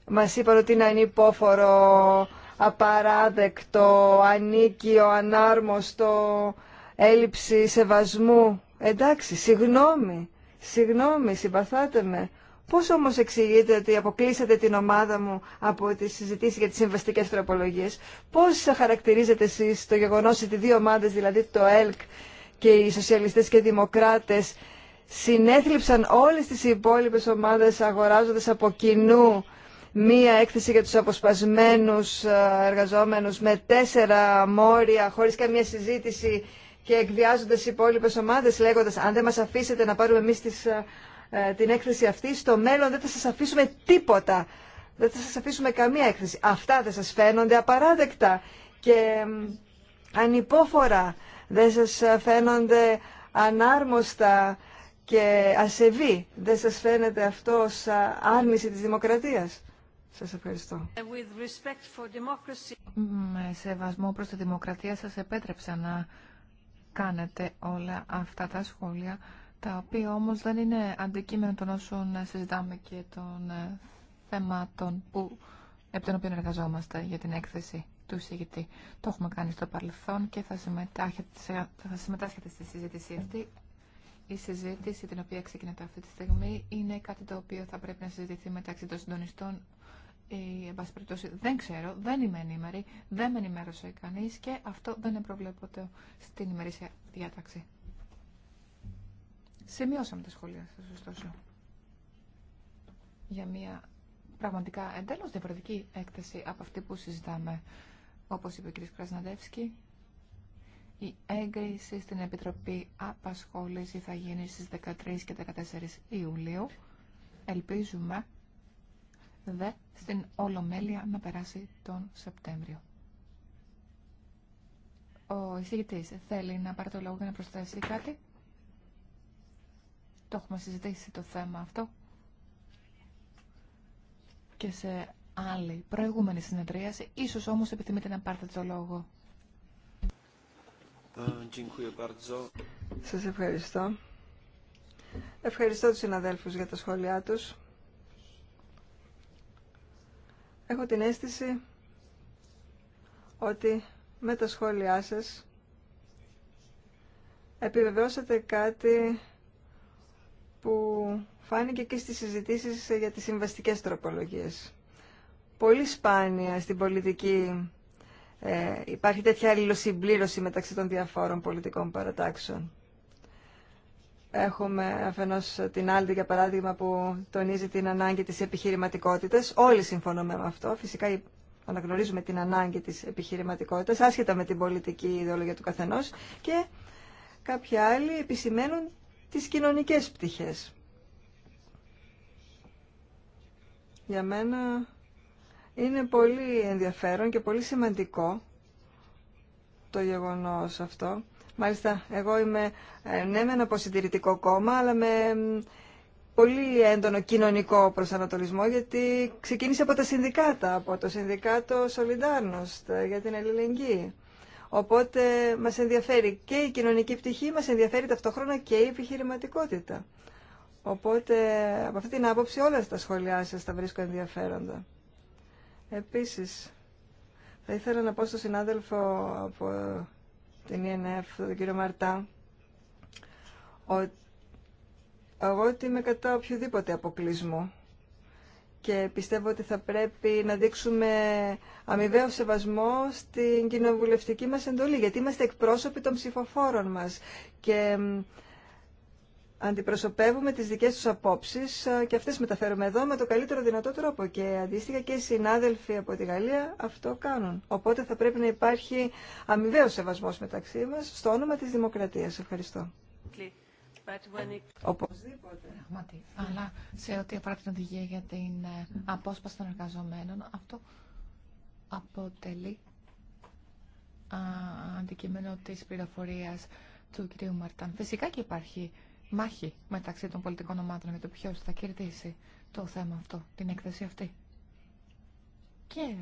μας είπαν ότι είναι ανυπόφορο, απαράδεκτο, ανίκιο, ανάρμοστο, έλλειψη σεβασμού. Εντάξει, συγγνώμη, συγγνώμη, συμπαθάτε με. Πώς όμως εξηγείτε ότι αποκλείσατε την ομάδα μου από τις συζητήσεις για τις συμβαστικές τροπολογίες. Πώς χαρακτηρίζετε εσείς το γεγονός ότι δύο ομάδες, δηλαδή το ΕΛΚ και οι σοσιαλιστές και οι δημοκράτες, συνέθλιψαν όλες τις υπόλοιπες ομάδες αγοράζοντας από κοινού μία έκθεση για τους αποσπασμένους ε, εργαζόμενους με τέσσερα μόρια χωρίς καμία συζήτηση και εκβιάζοντας οι υπόλοιπε ομάδες λέγοντας αν δεν μας αφήσετε να πάρουμε εμείς τι. Ε, ε, την έκθεση αυτή, στο μέλλον δεν θα σας αφήσουμε τίποτα. Δεν θα σας αφήσουμε καμία έκθεση. Αυτά δεν σας φαίνονται απαράδεκτα και ανυπόφορα. Δεν σας φαίνονται ανάρμοστα και ασεβή. Δεν σας φαίνεται αυτό σαν άρνηση της δημοκρατίας. Σας ευχαριστώ. Με σεβασμό προς τη δημοκρατία σας επέτρεψα να κάνετε όλα αυτά τα σχόλια τα οποία όμως δεν είναι αντικείμενο των όσων συζητάμε και των ε, θεμάτων που, επί των εργαζόμαστε για την έκθεση του εισηγητή. Το έχουμε κάνει στο παρελθόν και θα, θα συμμετάσχετε στη συζήτηση αυτή. Η συζήτηση την οποία ξεκινάται αυτή τη στιγμή είναι κάτι το οποίο θα πρέπει να συζητηθεί μεταξύ των συντονιστών ή, εν πάση περιπτώσει, δεν ξέρω, δεν είμαι ενήμερη, δεν με ενημέρωσε κανείς και αυτό δεν είναι προβλέπωτο στην ημερήσια διάταξη. Σημειώσαμε τα σχόλια σας, ωστόσο. Για μια πραγματικά εντελώς διαφορετική έκθεση από αυτή που συζητάμε. Όπως είπε ο κ. Κρασναντεύσκη, η έγκριση στην Επιτροπή Απασχόληση θα γίνει στις 13 και 14 Ιουλίου. Ελπίζουμε δε στην Ολομέλεια να περάσει τον Σεπτέμβριο. Ο εισηγητής θέλει να πάρει το λόγο για να προσθέσει κάτι. Το έχουμε συζητήσει το θέμα αυτό και σε άλλη προηγούμενη συνεδρίαση. Ίσως όμως επιθυμείτε να πάρετε το λόγο. Ε, σας ευχαριστώ. Ευχαριστώ τους συναδέλφους για τα σχόλιά τους. Έχω την αίσθηση ότι με τα σχόλιά σας επιβεβαιώσατε κάτι που φάνηκε και στις συζητήσεις για τις συμβαστικές τροπολογίες. Πολύ σπάνια στην πολιτική ε, υπάρχει τέτοια αλληλοσυμπλήρωση μεταξύ των διαφόρων πολιτικών παρατάξεων. Έχουμε αφενός την Άλντι, για παράδειγμα, που τονίζει την ανάγκη της επιχειρηματικότητας. Όλοι συμφωνούμε με αυτό. Φυσικά αναγνωρίζουμε την ανάγκη της επιχειρηματικότητας, άσχετα με την πολιτική ιδεολογία του καθενός. Και κάποιοι άλλοι επισημαίνουν τις κοινωνικές πτυχές. Για μένα είναι πολύ ενδιαφέρον και πολύ σημαντικό το γεγονός αυτό. Μάλιστα, εγώ είμαι ε, ναι με ένα αποσυντηρητικό κόμμα, αλλά με πολύ έντονο κοινωνικό προσανατολισμό, γιατί ξεκίνησε από τα συνδικάτα, από το Συνδικάτο Σολιντάρνος ε, για την Ελληνική. Οπότε μας ενδιαφέρει και η κοινωνική πτυχή, μας ενδιαφέρει ταυτόχρονα και η επιχειρηματικότητα. Οπότε από αυτή την άποψη όλα τα σχόλιά σας τα βρίσκω ενδιαφέροντα. Επίσης, θα ήθελα να πω στον συνάδελφο από την ΕΝΕΦ, τον κύριο Μαρτά, ότι εγώ είμαι κατά οποιοδήποτε αποκλεισμού και πιστεύω ότι θα πρέπει να δείξουμε αμοιβαίο σεβασμό στην κοινοβουλευτική μας εντολή, γιατί είμαστε εκπρόσωποι των ψηφοφόρων μας και αντιπροσωπεύουμε τις δικές τους απόψεις και αυτές μεταφέρουμε εδώ με το καλύτερο δυνατό τρόπο και αντίστοιχα και οι συνάδελφοι από τη Γαλλία αυτό κάνουν. Οπότε θα πρέπει να υπάρχει αμοιβαίο σεβασμός μεταξύ μας στο όνομα της δημοκρατίας. Ευχαριστώ. Οπωσδήποτε. Πραγματι. Αλλά σε ό,τι αφορά την οδηγία για την ε, απόσπαση των εργαζομένων, αυτό αποτελεί αντικείμενο τη πληροφορία του κ. Μαρτάν. Φυσικά και υπάρχει μάχη μεταξύ των πολιτικών ομάδων για το ποιο θα κερδίσει το θέμα αυτό, την έκθεση αυτή. Και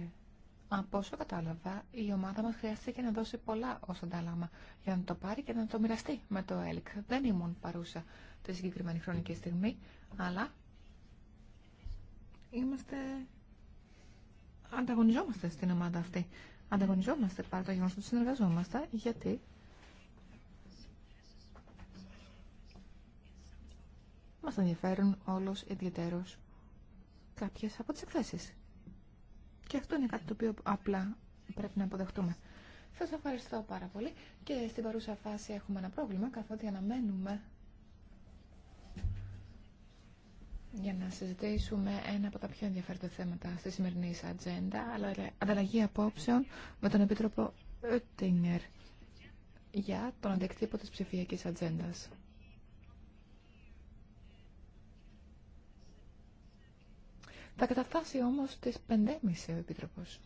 από όσο κατάλαβα, η ομάδα μας χρειάστηκε να δώσει πολλά ως αντάλλαγμα για να το πάρει και να το μοιραστεί με το ΕΛΚ. Δεν ήμουν παρούσα τη συγκεκριμένη χρονική στιγμή, αλλά είμαστε... ανταγωνιζόμαστε στην ομάδα αυτή. Ανταγωνιζόμαστε παρά το γεγονός ότι συνεργαζόμαστε, γιατί μας ενδιαφέρουν όλος ιδιαίτερος κάποιες από τις εκθέσεις. Και αυτό είναι κάτι το οποίο απλά πρέπει να αποδεχτούμε. Σα ευχαριστώ πάρα πολύ και στην παρούσα φάση έχουμε ένα πρόβλημα καθότι αναμένουμε για να συζητήσουμε ένα από τα πιο ενδιαφέροντα θέματα στη σημερινή ατζέντα, αλλά ε, ανταλλαγή απόψεων με τον Επίτροπο Oettinger για τον αντεκτύπο της ψηφιακής ατζέντας. Θα καταφτάσει όμως τις 5.30 ο Επίτροπος.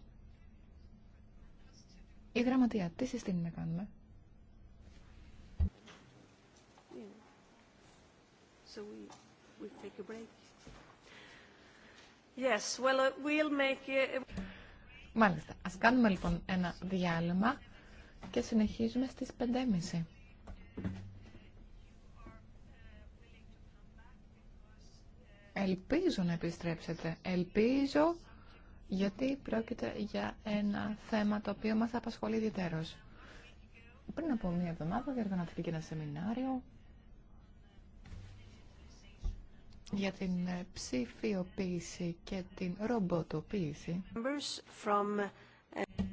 Η γραμματεία, τι συστήνει να κάνουμε. Μάλιστα. Ας κάνουμε λοιπόν ένα διάλειμμα και συνεχίζουμε στις 5.30. Ελπίζω να επιστρέψετε. Ελπίζω γιατί πρόκειται για ένα θέμα το οποίο μας απασχολεί ιδιαίτερως. Πριν από μία εβδομάδα διοργανώθηκε ένα σεμινάριο για την ψηφιοποίηση και την ρομποτοποίηση. Ε,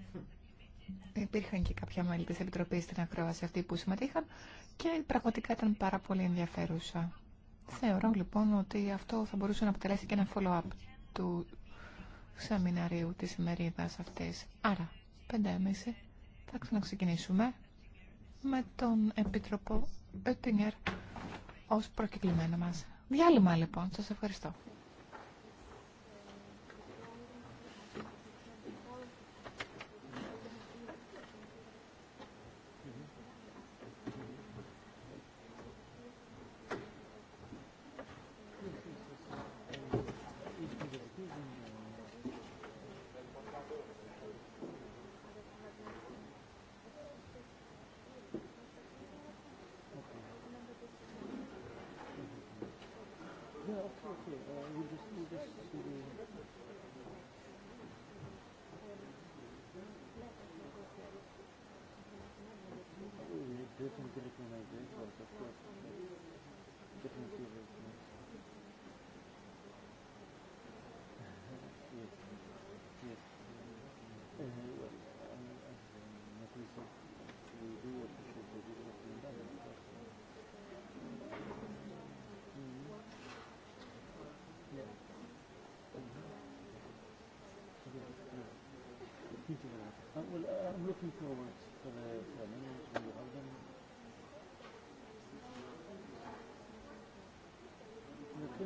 Υπήρχαν και κάποια μέλη της Επιτροπής στην Ακρόαση αυτή που συμμετείχαν και πραγματικά ήταν πάρα πολύ ενδιαφέρουσα. Θεωρώ λοιπόν ότι αυτό θα μπορούσε να αποτελέσει και ένα follow-up του σεμιναρίου της ημερίδας αυτής. Άρα, 5.30 θα ξαναξεκινήσουμε με τον Επίτροπο Oettinger ως προκεκλημένο μας. Διάλειμμα λοιπόν. Σας ευχαριστώ.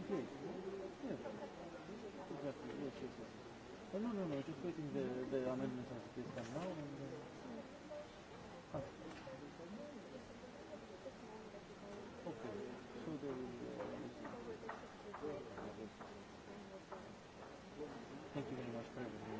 complete. Exactly. no, no, no. Just waiting the, the amendments as it is done now. And, Okay. Uh, Thank you very much for everything.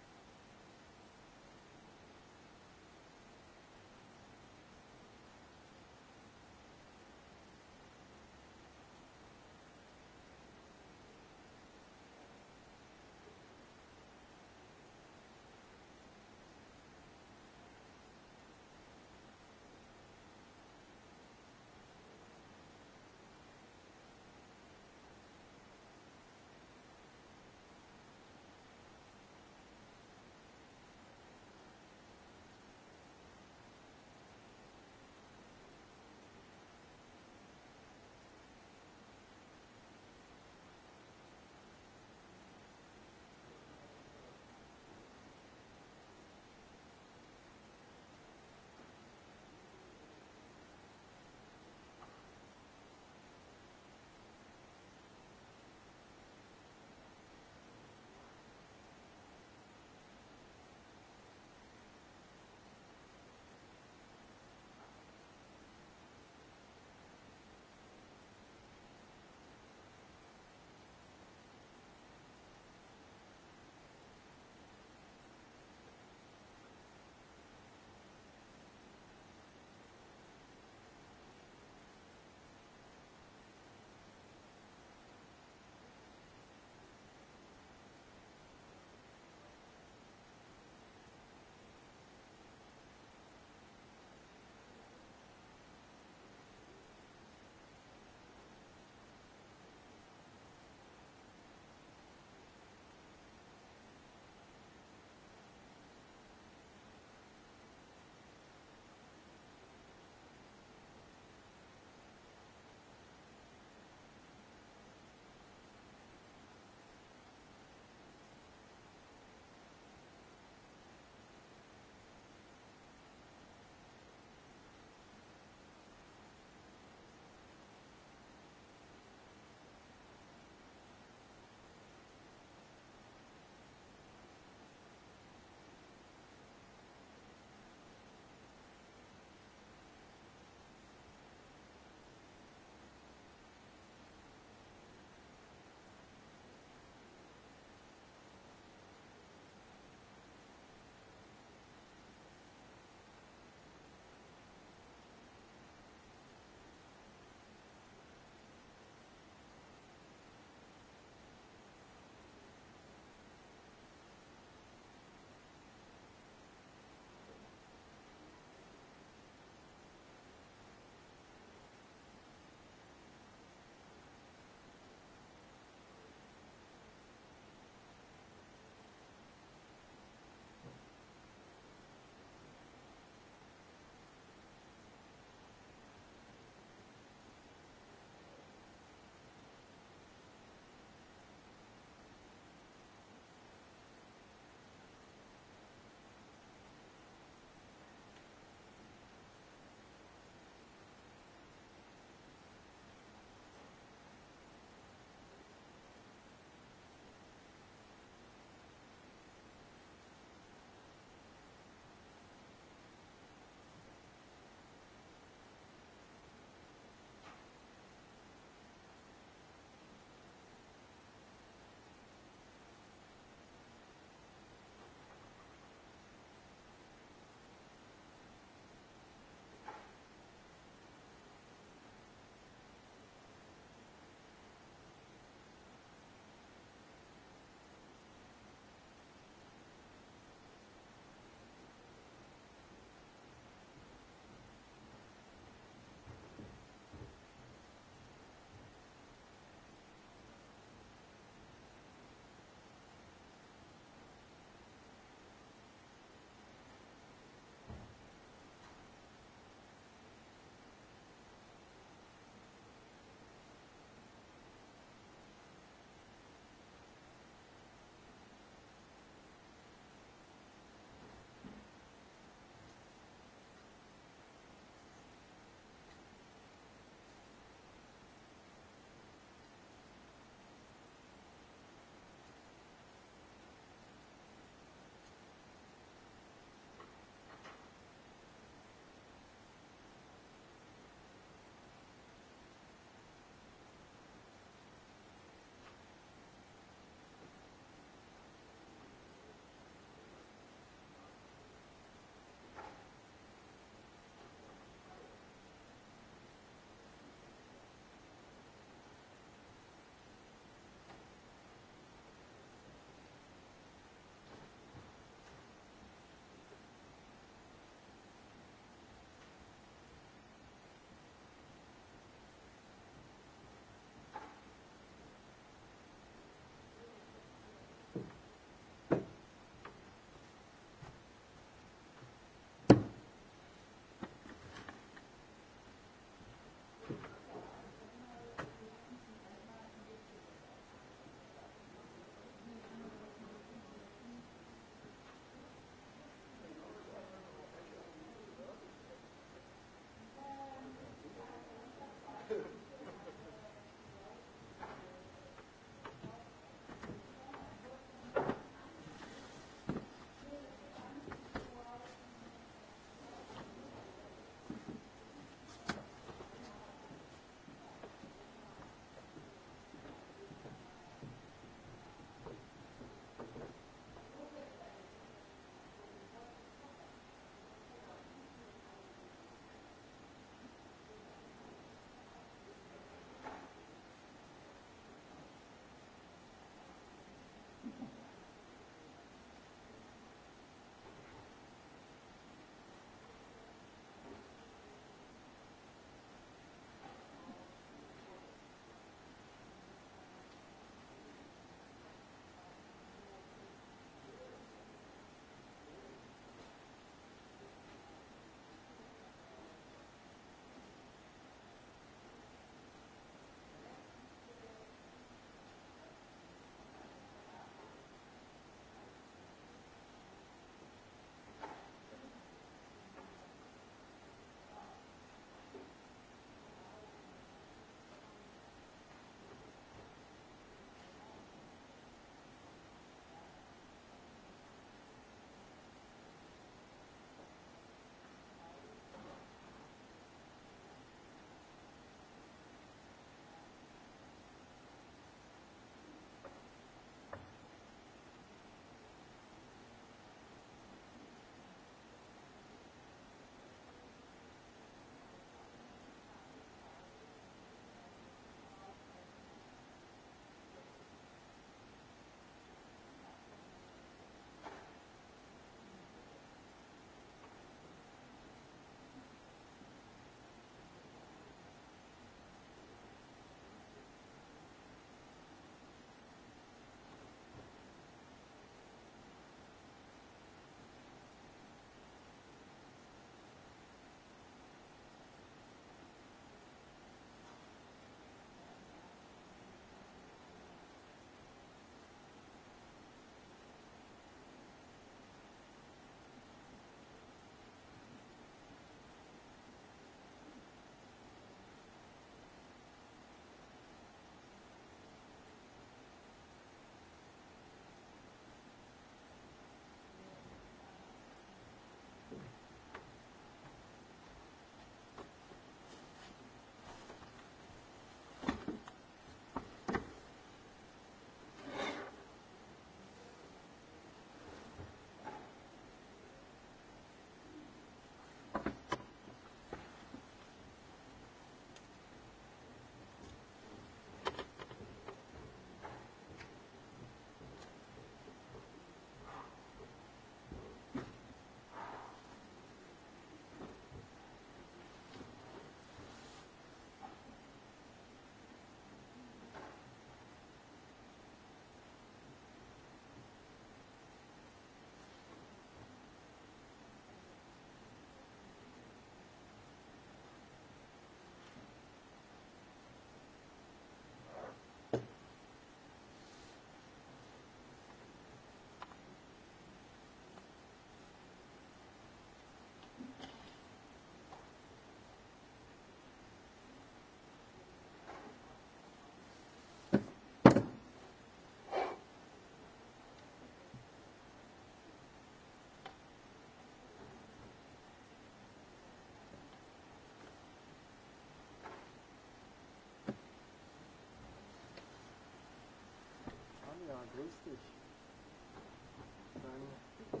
Dein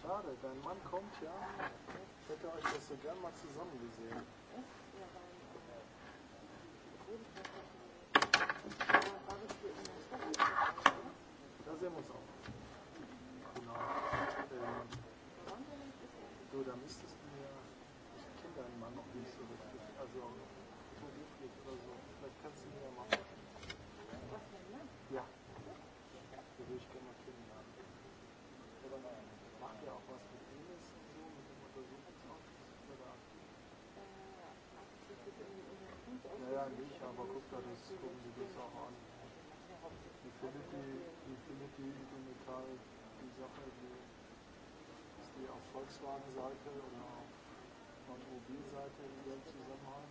Schade, dein Mann kommt ja. Ich hätte euch das so gern mal zusammen gesehen. findet die, Metall, die Sache, die Volkswagen-Seite oder auf Mobilseite in ihrem Zusammenhang.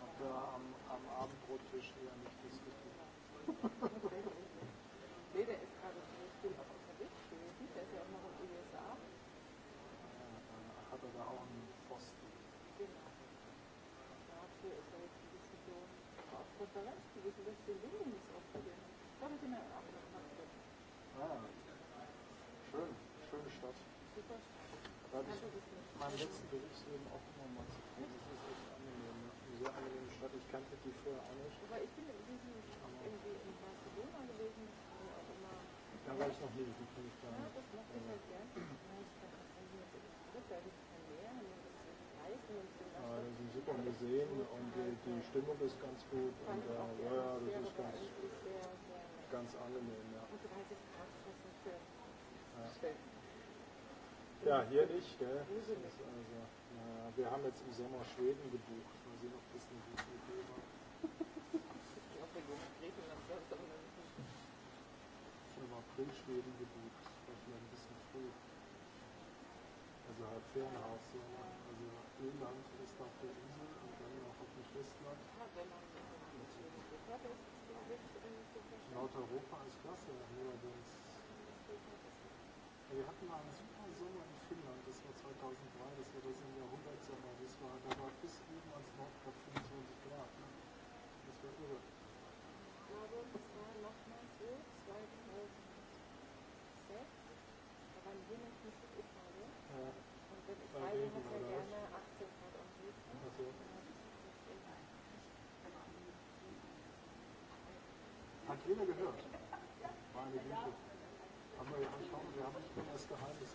Habt ihr am, am Abendbrottisch eher nicht diskutiert. nee, der gerade Der ist ja auch noch in USA. hat er auch einen fotoğraf gibi size sildirir miyiz Oktay'ı? Tabii ki ne Ha, schön, schöne Stadt. Super Stadt. Dadurch, mein letzten Berufsleben auch immer mal zu tun. Das ist echt angenehm. Eine sehr angenehme Stadt. Ich kannte die vorher auch nicht. Aber ich bin irgendwie in Barcelona gewesen. Da war ich noch nie, das kann ich sagen. Ja, das mache ich halt gerne. Sie sind super gesehen und die Stimmung ist ganz gut und ja, ja, das ist ganz, ganz angenehm, ja. Ja, hier nicht, gell? also, na, wir haben jetzt im Sommer Schweden gebucht. Mal sehen, ob das eine gute Idee war. wir gehen im April Schweden gebucht. Das war ein bisschen früh. Also halb Fernhaus, so. Öland ist auf der Insel und dann auch auf dem Festland. Nordeuropa ist klasse, neuerdings. Wir hatten mal einen super Sommer in Finnland, das war 2003, das war das im Jahrhundertsommer, das war, da war bis eben ans Nordkap 25 Grad. Ne? Das war irre. Ich glaube, das war nochmal so 2006, da waren wir noch nicht so Ja. Hat jeder gehört. Meine Güte. Aber schauen haben das Geheimnis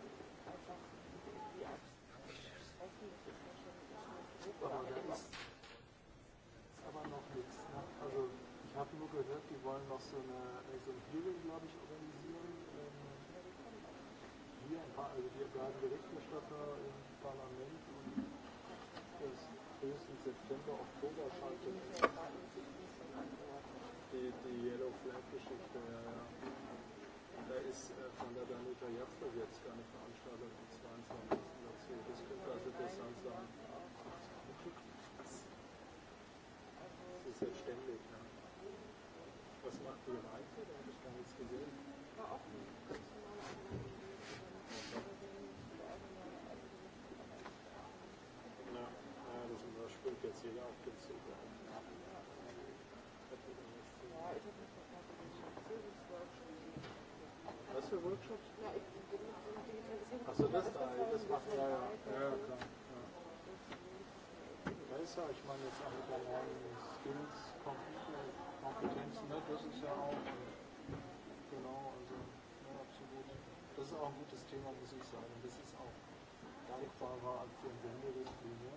nur gehört, die wollen noch so, eine, so ein Hearing, glaube ich, organisieren. hier ein paar, also wir bleiben Berichterstatter im Parlament und das höchstens September, Oktober schaltet. Die, die Yellow Flag Geschichte, ja, ja. Da ist von der Danuta Jatzler jetzt gar eine Veranstaltung am 22. dazu. Das könnte ganz interessant sein. Das ist jetzt ständig, ne? Was macht die Gemeinde? Da habe ich gar nichts gesehen. War auch eine ganz normale Anlage, die Na, na, das überspringt jetzt jeder auf den Zug. Ja, ich habe mich nochmal Was für Workshops? Ja, ich bin mit auch Digitalisierung. Achso, das, das macht ja, ja, klar. Ja. Besser, ich meine jetzt auch mit der neuen Skills. Kompetenzen, ne? das ist ja auch, genau, also absolut. Das ist auch ein gutes Thema, muss ich sagen. Das ist auch dankbarer als die Entwenderichtlinie.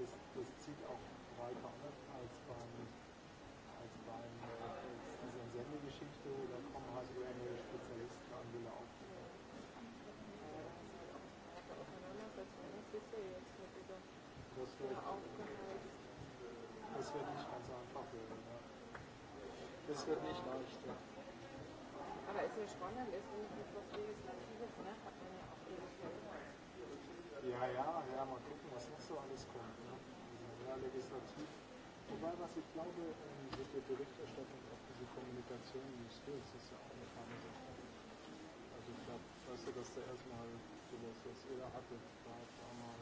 Das, das zieht auch weiter ne? als beim, als beim dieser Sendegeschichte, da kommen halt eher Spezialisten an, die auch. Das wird, das wird nicht ganz einfach werden das wird nicht leicht. Aber es ist ja spannend, ist, wenn es was Legislatives ne? hat man ja auch ewig Ja, ja, ja, mal gucken, was noch so alles kommt. Ne? Ja, legislativ. Wobei, was ich glaube, diese Berichterstattung, auf diese Kommunikation, die Skills, ist ja auch eine feine Sache. Also ich glaube, weißt du, dass da erstmal sowas, was ihr da hattet, da mal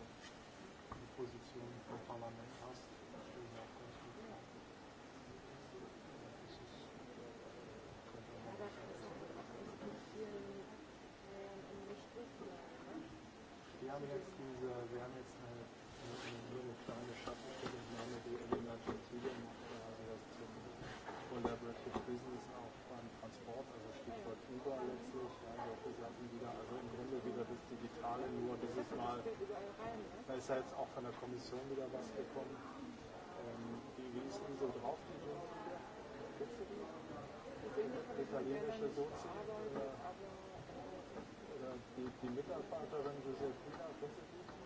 die Position vom Parlament hast, ist auch von der Kommission wieder was gekommen. Wie ist denn so drauf, die so, italienische Sozi oder die Mitarbeiterin Josefina, kennst du die?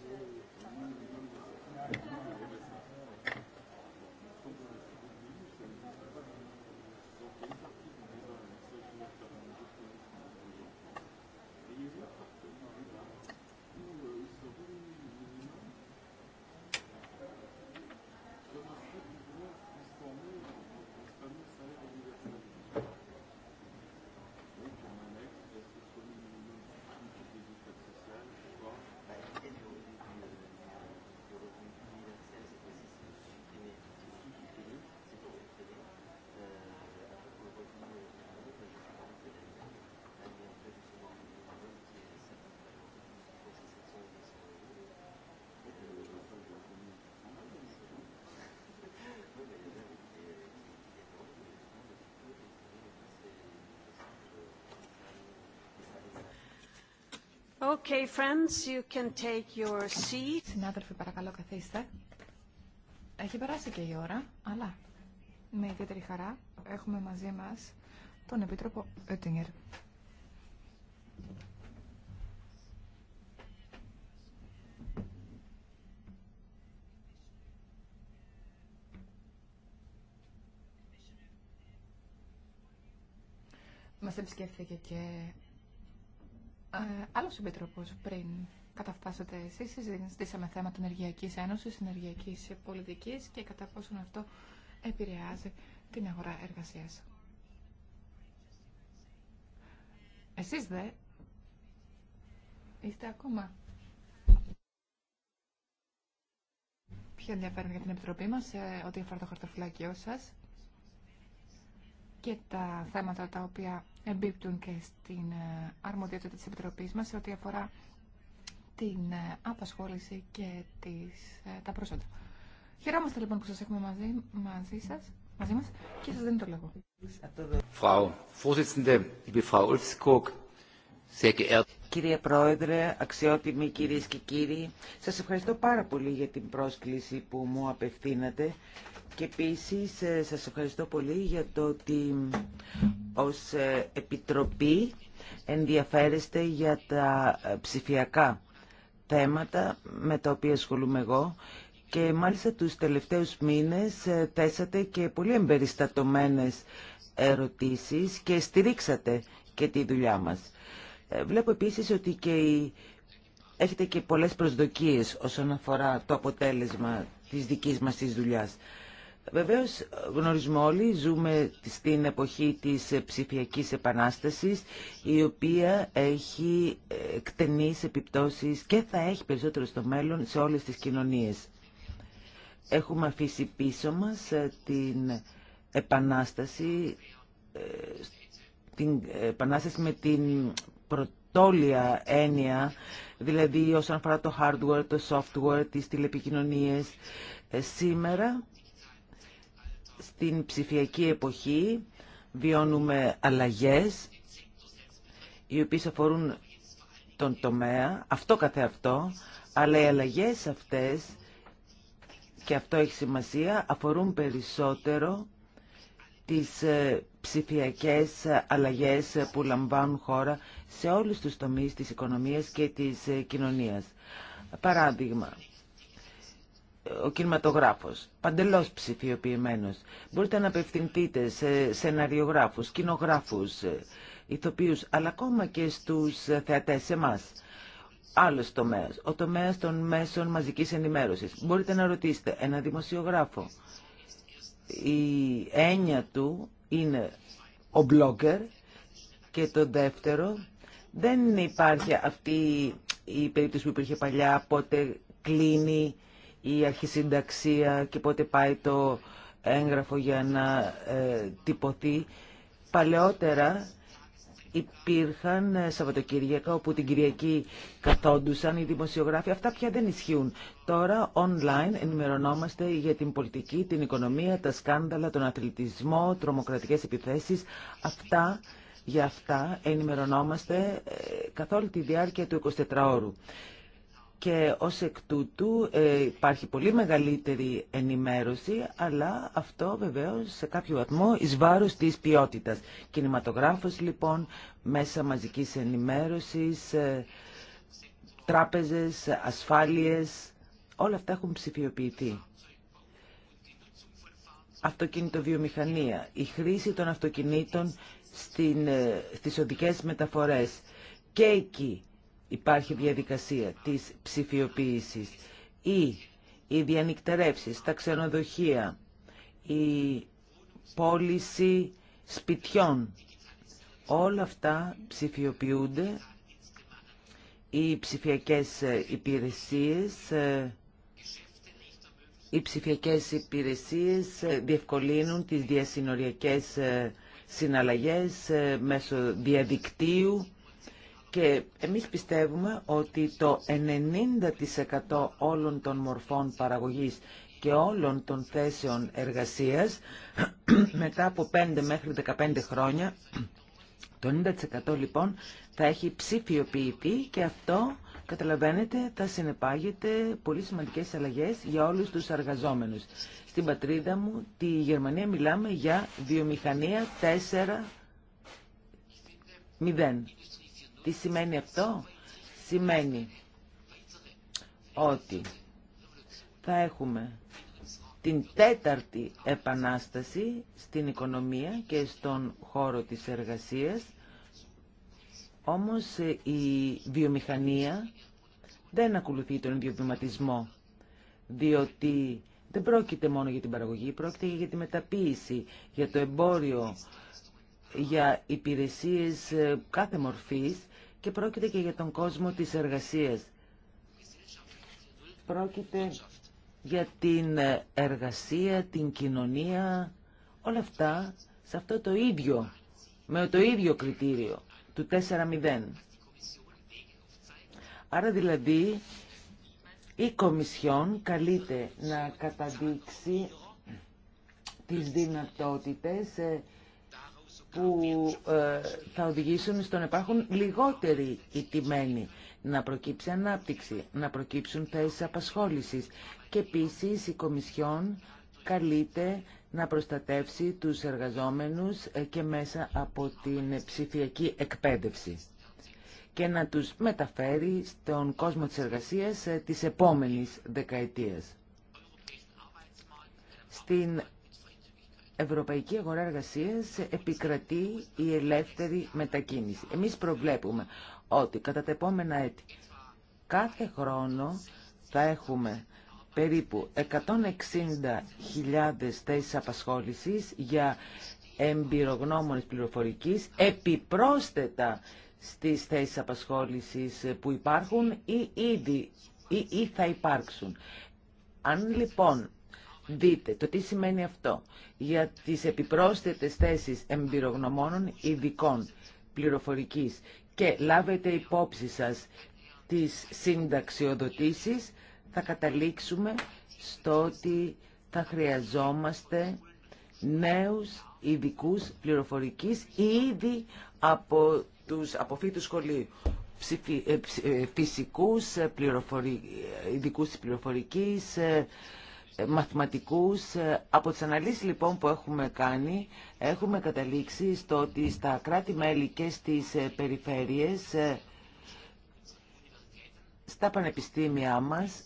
Okay, friends, you can take your seat. Συνάδελφοι, παρακαλώ καθίστε. Έχει περάσει και η ώρα, αλλά με ιδιαίτερη χαρά έχουμε μαζί μας τον Επίτροπο Oettinger. Μας επισκέφθηκε και πριν καταφτάσετε εσεί. Συζητήσαμε θέματα Ενεργειακή Ένωση, Ενεργειακή Πολιτική και κατά πόσον αυτό επηρεάζει την αγορά εργασία. Εσείς δε είστε ακόμα πιο ενδιαφέρον για την Επιτροπή μας ε, ό,τι αφορά το χαρτοφυλάκιό σας και τα θέματα τα οποία εμπίπτουν και στην ε, αρμοδιότητα της Επιτροπής μας σε ό,τι αφορά την ε, απασχόληση και τις, ε, τα προσόντα. Χαιρόμαστε λοιπόν που σας έχουμε μαζί, μαζί σας μαζί μας και σας δίνω το λόγο. Frau Vorsitzende, sehr Κύριε Πρόεδρε, αξιότιμοι κυρίες και κύριοι, σας ευχαριστώ πάρα πολύ για την πρόσκληση που μου απευθύνατε και επίσης ε, σας ευχαριστώ πολύ για το ότι ως ε, Επιτροπή ενδιαφέρεστε για τα ε, ψηφιακά θέματα με τα οποία ασχολούμαι εγώ και μάλιστα τους τελευταίους μήνες θέσατε και πολύ εμπεριστατωμένες ερωτήσεις και στηρίξατε και τη δουλειά μας. Βλέπω επίσης ότι και η... έχετε και πολλές προσδοκίες όσον αφορά το αποτέλεσμα της δικής μας της δουλειάς. Βεβαίως γνωρίζουμε όλοι, ζούμε στην εποχή της ψηφιακής επανάστασης η οποία έχει ε, εκτενείς επιπτώσεις και θα έχει περισσότερο στο μέλλον σε όλες τις κοινωνίες. Έχουμε αφήσει πίσω μας ε, την επανάσταση, ε, την επανάσταση με την πρωτόλια έννοια, δηλαδή όσον αφορά το hardware, το software, τις τηλεπικοινωνίες. Σήμερα στην ψηφιακή εποχή βιώνουμε αλλαγές οι οποίες αφορούν τον τομέα, αυτό καθεαυτό, αλλά οι αλλαγές αυτές, και αυτό έχει σημασία, αφορούν περισσότερο τις ε, ψηφιακές αλλαγές που λαμβάνουν χώρα σε όλους τους τομείς της οικονομίας και της ε, κοινωνίας. Παράδειγμα, ο κινηματογράφος, παντελώς ψηφιοποιημένος. Μπορείτε να απευθυνθείτε σε σεναριογράφους, κοινογράφους, ε, ηθοποιούς, αλλά ακόμα και στους ε, θεατές εμάς. Άλλος τομέας, ο τομέας των μέσων μαζικής ενημέρωσης. Μπορείτε να ρωτήσετε ένα δημοσιογράφο. Η έννοια του είναι ο blogger και το δεύτερο δεν υπάρχει αυτή η περίπτωση που υπήρχε παλιά, πότε κλείνει η αρχισυνταξία και πότε πάει το έγγραφο για να ε, τυπωθεί. Παλαιότερα υπήρχαν ε, Σαββατοκύριακα όπου την Κυριακή καθόντουσαν οι δημοσιογράφοι. Αυτά πια δεν ισχύουν. Τώρα online ενημερωνόμαστε για την πολιτική, την οικονομία, τα σκάνδαλα, τον αθλητισμό, τρομοκρατικές επιθέσεις. Αυτά για αυτά ενημερωνόμαστε ε, καθ' όλη τη διάρκεια του 24 ώρου και ως εκ τούτου ε, υπάρχει πολύ μεγαλύτερη ενημέρωση, αλλά αυτό βεβαίως σε κάποιο βαθμό εις βάρος της ποιότητας. Κινηματογράφος λοιπόν, μέσα μαζικής ενημέρωσης, ε, τράπεζες, ασφάλειες, όλα αυτά έχουν ψηφιοποιηθεί. Αυτοκίνητο βιομηχανία, η χρήση των αυτοκινήτων στην, ε, στις οδικές μεταφορές. Και εκεί υπάρχει διαδικασία της ψηφιοποίησης ή οι διανυκτερεύσεις, τα ξενοδοχεία, η πώληση σπιτιών, όλα αυτά ψηφιοποιούνται, οι ψηφιακές υπηρεσίες, οι ψηφιακές υπηρεσίες διευκολύνουν τις διασυνοριακές συναλλαγές μέσω διαδικτύου και εμείς πιστεύουμε ότι το 90% όλων των μορφών παραγωγής και όλων των θέσεων εργασίας μετά από 5 μέχρι 15 χρόνια, το 90% λοιπόν θα έχει ψηφιοποιηθεί και αυτό καταλαβαίνετε θα συνεπάγεται πολύ σημαντικές αλλαγές για όλους τους εργαζόμενους. Στην πατρίδα μου, τη Γερμανία, μιλάμε για βιομηχανία 4.0. Τι σημαίνει αυτό? Σημαίνει ότι θα έχουμε την τέταρτη επανάσταση στην οικονομία και στον χώρο της εργασίας, όμως ε, η βιομηχανία δεν ακολουθεί τον ίδιο διότι δεν πρόκειται μόνο για την παραγωγή, πρόκειται για τη μεταποίηση, για το εμπόριο, για υπηρεσίες ε, κάθε μορφής και πρόκειται και για τον κόσμο της εργασίας. Πρόκειται για την εργασία, την κοινωνία, όλα αυτά σε αυτό το ίδιο, με το ίδιο κριτήριο του 4.0. Άρα δηλαδή η Κομισιόν καλείται να καταδείξει τις δυνατότητες ε, που ε, θα οδηγήσουν στο να υπάρχουν λιγότεροι τιμένοι, να προκύψει ανάπτυξη, να προκύψουν θέσεις απασχόλησης. Και επίσης η Κομισιόν καλείται να προστατεύσει τους εργαζόμενους ε, και μέσα από την ψηφιακή εκπαίδευση και να τους μεταφέρει στον κόσμο της εργασίας ε, της επόμενης δεκαετίας. Στην ευρωπαϊκή αγορά εργασίας επικρατεί η ελεύθερη μετακίνηση. Εμείς προβλέπουμε ότι κατά τα επόμενα έτη κάθε χρόνο θα έχουμε περίπου 160.000 θέσεις απασχόλησης για εμπειρογνώμονες πληροφορικής επιπρόσθετα στις θέσεις απασχόλησης που υπάρχουν ή ήδη ή, ή θα υπάρξουν. Αν λοιπόν δείτε το τι σημαίνει αυτό για τις επιπρόσθετες θέσεις εμπειρογνωμόνων ειδικών πληροφορικής και λάβετε υπόψη σας τις συνταξιοδοτήσεις θα καταλήξουμε στο ότι θα χρειαζόμαστε νέους ειδικού πληροφορικής ήδη από τους αποφύτους σχολείου ε, ε, φυσικούς, ειδικού ε, ειδικούς πληροφορικής, μαθηματικούς. Ε, από τις αναλύσεις λοιπόν που έχουμε κάνει, έχουμε καταλήξει στο ότι στα κράτη-μέλη και στις ε, περιφέρειες, ε, στα πανεπιστήμια μας,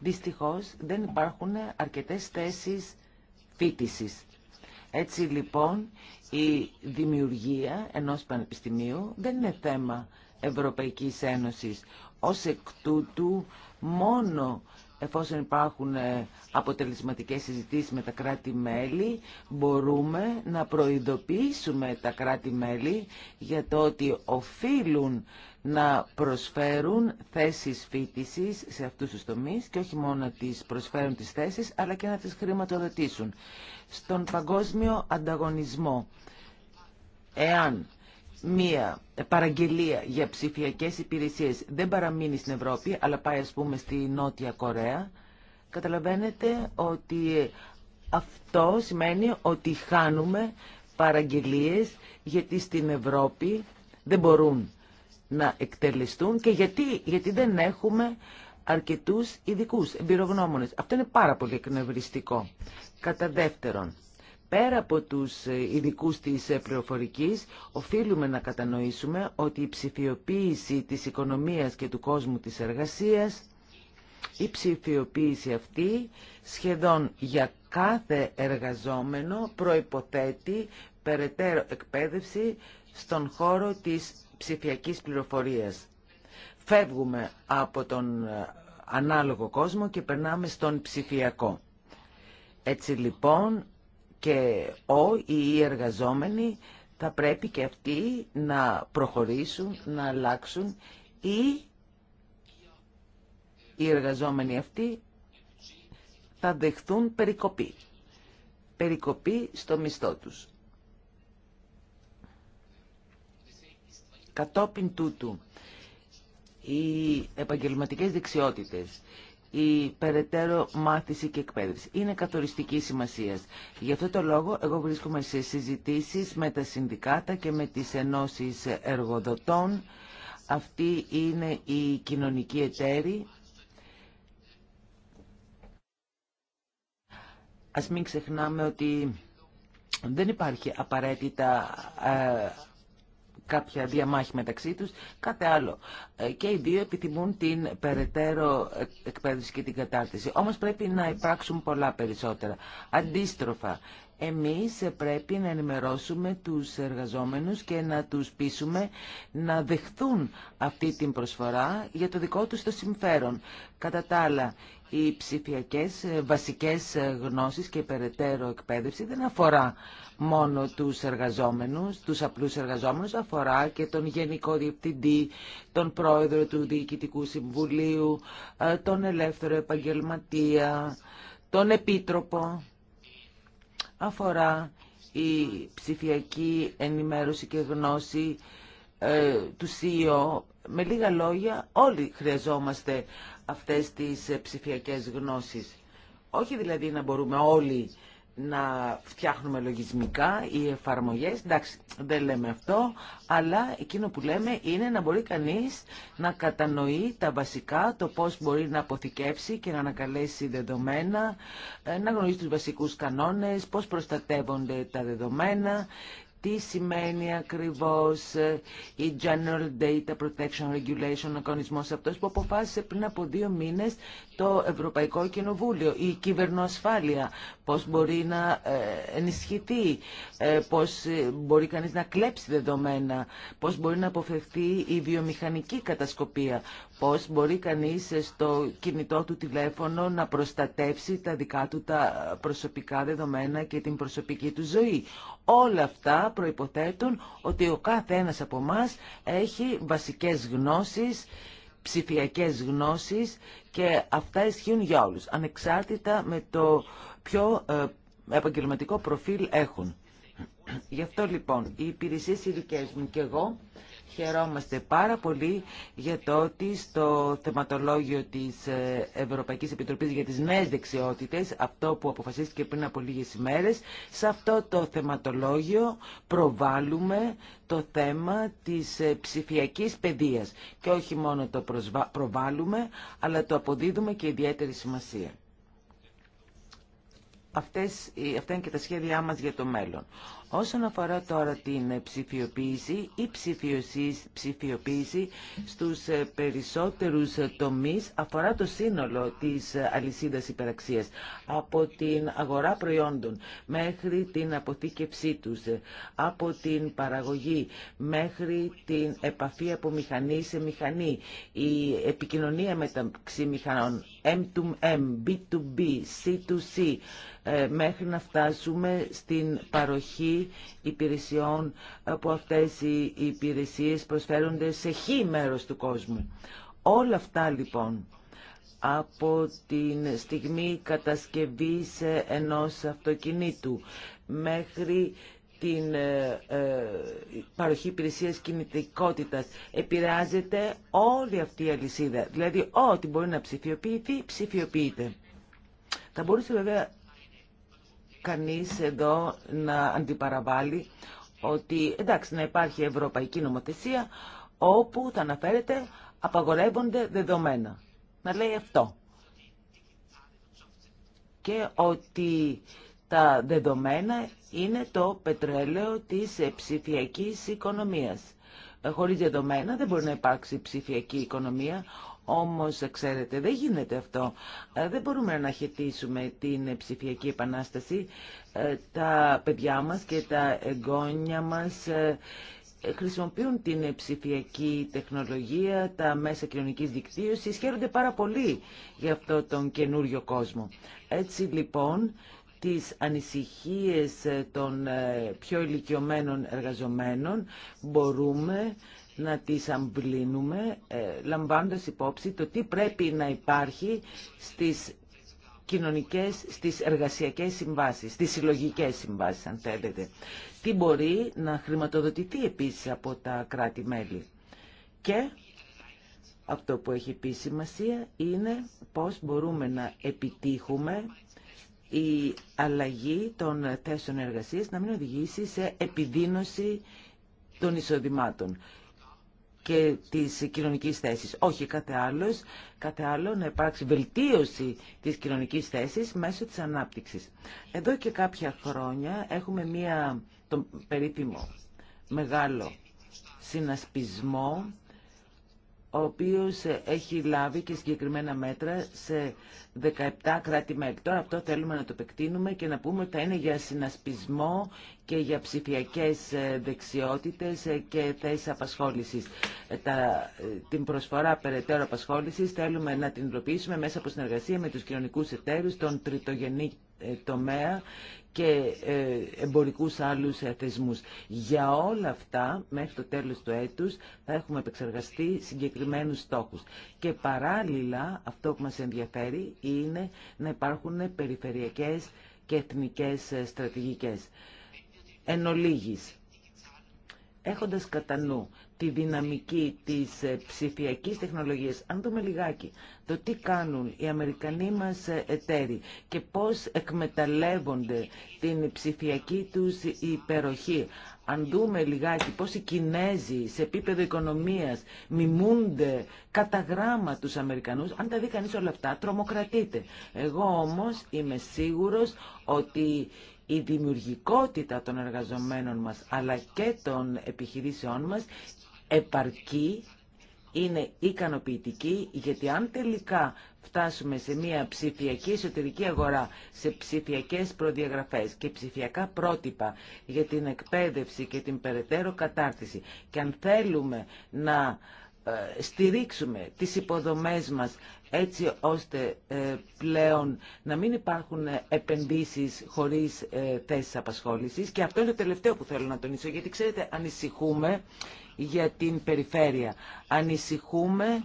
δυστυχώς δεν υπάρχουν αρκετές θέσεις φίτησης. Έτσι λοιπόν η δημιουργία ενός πανεπιστημίου δεν είναι θέμα Ευρωπαϊκής Ένωσης. Ως εκ τούτου μόνο εφόσον υπάρχουν ε, αποτελεσματικές συζητήσεις με τα κράτη-μέλη, μπορούμε να προειδοποιήσουμε τα κράτη-μέλη για το ότι οφείλουν να προσφέρουν θέσεις φίτησης σε αυτούς τους τομείς και όχι μόνο να τις προσφέρουν τις θέσεις, αλλά και να τις χρηματοδοτήσουν. Στον παγκόσμιο ανταγωνισμό, εάν μία παραγγελία για ψηφιακές υπηρεσίες δεν παραμείνει στην Ευρώπη, αλλά πάει ας πούμε στη Νότια Κορέα, καταλαβαίνετε ότι αυτό σημαίνει ότι χάνουμε παραγγελίες γιατί στην Ευρώπη δεν μπορούν να εκτελεστούν και γιατί, γιατί δεν έχουμε αρκετούς ειδικού εμπειρογνώμονες. Αυτό είναι πάρα πολύ εκνευριστικό. Κατά δεύτερον, Πέρα από τους ειδικού της πληροφορική, οφείλουμε να κατανοήσουμε ότι η ψηφιοποίηση της οικονομίας και του κόσμου της εργασίας, η ψηφιοποίηση αυτή σχεδόν για κάθε εργαζόμενο προϋποθέτει περαιτέρω εκπαίδευση στον χώρο της ψηφιακής πληροφορίας. Φεύγουμε από τον ανάλογο κόσμο και περνάμε στον ψηφιακό. Έτσι λοιπόν και ο ή οι εργαζόμενοι θα πρέπει και αυτοί να προχωρήσουν, να αλλάξουν ή οι εργαζόμενοι αυτοί θα δεχθούν περικοπή. Περικοπή στο μισθό τους. Κατόπιν τούτου, οι επαγγελματικές δεξιότητες η περαιτέρω μάθηση και εκπαίδευση. Είναι καθοριστική σημασία. Γι' αυτό το λόγο εγώ βρίσκομαι σε συζητήσεις με τα συνδικάτα και με τις ενώσεις εργοδοτών. Αυτή είναι η κοινωνική εταίρη. Ας μην ξεχνάμε ότι δεν υπάρχει απαραίτητα ε, κάποια διαμάχη μεταξύ τους, κάτι άλλο. Ε, και οι δύο επιθυμούν την περαιτέρω εκπαίδευση και την κατάρτιση. Όμως πρέπει να υπάρξουν πολλά περισσότερα. Αντίστροφα, εμείς πρέπει να ενημερώσουμε τους εργαζόμενους και να τους πείσουμε να δεχθούν αυτή την προσφορά για το δικό τους το συμφέρον. Κατά τα άλλα, οι ψηφιακές ε, βασικές ε, γνώσεις και περαιτέρω εκπαίδευση δεν αφορά μόνο τους εργαζόμενους, τους απλούς εργαζόμενους, αφορά και τον Γενικό Διευθυντή, τον Πρόεδρο του Διοικητικού Συμβουλίου, ε, τον Ελεύθερο Επαγγελματία, τον Επίτροπο. Αφορά η ψηφιακή ενημέρωση και γνώση ε, του CEO. Με λίγα λόγια, όλοι χρειαζόμαστε αυτές τις ψηφιακές γνώσεις. Όχι δηλαδή να μπορούμε όλοι να φτιάχνουμε λογισμικά ή εφαρμογές, εντάξει δεν λέμε αυτό, αλλά εκείνο που λέμε είναι να μπορεί κανείς να κατανοεί τα βασικά, το πώς μπορεί να αποθηκεύσει και να ανακαλέσει δεδομένα, ε, να γνωρίζει τους βασικούς κανόνες, πώς προστατεύονται τα δεδομένα, τι σημαίνει ακριβώς ε, η General Data Protection Regulation, ο κανονισμός αυτός που αποφάσισε πριν από δύο μήνες το Ευρωπαϊκό Κοινοβούλιο, η κυβερνοασφάλεια πώς μπορεί να ε, ενισχυθεί, ε, πώς ε, μπορεί κανείς να κλέψει δεδομένα, πώς μπορεί να αποφευθεί η βιομηχανική κατασκοπία, πώς μπορεί κανείς στο κινητό του τηλέφωνο να προστατεύσει τα δικά του τα προσωπικά δεδομένα και την προσωπική του ζωή. Όλα αυτά προϋποθέτουν ότι ο κάθε ένας από εμά έχει βασικές γνώσεις ψηφιακές γνώσεις και αυτά ισχύουν για όλους, ανεξάρτητα με το πιο ε, επαγγελματικό προφίλ έχουν. Γι' αυτό λοιπόν οι υπηρεσίες ειδικέ μου και εγώ χαιρόμαστε πάρα πολύ για το ότι στο θεματολόγιο της ε, Ευρωπαϊκής Επιτροπής για τις νέες δεξιότητες, αυτό που αποφασίστηκε πριν από λίγες ημέρες, σε αυτό το θεματολόγιο προβάλλουμε το θέμα της ε, ψηφιακής παιδείας. Και όχι μόνο το προβάλλουμε, αλλά το αποδίδουμε και ιδιαίτερη σημασία. Αυτές, αυτά είναι και τα σχέδιά μας για το μέλλον. Όσον αφορά τώρα την ψηφιοποίηση, η ψηφιοποίηση στους ε, περισσότερους ε, τομείς αφορά το σύνολο της ε, αλυσίδας υπεραξίας. Από την αγορά προϊόντων μέχρι την αποθήκευσή τους, από την παραγωγή μέχρι την επαφή από μηχανή σε μηχανή, η επικοινωνία μεταξύ μηχανών M2M, B2B, C2C, ε, μέχρι να φτάσουμε στην παροχή υπηρεσιών ε, που αυτές οι υπηρεσίες προσφέρονται σε χή μέρος του κόσμου. Όλα αυτά λοιπόν από την στιγμή κατασκευής ενός αυτοκινήτου μέχρι την ε, παροχή υπηρεσία κινητικότητας επηρεάζεται όλη αυτή η αλυσίδα. Δηλαδή ό,τι μπορεί να ψηφιοποιηθεί, ψηφιοποιείται. Θα μπορούσε βέβαια κανείς εδώ να αντιπαραβάλει ότι εντάξει να υπάρχει ευρωπαϊκή νομοθεσία όπου θα αναφέρεται απαγορεύονται δεδομένα. Να λέει αυτό. Και ότι τα δεδομένα είναι το πετρέλαιο της ψηφιακής οικονομίας. Ε, χωρίς δεδομένα δεν μπορεί να υπάρξει ψηφιακή οικονομία. Όμως, ξέρετε, δεν γίνεται αυτό. Ε, δεν μπορούμε να αναχαιτήσουμε την ψηφιακή επανάσταση. Ε, τα παιδιά μας και τα εγγόνια μας ε, χρησιμοποιούν την ψηφιακή τεχνολογία, τα μέσα κοινωνικής δικτύωσης, χαίρονται πάρα πολύ για αυτό τον καινούριο κόσμο. Έτσι λοιπόν, τις ανησυχίες των πιο ηλικιωμένων εργαζομένων μπορούμε να τις αμπλύνουμε ε, λαμβάνοντας υπόψη το τι πρέπει να υπάρχει στις κοινωνικές, στις εργασιακές συμβάσεις, στις συλλογικές συμβάσεις αν θέλετε. Τι μπορεί να χρηματοδοτηθεί επίσης από τα κράτη-μέλη. Και αυτό που έχει πει σημασία είναι πώς μπορούμε να επιτύχουμε η αλλαγή των θέσεων εργασίας να μην οδηγήσει σε επιδίνωση των εισοδημάτων και της κοινωνικής θέσης. Όχι κάθε, κάθε άλλο να υπάρξει βελτίωση της κοινωνικής θέσης μέσω της ανάπτυξης. Εδώ και κάποια χρόνια έχουμε μία, τον μεγάλο συνασπισμό ο οποίος έχει λάβει και συγκεκριμένα μέτρα σε 17 κράτη-μέλη. Τώρα αυτό θέλουμε να το επεκτείνουμε και να πούμε ότι θα είναι για συνασπισμό και για ψηφιακές ε, δεξιότητες ε, και θέσεις απασχόλησης. Ε, τα, την προσφορά περαιτέρω απασχόλησης θέλουμε να την υλοποιήσουμε μέσα από συνεργασία με τους κοινωνικούς εταίρους, τον τριτογενή τομέα και ε, εμπορικούς άλλους θεσμούς. Για όλα αυτά, μέχρι το τέλος του έτους, θα έχουμε επεξεργαστεί συγκεκριμένους στόχους. Και παράλληλα, αυτό που μας ενδιαφέρει είναι να υπάρχουν περιφερειακές και εθνικές στρατηγικές. Εν ολίγης, έχοντας κατά νου τη δυναμική της ψηφιακής τεχνολογίας, αν δούμε λιγάκι το τι κάνουν οι Αμερικανοί μας ε, εταίροι και πώς εκμεταλλεύονται την ψηφιακή τους υπεροχή. Αν δούμε λιγάκι πώς οι Κινέζοι σε επίπεδο οικονομίας μιμούνται κατά γράμμα τους Αμερικανούς, αν τα δει κανείς όλα αυτά τρομοκρατείται. Εγώ όμως είμαι σίγουρος ότι η δημιουργικότητα των εργαζομένων μας αλλά και των επιχειρήσεών μας επαρκεί είναι ικανοποιητική γιατί αν τελικά φτάσουμε σε μια ψηφιακή εσωτερική αγορά, σε ψηφιακές προδιαγραφές και ψηφιακά πρότυπα για την εκπαίδευση και την περαιτέρω κατάρτιση και αν θέλουμε να ε, στηρίξουμε τις υποδομές μας έτσι ώστε ε, πλέον να μην υπάρχουν ε, επενδύσεις χωρίς θέσεις απασχόλησης και αυτό είναι το τελευταίο που θέλω να τονίσω γιατί ξέρετε ανησυχούμε για την περιφέρεια. Ανησυχούμε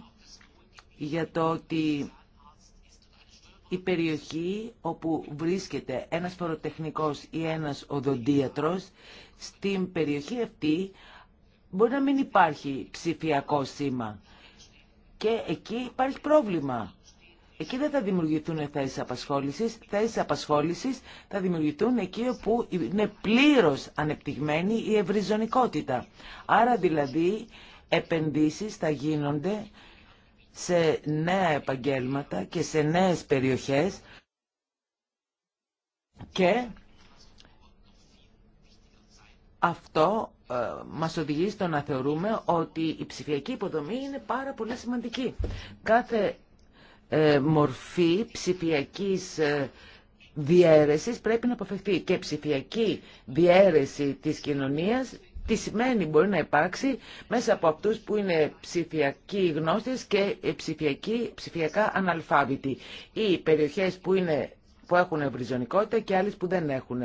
για το ότι η περιοχή όπου βρίσκεται ένας φοροτεχνικός ή ένας οδοντίατρος, στην περιοχή αυτή μπορεί να μην υπάρχει ψηφιακό σήμα. Και εκεί υπάρχει πρόβλημα. Εκεί δεν θα δημιουργηθούν θέσει απασχόληση. Θέσει απασχόληση θα δημιουργηθούν εκεί όπου είναι πλήρω ανεπτυγμένη η ευρυζωνικότητα. Άρα δηλαδή επενδύσει θα γίνονται σε νέα επαγγέλματα και σε νέες περιοχές και αυτό ε, μας οδηγεί στο να θεωρούμε ότι η ψηφιακή υποδομή είναι πάρα πολύ σημαντική. Κάθε ε, μορφή ψηφιακής ε, διαίρεσης πρέπει να αποφευθεί και ψηφιακή διαίρεση της κοινωνίας τι σημαίνει μπορεί να υπάρξει μέσα από αυτούς που είναι ψηφιακοί γνώστες και ε, ψηφιακοί, ψηφιακά αναλφάβητοι ή περιοχές που είναι που έχουν ευρυζωνικότητα και άλλες που δεν έχουν.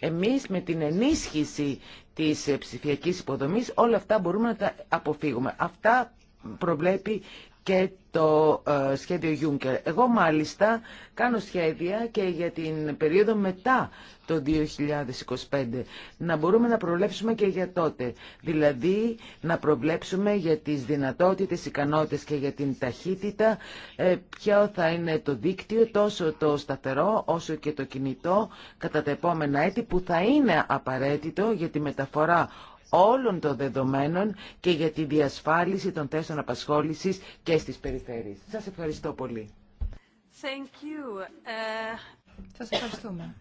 Εμείς με την ενίσχυση της ψηφιακής υποδομής όλα αυτά μπορούμε να τα αποφύγουμε. Αυτά προβλέπει και το ε, σχέδιο Juncker. Εγώ μάλιστα κάνω σχέδια και για την περίοδο μετά το 2025. Να μπορούμε να προβλέψουμε και για τότε. Δηλαδή να προβλέψουμε για τις δυνατότητες, ικανότητες και για την ταχύτητα ε, ποιο θα είναι το δίκτυο, τόσο το σταθερό όσο και το κινητό κατά τα επόμενα έτη που θα είναι απαραίτητο για τη μεταφορά όλων των δεδομένων και για τη διασφάλιση των θέσεων απασχόλησης και στις περιφέρειες. Σας ευχαριστώ πολύ. Thank you. Ε, σας ευχαριστούμε.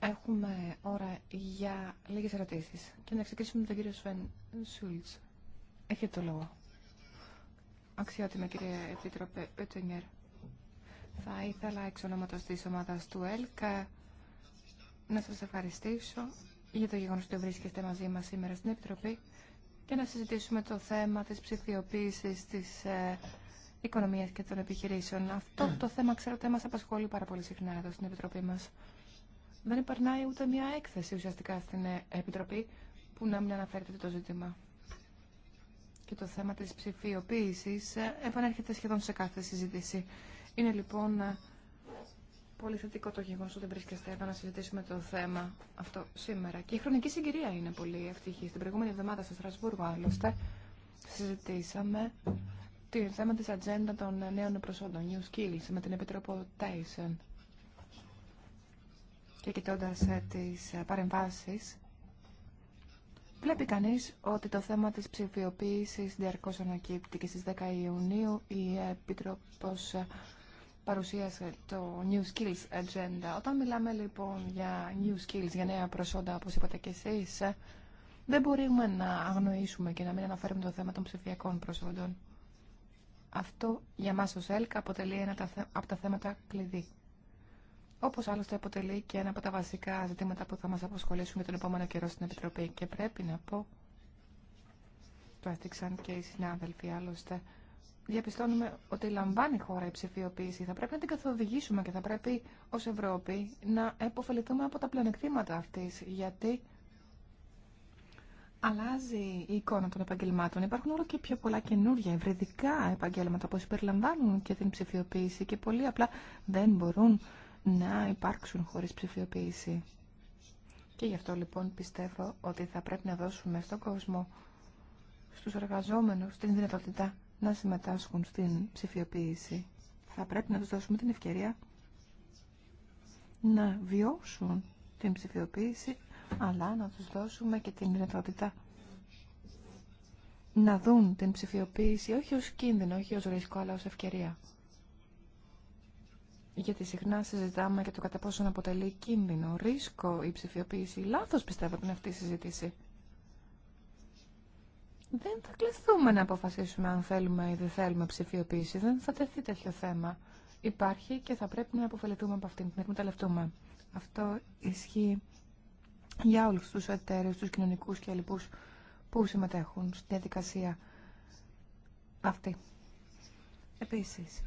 Έχουμε ώρα για λίγες ερωτήσεις. Και να ξεκινήσουμε με τον κύριο Σφεν Σούλτς. Έχετε το λόγο. Αξιότιμε κύριε Επίτροπε Οτενιέρ. Θα ήθελα εξ ονόματος της ομάδας του έλκα να σας ευχαριστήσω για το γεγονός ότι βρίσκεστε μαζί μας σήμερα στην Επιτροπή και να συζητήσουμε το θέμα της ψηφιοποίησης της ε, οικονομίας και των επιχειρήσεων. Αυτό το θέμα, ξέρετε, μας απασχολεί πάρα πολύ συχνά εδώ στην Επιτροπή μας. Δεν υπερνάει ούτε μια έκθεση ουσιαστικά στην ε, Επιτροπή που να μην αναφέρεται το ζήτημα. Και το θέμα της ψηφιοποίησης ε, επανέρχεται σχεδόν σε κάθε συζήτηση. Είναι λοιπόν ε, πολύ θετικό το γεγονό ότι βρίσκεστε εδώ να συζητήσουμε το θέμα αυτό σήμερα. Και η χρονική συγκυρία είναι πολύ ευτυχή. Στην προηγούμενη εβδομάδα στο Στρασβούργο, άλλωστε, συζητήσαμε το θέμα τη ατζέντα των νέων προσόντων, New Skills, με την Επιτρόπο Tyson. Και κοιτώντα ε, τι ε, παρεμβάσει, βλέπει κανεί ότι το θέμα τη ψηφιοποίηση διαρκώ ανακύπτει και στι 10 Ιουνίου η Επιτρόπο ε, παρουσίασε το New Skills Agenda. Όταν μιλάμε λοιπόν για New Skills, για νέα προσόντα, όπως είπατε και εσείς, δεν μπορούμε να αγνοήσουμε και να μην αναφέρουμε το θέμα των ψηφιακών προσόντων. Αυτό για μας ως ΕΛΚ αποτελεί ένα από τα θέματα κλειδί. Όπως άλλωστε αποτελεί και ένα από τα βασικά ζητήματα που θα μας αποσχολήσουν για τον επόμενο καιρό στην Επιτροπή. Και πρέπει να πω, το έθιξαν και οι συνάδελφοι άλλωστε, διαπιστώνουμε ότι λαμβάνει η χώρα η ψηφιοποίηση, θα πρέπει να την καθοδηγήσουμε και θα πρέπει ως Ευρώπη να επωφεληθούμε από τα πλεονεκτήματα αυτής, γιατί αλλάζει η εικόνα των επαγγελμάτων. Υπάρχουν όλο και πιο πολλά καινούργια ευρυδικά επαγγέλματα που συμπεριλαμβάνουν και την ψηφιοποίηση και πολύ απλά δεν μπορούν να υπάρξουν χωρίς ψηφιοποίηση. Και γι' αυτό λοιπόν πιστεύω ότι θα πρέπει να δώσουμε στον κόσμο, στους εργαζόμενους, την δυνατότητα να συμμετάσχουν στην ψηφιοποίηση. Θα πρέπει να τους δώσουμε την ευκαιρία να βιώσουν την ψηφιοποίηση, αλλά να τους δώσουμε και την δυνατότητα να δουν την ψηφιοποίηση όχι ως κίνδυνο, όχι ως ρίσκο, αλλά ως ευκαιρία. Γιατί συχνά συζητάμε για το κατά πόσο αποτελεί κίνδυνο, ρίσκο η ψηφιοποίηση. Λάθος πιστεύω την αυτή η συζήτηση δεν θα κλειστούμε να αποφασίσουμε αν θέλουμε ή δεν θέλουμε ψηφιοποίηση. Δεν θα τεθεί τέτοιο θέμα. Υπάρχει και θα πρέπει να αποφεληθούμε από αυτήν, να εκμεταλλευτούμε. Αυτό ισχύει για όλους τους εταίρου, τους κοινωνικούς και λοιπού που συμμετέχουν στη διαδικασία αυτή. Επίσης,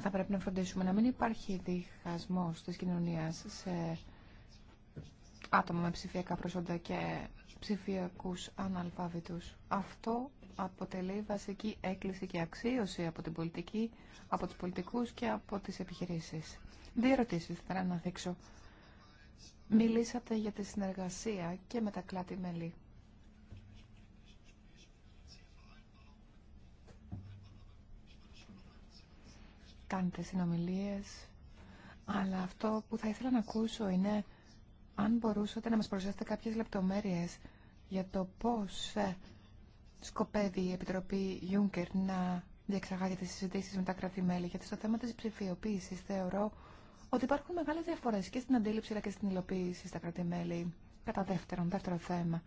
θα πρέπει να φροντίσουμε να μην υπάρχει διχασμός τη κοινωνία σε άτομα με ψηφιακά προσόντα και ψηφιακούς αναλφάβητους. Αυτό αποτελεί βασική έκκληση και αξίωση από, την πολιτική, από τους πολιτικούς και από τις επιχειρήσεις. Δύο ερωτήσεις θέλω να δείξω. Μιλήσατε για τη συνεργασία και με τα κλατη μελη Κάνετε συνομιλίες, αλλά αυτό που θα ήθελα να ακούσω είναι αν μπορούσατε να μας προσθέσετε κάποιες λεπτομέρειες για το πώς ε, σκοπεύει η Επιτροπή Juncker να διεξαγάγει τις συζητήσεις με τα κράτη-μέλη. Γιατί στο θέμα της ψηφιοποίησης θεωρώ ότι υπάρχουν μεγάλες διαφορές και στην αντίληψη αλλά και στην υλοποίηση στα κράτη-μέλη. Κατά δεύτερον, δεύτερο θέμα.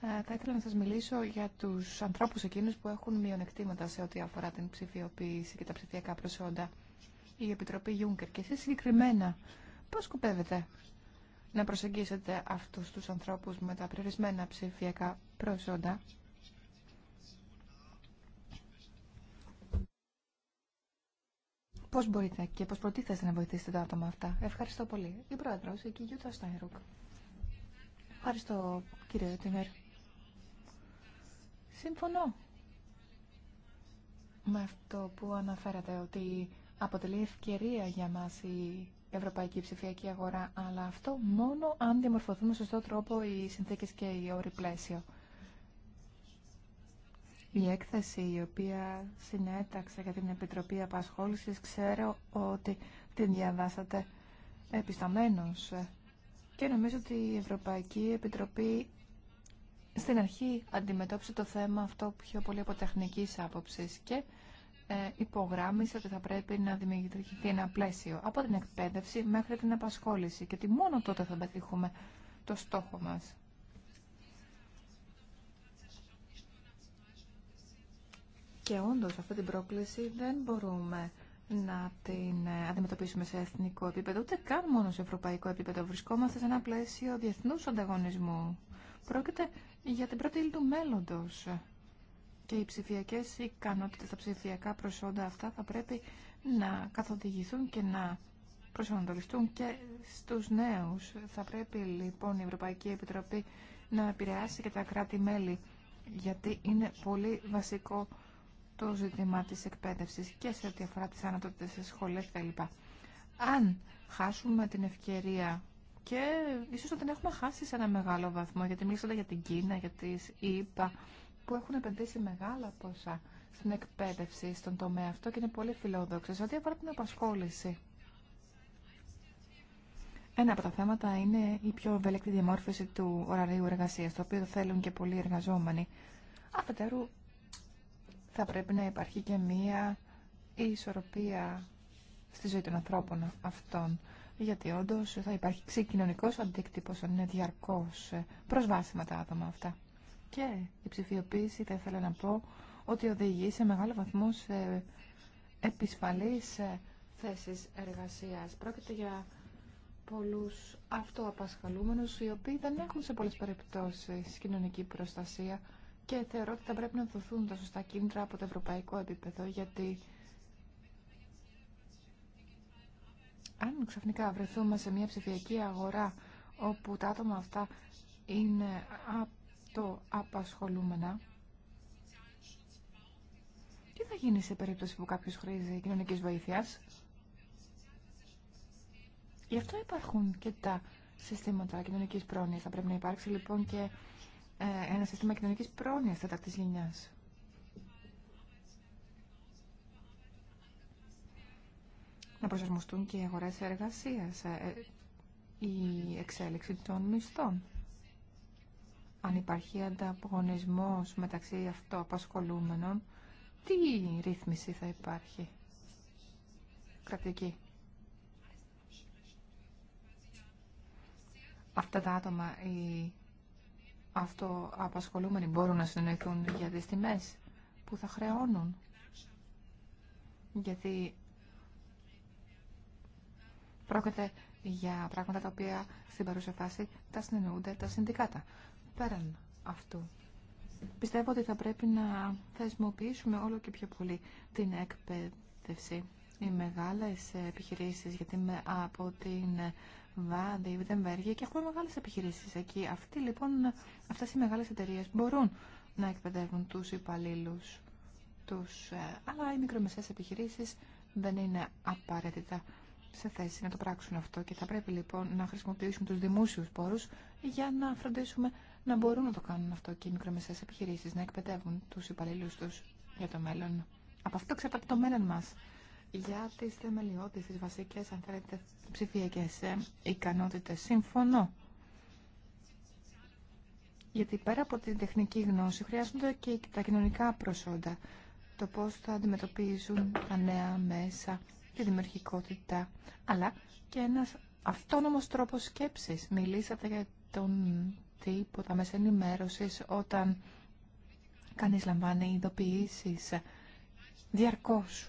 Ε, θα ήθελα να σας μιλήσω για τους ανθρώπους εκείνους που έχουν μειονεκτήματα σε ό,τι αφορά την ψηφιοποίηση και τα ψηφιακά προσόντα. Η Επιτροπή Juncker και εσείς συγκεκριμένα πώς σκοπεύετε να προσεγγίσετε αυτούς τους ανθρώπους με τα προορισμένα ψηφιακά προσόντα. Πώς μπορείτε και πώς προτίθεστε να βοηθήσετε τα άτομα αυτά. Ευχαριστώ πολύ. Η Πρόεδρος, η Κιγιούτα Στάιρουκ. Ευχαριστώ κύριε Τιμέρ. Συμφωνώ με αυτό που αναφέρατε ότι αποτελεί ευκαιρία για μας η ευρωπαϊκή ψηφιακή αγορά, αλλά αυτό μόνο αν διαμορφωθούν με σωστό τρόπο οι συνθήκε και οι όροι πλαίσιο. Η έκθεση η οποία συνέταξα για την Επιτροπή Απασχόλησης ξέρω ότι την διαβάσατε επισταμένως και νομίζω ότι η Ευρωπαϊκή Επιτροπή στην αρχή αντιμετώπισε το θέμα αυτό πιο πολύ από τεχνικής άποψης και ε, υπογράμμισε ότι θα πρέπει να δημιουργηθεί ένα πλαίσιο από την εκπαίδευση μέχρι την απασχόληση και ότι μόνο τότε θα πετύχουμε το στόχο μας. Και όντως αυτή την πρόκληση δεν μπορούμε να την ε, αντιμετωπίσουμε σε εθνικό επίπεδο, ούτε καν μόνο σε ευρωπαϊκό επίπεδο. Βρισκόμαστε σε ένα πλαίσιο διεθνούς ανταγωνισμού. Πρόκειται για την πρώτη ύλη του μέλλοντος και οι ψηφιακές ικανότητες, τα ψηφιακά προσόντα αυτά θα πρέπει να καθοδηγηθούν και να προσανατολιστούν και στους νέους. Θα πρέπει λοιπόν η Ευρωπαϊκή Επιτροπή να επηρεάσει και τα κράτη-μέλη, γιατί είναι πολύ βασικό το ζήτημα της εκπαίδευσης και σε ό,τι αφορά τις ανατότητες σε σχολές κλπ. Αν χάσουμε την ευκαιρία και ίσως να έχουμε χάσει σε ένα μεγάλο βαθμό, γιατί μίλησατε για την Κίνα, για τις που έχουν επενδύσει μεγάλα ποσά στην εκπαίδευση στον τομέα αυτό και είναι πολύ φιλόδοξες. Ό,τι αφορά την απασχόληση. Ένα από τα θέματα είναι η πιο ευέλικτη διαμόρφωση του ωραρίου εργασία, το οποίο θέλουν και πολλοί εργαζόμενοι. Αφετέρου, θα πρέπει να υπάρχει και μία ισορροπία στη ζωή των ανθρώπων αυτών. Γιατί όντω θα υπάρχει ξεκοινωνικό αντίκτυπο αν είναι διαρκώ ε, προσβάσιμα τα άτομα αυτά. Και η ψηφιοποίηση, θα ήθελα να πω, ότι οδηγεί σε μεγάλο βαθμό σε επισφαλείς ε, θέσεις εργασίας. Πρόκειται για πολλούς αυτοαπασχαλούμενους οι οποίοι δεν έχουν σε πολλές περιπτώσεις κοινωνική προστασία και θεωρώ ότι θα πρέπει να δοθούν τα σωστά κίνητρα από το ευρωπαϊκό επίπεδο γιατί αν ξαφνικά βρεθούμε σε μια ψηφιακή αγορά όπου τα άτομα αυτά είναι το απασχολούμενα Τι θα γίνει σε περίπτωση που κάποιος χρήζει κοινωνικής βοήθειας. Γι' αυτό υπάρχουν και τα συστήματα κοινωνικής πρόνοιας. Θα πρέπει να υπάρξει λοιπόν και ε, ένα σύστημα κοινωνικής πρόνοιας τέταρτης γενιάς. Να προσαρμοστούν και οι αγορές εργασίας, ε, ε, η εξέλιξη των μισθών αν υπάρχει ανταγωνισμός μεταξύ αυτοαπασχολούμενων, τι ρύθμιση θα υπάρχει κρατική. Αυτά τα άτομα, οι αυτοαπασχολούμενοι, μπορούν να συνεννοηθούν για τις τιμές που θα χρεώνουν. Γιατί πρόκειται για πράγματα τα οποία στην παρούσα φάση τα συνεννοούνται τα συνδικάτα πέραν αυτού. Πιστεύω ότι θα πρέπει να θεσμοποιήσουμε όλο και πιο πολύ την εκπαίδευση. Οι μεγάλες επιχειρήσεις, γιατί με, από την Βάντη, Βιτεμβέργη και έχουμε μεγάλες επιχειρήσεις εκεί. Αυτοί λοιπόν, αυτές οι μεγάλες εταιρείες μπορούν να εκπαιδεύουν τους υπαλλήλου. τους, ε, αλλά οι μικρομεσαίες επιχειρήσεις δεν είναι απαραίτητα σε θέση να το πράξουν αυτό και θα πρέπει λοιπόν να χρησιμοποιήσουμε τους δημόσιους πόρους για να φροντίσουμε να μπορούν να το κάνουν αυτό και οι μικρομεσαίες επιχειρήσεις, να εκπαιδεύουν τους υπαλλήλους τους για το μέλλον. Από αυτό ξεπατεί το μέλλον μας για τις θεμελιώδεις, τις βασικές, αν θέλετε, ψηφιακές ε, ικανότητες. Συμφωνώ. Γιατί πέρα από την τεχνική γνώση χρειάζονται και τα κοινωνικά προσόντα. Το πώς θα αντιμετωπίζουν τα νέα μέσα, τη δημιουργικότητα, αλλά και ένα αυτόνομος τρόπος σκέψης. Μιλήσατε για τον τίποτα μέσα ενημέρωση όταν κανείς λαμβάνει ειδοποιήσει διαρκώς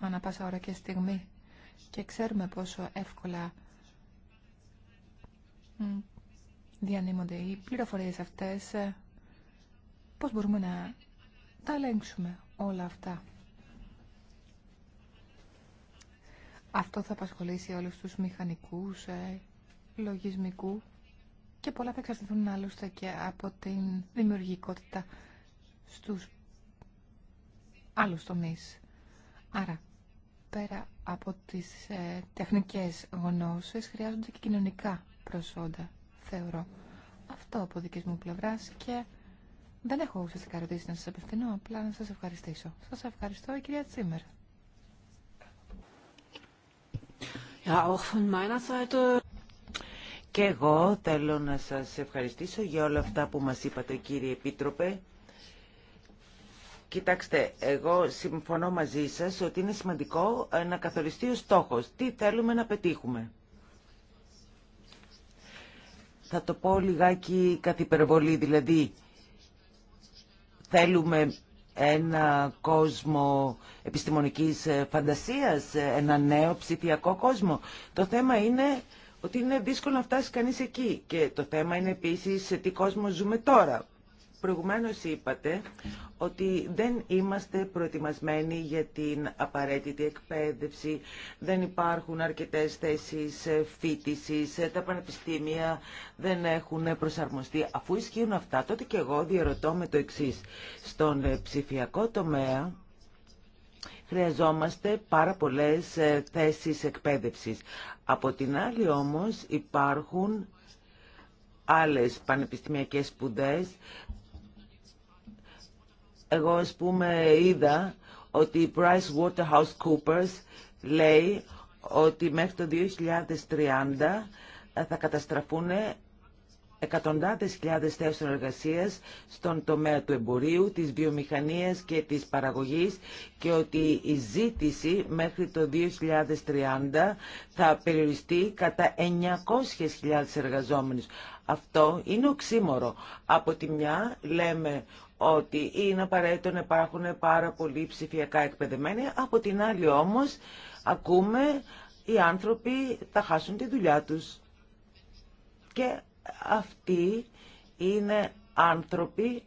ανά πάσα ώρα και στιγμή και ξέρουμε πόσο εύκολα διανύμονται οι πληροφορίες αυτές πώς μπορούμε να τα ελέγξουμε όλα αυτά Αυτό θα απασχολήσει όλους τους μηχανικούς ε, λογισμικού και πολλά θα εξαρτηθούν άλλωστε και από την δημιουργικότητα στους άλλους τομείς. Άρα, πέρα από τις ε, τεχνικές γνώσεις, χρειάζονται και κοινωνικά προσόντα, θεωρώ. Αυτό από δικής μου πλευράς και δεν έχω ουσιαστικά ερωτήσει να σας απευθυνώ, απλά να σας ευχαριστήσω. Σας ευχαριστώ, η κυρία Τσίμερ. Και εγώ θέλω να σας ευχαριστήσω για όλα αυτά που μας είπατε κύριε Επίτροπε. Κοιτάξτε, εγώ συμφωνώ μαζί σας ότι είναι σημαντικό να καθοριστεί ο στόχος. Τι θέλουμε να πετύχουμε. Θα το πω λιγάκι καθ' δηλαδή θέλουμε ένα κόσμο επιστημονικής φαντασίας, ένα νέο ψηφιακό κόσμο. Το θέμα είναι ότι είναι δύσκολο να φτάσει κανείς εκεί. Και το θέμα είναι επίσης σε τι κόσμο ζούμε τώρα. Προηγουμένως είπατε ότι δεν είμαστε προετοιμασμένοι για την απαραίτητη εκπαίδευση, δεν υπάρχουν αρκετές θέσεις φίτηση, τα πανεπιστήμια δεν έχουν προσαρμοστεί. Αφού ισχύουν αυτά, τότε και εγώ διαρωτώ με το εξής. Στον ψηφιακό τομέα χρειαζόμαστε πάρα πολλές ε, θέσεις εκπαίδευσης. Από την άλλη όμως υπάρχουν άλλες πανεπιστημιακές σπουδές. Εγώ ας πούμε είδα ότι η Waterhouse PricewaterhouseCoopers λέει ότι μέχρι το 2030 θα καταστραφούν εκατοντάδες χιλιάδες θέσεων εργασίας στον τομέα του εμπορίου, της βιομηχανίας και της παραγωγής και ότι η ζήτηση μέχρι το 2030 θα περιοριστεί κατά 900.000 εργαζόμενους. Αυτό είναι οξύμορο. Από τη μια λέμε ότι είναι απαραίτητο να υπάρχουν πάρα πολλοί ψηφιακά εκπαιδεμένοι, από την άλλη όμως ακούμε οι άνθρωποι θα χάσουν τη δουλειά τους. Και αυτοί είναι άνθρωποι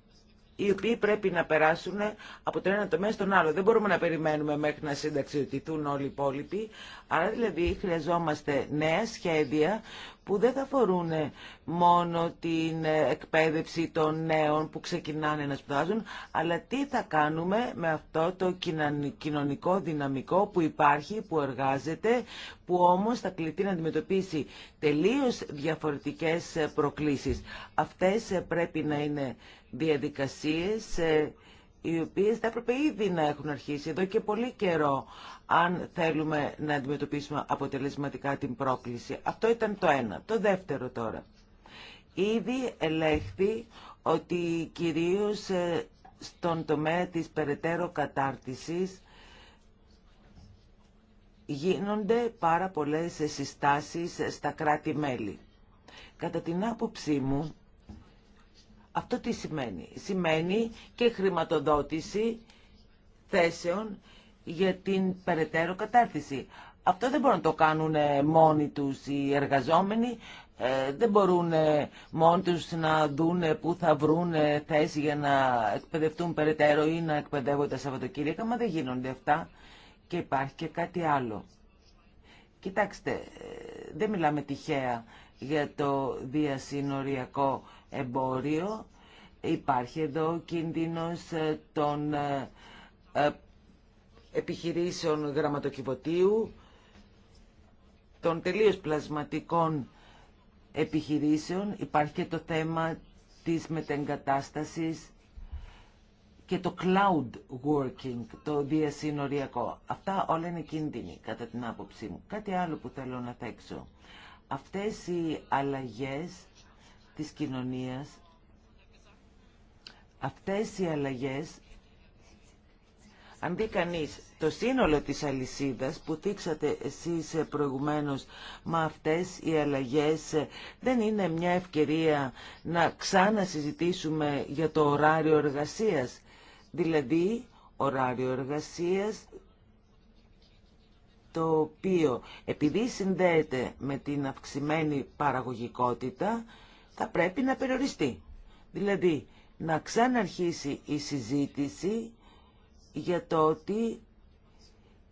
οι οποίοι πρέπει να περάσουν από το ένα τομέα στον άλλο. Δεν μπορούμε να περιμένουμε μέχρι να συνταξιοτηθούν όλοι οι υπόλοιποι. Άρα δηλαδή χρειαζόμαστε νέα σχέδια που δεν θα αφορούν μόνο την εκπαίδευση των νέων που ξεκινάνε να σπουδάζουν, αλλά τι θα κάνουμε με αυτό το κοινωνικό δυναμικό που υπάρχει, που εργάζεται, που όμως θα κληθεί να αντιμετωπίσει τελείως διαφορετικές προκλήσεις. Αυτές πρέπει να είναι διαδικασίες ε, οι οποίες θα έπρεπε ήδη να έχουν αρχίσει εδώ και πολύ καιρό αν θέλουμε να αντιμετωπίσουμε αποτελεσματικά την πρόκληση. Αυτό ήταν το ένα. Το δεύτερο τώρα. Ήδη ελέγχθη ότι κυρίως ε, στον τομέα της περαιτέρω κατάρτισης γίνονται πάρα πολλές συστάσεις στα κράτη-μέλη. Κατά την άποψή μου, αυτό τι σημαίνει. Σημαίνει και χρηματοδότηση θέσεων για την περαιτέρω κατάρτιση. Αυτό δεν μπορούν να το κάνουν ε, μόνοι τους οι εργαζόμενοι, ε, δεν μπορούν ε, μόνοι τους να δουν πού θα βρουν θέση για να εκπαιδευτούν περαιτέρω ή να εκπαιδεύονται τα Σαββατοκύριακα, μα δεν γίνονται αυτά. Και υπάρχει και κάτι άλλο. Κοιτάξτε, δεν μιλάμε τυχαία για το διασυνοριακό εμπόριο. Υπάρχει εδώ κίνδυνος ε, των ε, ε, επιχειρήσεων γραμματοκιβωτίου, των τελείως πλασματικών επιχειρήσεων. Υπάρχει και το θέμα της μετεγκατάστασης και το cloud working, το διασύνοριακό. Αυτά όλα είναι κίνδυνοι κατά την άποψή μου. Κάτι άλλο που θέλω να θέξω. Αυτές οι αλλαγές της κοινωνίας, αυτές οι αλλαγές, αν δει κανεί το σύνολο της αλυσίδας που δείξατε εσείς προηγουμένως, μα αυτές οι αλλαγές ε, δεν είναι μια ευκαιρία να ξανασυζητήσουμε για το ωράριο εργασίας. Δηλαδή, ωράριο εργασίας το οποίο επειδή συνδέεται με την αυξημένη παραγωγικότητα θα πρέπει να περιοριστεί. Δηλαδή, να ξαναρχίσει η συζήτηση για το ότι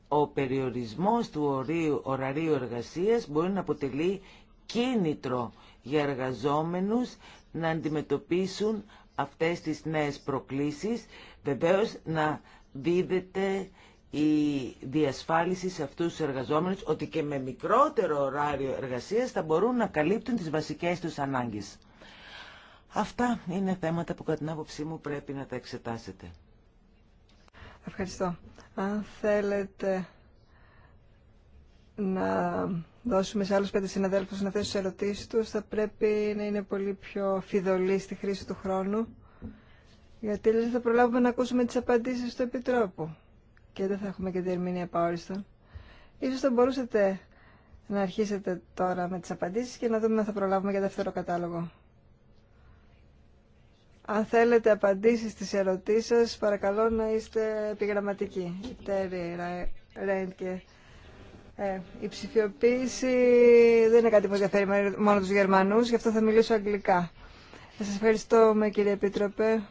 ο περιορισμός του ορίου, ωραρίου εργασίας μπορεί να αποτελεί κίνητρο για εργαζόμενους να αντιμετωπίσουν αυτές τις νέες προκλήσεις, βεβαίως να δίδεται η διασφάλιση σε αυτούς τους εργαζόμενους ότι και με μικρότερο ωράριο εργασίας θα μπορούν να καλύπτουν τις βασικές τους ανάγκες. Αυτά είναι θέματα που κατά την άποψή μου πρέπει να τα εξετάσετε. Ευχαριστώ. Αν θέλετε να δώσουμε σε άλλους πέντε συναδέλφους να θέσουν ερωτήσεις τους, θα πρέπει να είναι πολύ πιο φιδωλή στη χρήση του χρόνου, γιατί θα προλάβουμε να ακούσουμε τις απαντήσεις του Επιτρόπου και δεν θα έχουμε και διερμηνία επαόριστο. Ίσως θα μπορούσατε να αρχίσετε τώρα με τις απαντήσεις και να δούμε αν θα προλάβουμε για δεύτερο κατάλογο. Αν θέλετε απαντήσεις στις ερωτήσεις σας, παρακαλώ να είστε επιγραμματικοί. Η Τέρι, και... Ε, η ψηφιοποίηση δεν είναι κάτι που ενδιαφέρει μόνο τους Γερμανούς, γι' αυτό θα μιλήσω αγγλικά. Σας ευχαριστώ με κύριε Επίτροπε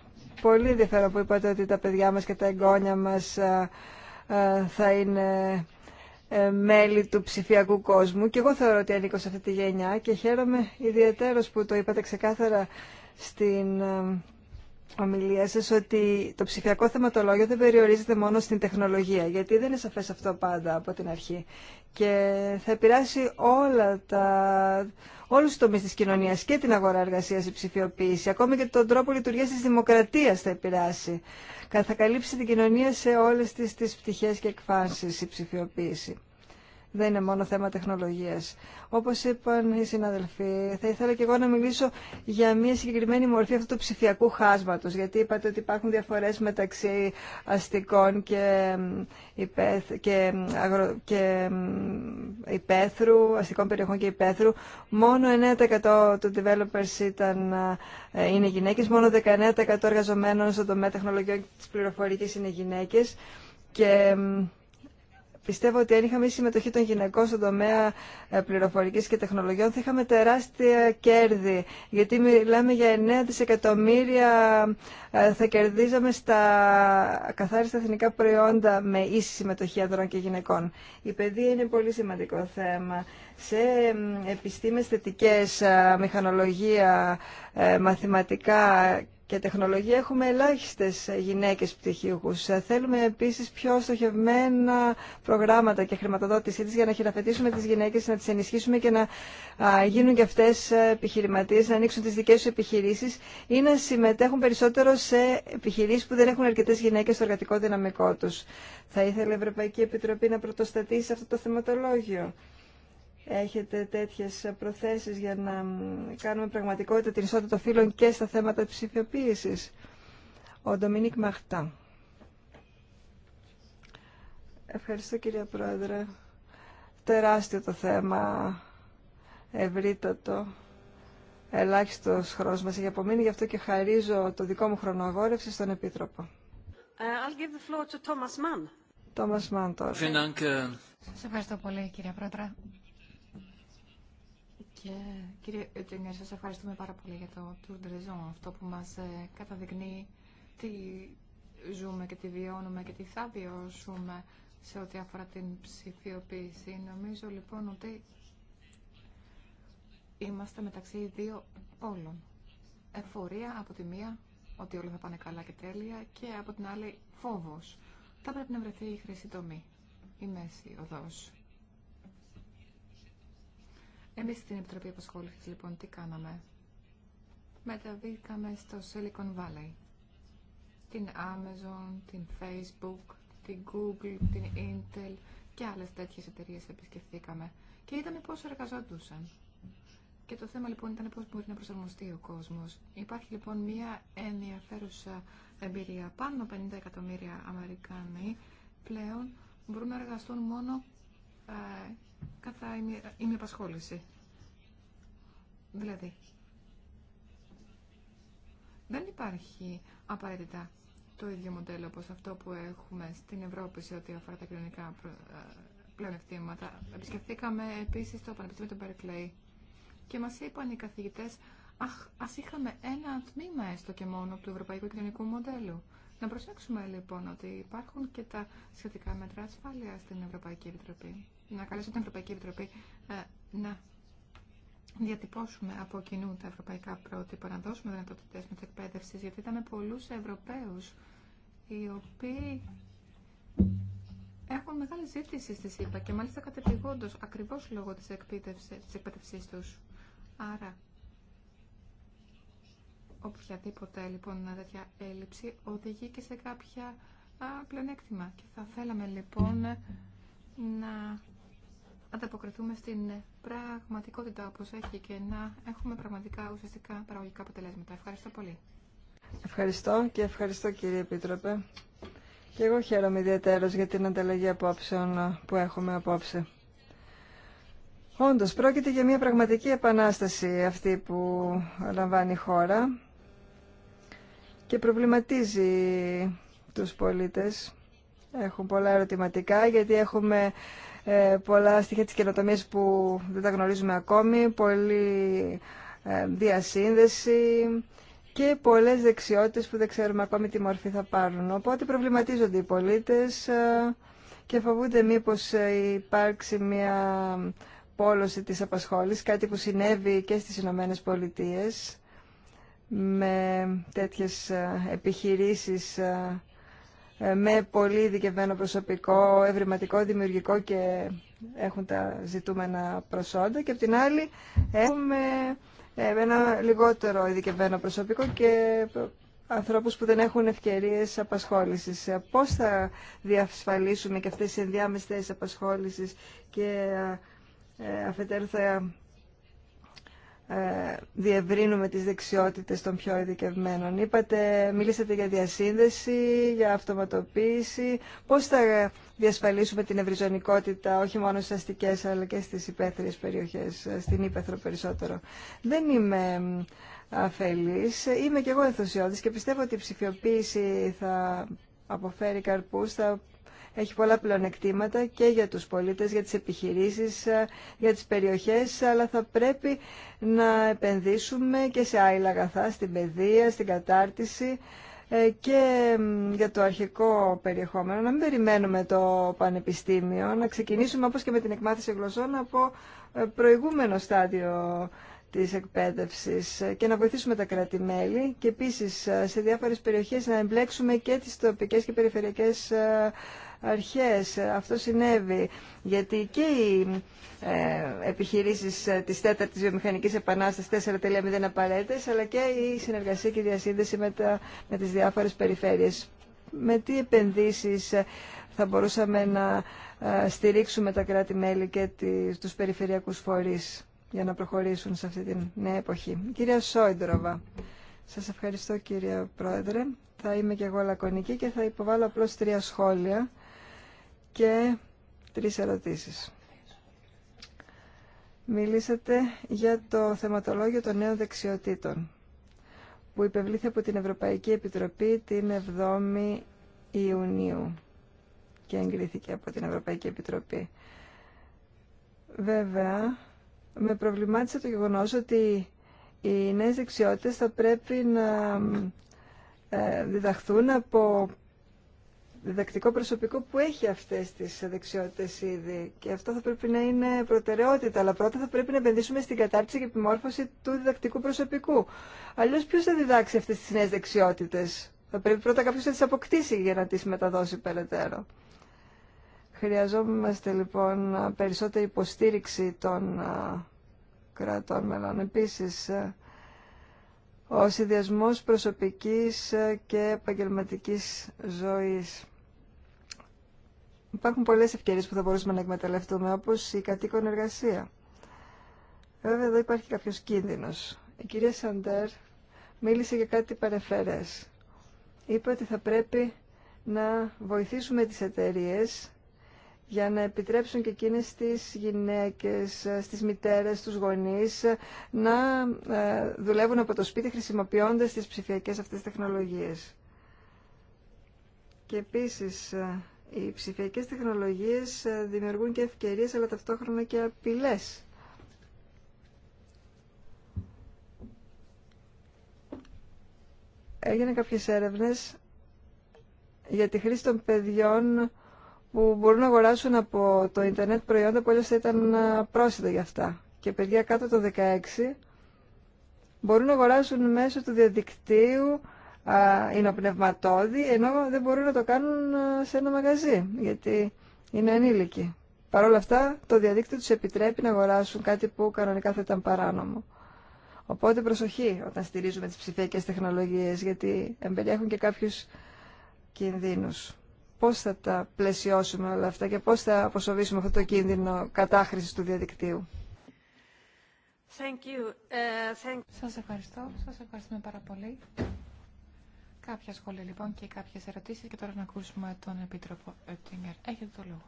πολύ ενδιαφέρον που είπατε ότι τα παιδιά μας και τα εγγόνια μας ε, ε, θα είναι ε, μέλη του ψηφιακού κόσμου και εγώ θεωρώ ότι ανήκω σε αυτή τη γενιά και χαίρομαι ιδιαίτερος που το είπατε ξεκάθαρα στην ομιλία σας ότι το ψηφιακό θεματολόγιο δεν περιορίζεται μόνο στην τεχνολογία γιατί δεν είναι σαφές αυτό πάντα από την αρχή και θα επηρεάσει όλα τα Όλου του τομεί της κοινωνίας και την αγορά εργασία η ψηφιοποίηση, ακόμη και τον τρόπο λειτουργία της δημοκρατίας θα επηρεάσει. Θα καλύψει την κοινωνία σε όλες τις, πτυχέ πτυχές και εκφάνσει η ψηφιοποίηση δεν είναι μόνο θέμα τεχνολογίας. Όπως είπαν οι συναδελφοί, θα ήθελα και εγώ να μιλήσω για μια συγκεκριμένη μορφή αυτού του ψηφιακού χάσματος, γιατί είπατε ότι υπάρχουν διαφορές μεταξύ αστικών και, υπέθ, και, αγρο, και αστικών περιοχών και υπαίθρου. Μόνο 9% των developers ήταν, ε, είναι γυναίκες, μόνο 19% εργαζομένων στον τομέα τεχνολογιών της πληροφορικής είναι γυναίκες και Πιστεύω ότι αν είχαμε συμμετοχή των γυναικών στον τομέα ε, πληροφορικής και τεχνολογιών θα είχαμε τεράστια κέρδη, γιατί μιλάμε για 9 δισεκατομμύρια ε, θα κερδίζαμε στα καθάριστα εθνικά προϊόντα με ίση συμμετοχή ανδρών και γυναικών. Η παιδεία είναι πολύ σημαντικό θέμα. Σε επιστήμες θετικές, ε, μηχανολογία, μαθηματικά και τεχνολογία έχουμε ελάχιστες γυναίκες πτυχίουχους. Θέλουμε επίσης πιο στοχευμένα προγράμματα και χρηματοδότησή της για να χειραφετήσουμε τις γυναίκες, να τις ενισχύσουμε και να γίνουν και αυτές επιχειρηματίες, να ανοίξουν τις δικές τους επιχειρήσεις ή να συμμετέχουν περισσότερο σε επιχειρήσεις που δεν έχουν αρκετές γυναίκες στο εργατικό δυναμικό τους. Θα ήθελε η Ευρωπαϊκή Επιτροπή να πρωτοστατήσει αυτό το θεματολόγιο έχετε τέτοιες προθέσεις για να κάνουμε πραγματικότητα την ισότητα των φύλων και στα θέματα της ψηφιοποίησης. Ο Ντομινίκ Μαχτά. Ευχαριστώ κυρία Πρόεδρε. Τεράστιο το θέμα, ευρύτατο. Ελάχιστο χρόνο μα έχει απομείνει, γι' αυτό και χαρίζω το δικό μου χρονογόρευση στον Επίτροπο. Ε, ε. Σα ευχαριστώ πολύ κύριε Πρόεδρε. Και κύριε Τινιέρ, σας ευχαριστούμε πάρα πολύ για το Tour αυτό που μας ε, καταδεικνύει τι ζούμε και τι βιώνουμε και τι θα βιώσουμε σε ό,τι αφορά την ψηφιοποίηση. Νομίζω λοιπόν ότι είμαστε μεταξύ δύο όλων. Εφορία από τη μία, ότι όλα θα πάνε καλά και τέλεια, και από την άλλη φόβος. Θα πρέπει να βρεθεί η χρυσή τομή, η μέση οδός. Εμεί στην Επιτροπή Απασχόληση, λοιπόν, τι κάναμε. Μεταβήκαμε στο Silicon Valley. Την Amazon, την Facebook, την Google, την Intel και άλλε τέτοιε εταιρείε επισκεφθήκαμε. Και είδαμε πώς εργαζόντουσαν. Και το θέμα λοιπόν ήταν πώς μπορεί να προσαρμοστεί ο κόσμος. Υπάρχει λοιπόν μια ενδιαφέρουσα εμπειρία. Πάνω 50 εκατομμύρια Αμερικάνοι πλέον μπορούν να εργαστούν μόνο κατά ημιαπασχόληση. Δηλαδή, δεν υπάρχει απαραίτητα το ίδιο μοντέλο όπως αυτό που έχουμε στην Ευρώπη σε ό,τι αφορά τα κοινωνικά πλεονεκτήματα. Επισκεφθήκαμε επίσης το Πανεπιστήμιο του Μπερκλέη και μας είπαν οι καθηγητές «Αχ, ας είχαμε ένα τμήμα έστω και μόνο του ευρωπαϊκού κοινωνικού μοντέλου». Να προσέξουμε λοιπόν ότι υπάρχουν και τα σχετικά μέτρα ασφάλεια στην Ευρωπαϊκή Επιτροπή να καλέσω την Ευρωπαϊκή Επιτροπή ε, να διατυπώσουμε από κοινού τα ευρωπαϊκά πρότυπα, να δώσουμε δυνατότητε μετεκπαίδευση, γιατί ήταν πολλού Ευρωπαίου οι οποίοι έχουν μεγάλη ζήτηση στη ΣΥΠΑ και μάλιστα κατεπηγόντω ακριβώ λόγω τη εκπαίδευσή του. Άρα, οποιαδήποτε λοιπόν τέτοια έλλειψη οδηγεί και σε κάποια α, πλεονέκτημα. Και θα θέλαμε λοιπόν να ανταποκριθούμε στην πραγματικότητα όπως έχει και να έχουμε πραγματικά ουσιαστικά παραγωγικά αποτελέσματα. Ευχαριστώ πολύ. Ευχαριστώ και ευχαριστώ κύριε Επίτροπε. Και εγώ χαίρομαι ιδιαίτερως για την ανταλλαγή απόψεων που έχουμε απόψε. Όντως, πρόκειται για μια πραγματική επανάσταση αυτή που λαμβάνει η χώρα και προβληματίζει τους πολίτες. Έχουν πολλά ερωτηματικά γιατί έχουμε ε, πολλά στοιχεία της καινοτομίας που δεν τα γνωρίζουμε ακόμη, πολλή ε, διασύνδεση και πολλές δεξιότητες που δεν ξέρουμε ακόμη τι μορφή θα πάρουν. Οπότε προβληματίζονται οι πολίτες ε, και φοβούνται μήπως υπάρξει μια πόλωση της απασχόλησης, κάτι που συνέβη και στις Ηνωμένε Πολιτείες με τέτοιες επιχειρήσεις ε, με πολύ ειδικευμένο προσωπικό, ευρηματικό, δημιουργικό και έχουν τα ζητούμενα προσόντα και από την άλλη έχουμε ε, ένα λιγότερο ειδικευμένο προσωπικό και ε, ανθρώπους που δεν έχουν ευκαιρίες απασχόλησης. Πώς θα διασφαλίσουμε και αυτές οι ενδιάμεσες απασχόλησης και αφετέρου θα ε, διευρύνουμε τις δεξιότητες των πιο ειδικευμένων. Είπατε, μιλήσατε για διασύνδεση, για αυτοματοποίηση. Πώς θα διασφαλίσουμε την ευρυζωνικότητα όχι μόνο στις αστικές αλλά και στις υπαίθριες περιοχές, στην Ήπεθρο περισσότερο. Δεν είμαι αφελής, είμαι κι εγώ ενθουσιώδης και πιστεύω ότι η ψηφιοποίηση θα αποφέρει καρπούς, θα έχει πολλά πλεονεκτήματα και για τους πολίτες, για τις επιχειρήσεις, για τις περιοχές, αλλά θα πρέπει να επενδύσουμε και σε άλλα αγαθά, στην παιδεία, στην κατάρτιση ε, και για το αρχικό περιεχόμενο, να μην περιμένουμε το πανεπιστήμιο, να ξεκινήσουμε όπως και με την εκμάθηση γλωσσών από ε, προηγούμενο στάδιο της εκπαίδευσης ε, και να βοηθήσουμε τα κράτη-μέλη και επίσης σε διάφορες περιοχές να εμπλέξουμε και τις τοπικές και περιφερειακές αρχές. Αυτό συνέβη γιατί και οι ε, επιχειρήσεις ε, της τέταρτης βιομηχανικής επανάστασης 4.0 είναι απαραίτητες, αλλά και η συνεργασία και η διασύνδεση με, τα, με τις διάφορες περιφέρειες. Με τι επενδύσεις ε, θα μπορούσαμε να ε, στηρίξουμε τα κράτη-μέλη και τις, τους περιφερειακούς φορείς για να προχωρήσουν σε αυτή την νέα εποχή. Κυρία Σόιντροβα, σας ευχαριστώ κύριε Πρόεδρε. Θα είμαι και εγώ λακωνική και θα υποβάλω απλώς τρία σχόλια και τρεις ερωτήσεις. Μιλήσατε για το θεματολόγιο των νέων δεξιοτήτων που υπευλήθη από την Ευρωπαϊκή Επιτροπή την 7η Ιουνίου και εγκρίθηκε από την Ευρωπαϊκή Επιτροπή. Βέβαια, με προβλημάτισε το γεγονός ότι οι νέες δεξιότητες θα πρέπει να ε, διδαχθούν από διδακτικό προσωπικό που έχει αυτές τις δεξιότητε ήδη και αυτό θα πρέπει να είναι προτεραιότητα, αλλά πρώτα θα πρέπει να επενδύσουμε στην κατάρτιση και επιμόρφωση του διδακτικού προσωπικού. Αλλιώ ποιο θα διδάξει αυτές τις νέε δεξιότητε. Θα πρέπει πρώτα κάποιο να τις αποκτήσει για να τι μεταδώσει περαιτέρω. Χρειαζόμαστε λοιπόν περισσότερη υποστήριξη των κρατών μελών. Επίσης, ε, ο συνδυασμός προσωπικής και επαγγελματικής ζωής. Υπάρχουν πολλές ευκαιρίες που θα μπορούσαμε να εκμεταλλευτούμε, όπως η κατοίκον εργασία. Βέβαια, εδώ υπάρχει κάποιος κίνδυνος. Η κυρία Σαντέρ μίλησε για κάτι παρεφερές. Είπε ότι θα πρέπει να βοηθήσουμε τις εταιρείες για να επιτρέψουν και εκείνες τις γυναίκες, στις μητέρες, στους γονείς να ε, δουλεύουν από το σπίτι χρησιμοποιώντας τις ψηφιακές αυτές τεχνολογίες. Και επίσης, ε, οι ψηφιακές τεχνολογίες ε, δημιουργούν και ευκαιρίες αλλά ταυτόχρονα και απειλές. Έγινε κάποιες έρευνες για τη χρήση των παιδιών που μπορούν να αγοράσουν από το ίντερνετ προϊόντα που θα ήταν πρόσθετα για αυτά. Και παιδιά κάτω το 16 μπορούν να αγοράσουν μέσω του διαδικτύου υνοπνευματόδη, ενώ δεν μπορούν να το κάνουν σε ένα μαγαζί, γιατί είναι ανήλικοι. Παρ' όλα αυτά, το διαδίκτυο τους επιτρέπει να αγοράσουν κάτι που κανονικά θα ήταν παράνομο. Οπότε προσοχή όταν στηρίζουμε τις ψηφιακές τεχνολογίες, γιατί εμπεριέχουν και κάποιους κινδύνους πώς θα τα πλαισιώσουμε όλα αυτά και πώς θα αποσοβήσουμε αυτό το κίνδυνο κατάχρησης του διαδικτύου. Thank Uh, Σας ευχαριστώ. Σας ευχαριστούμε πάρα πολύ. Κάποια σχόλια λοιπόν και κάποιες ερωτήσεις και τώρα να ακούσουμε τον Επίτροπο Οεπτίνγκερ. Έχετε το λόγο.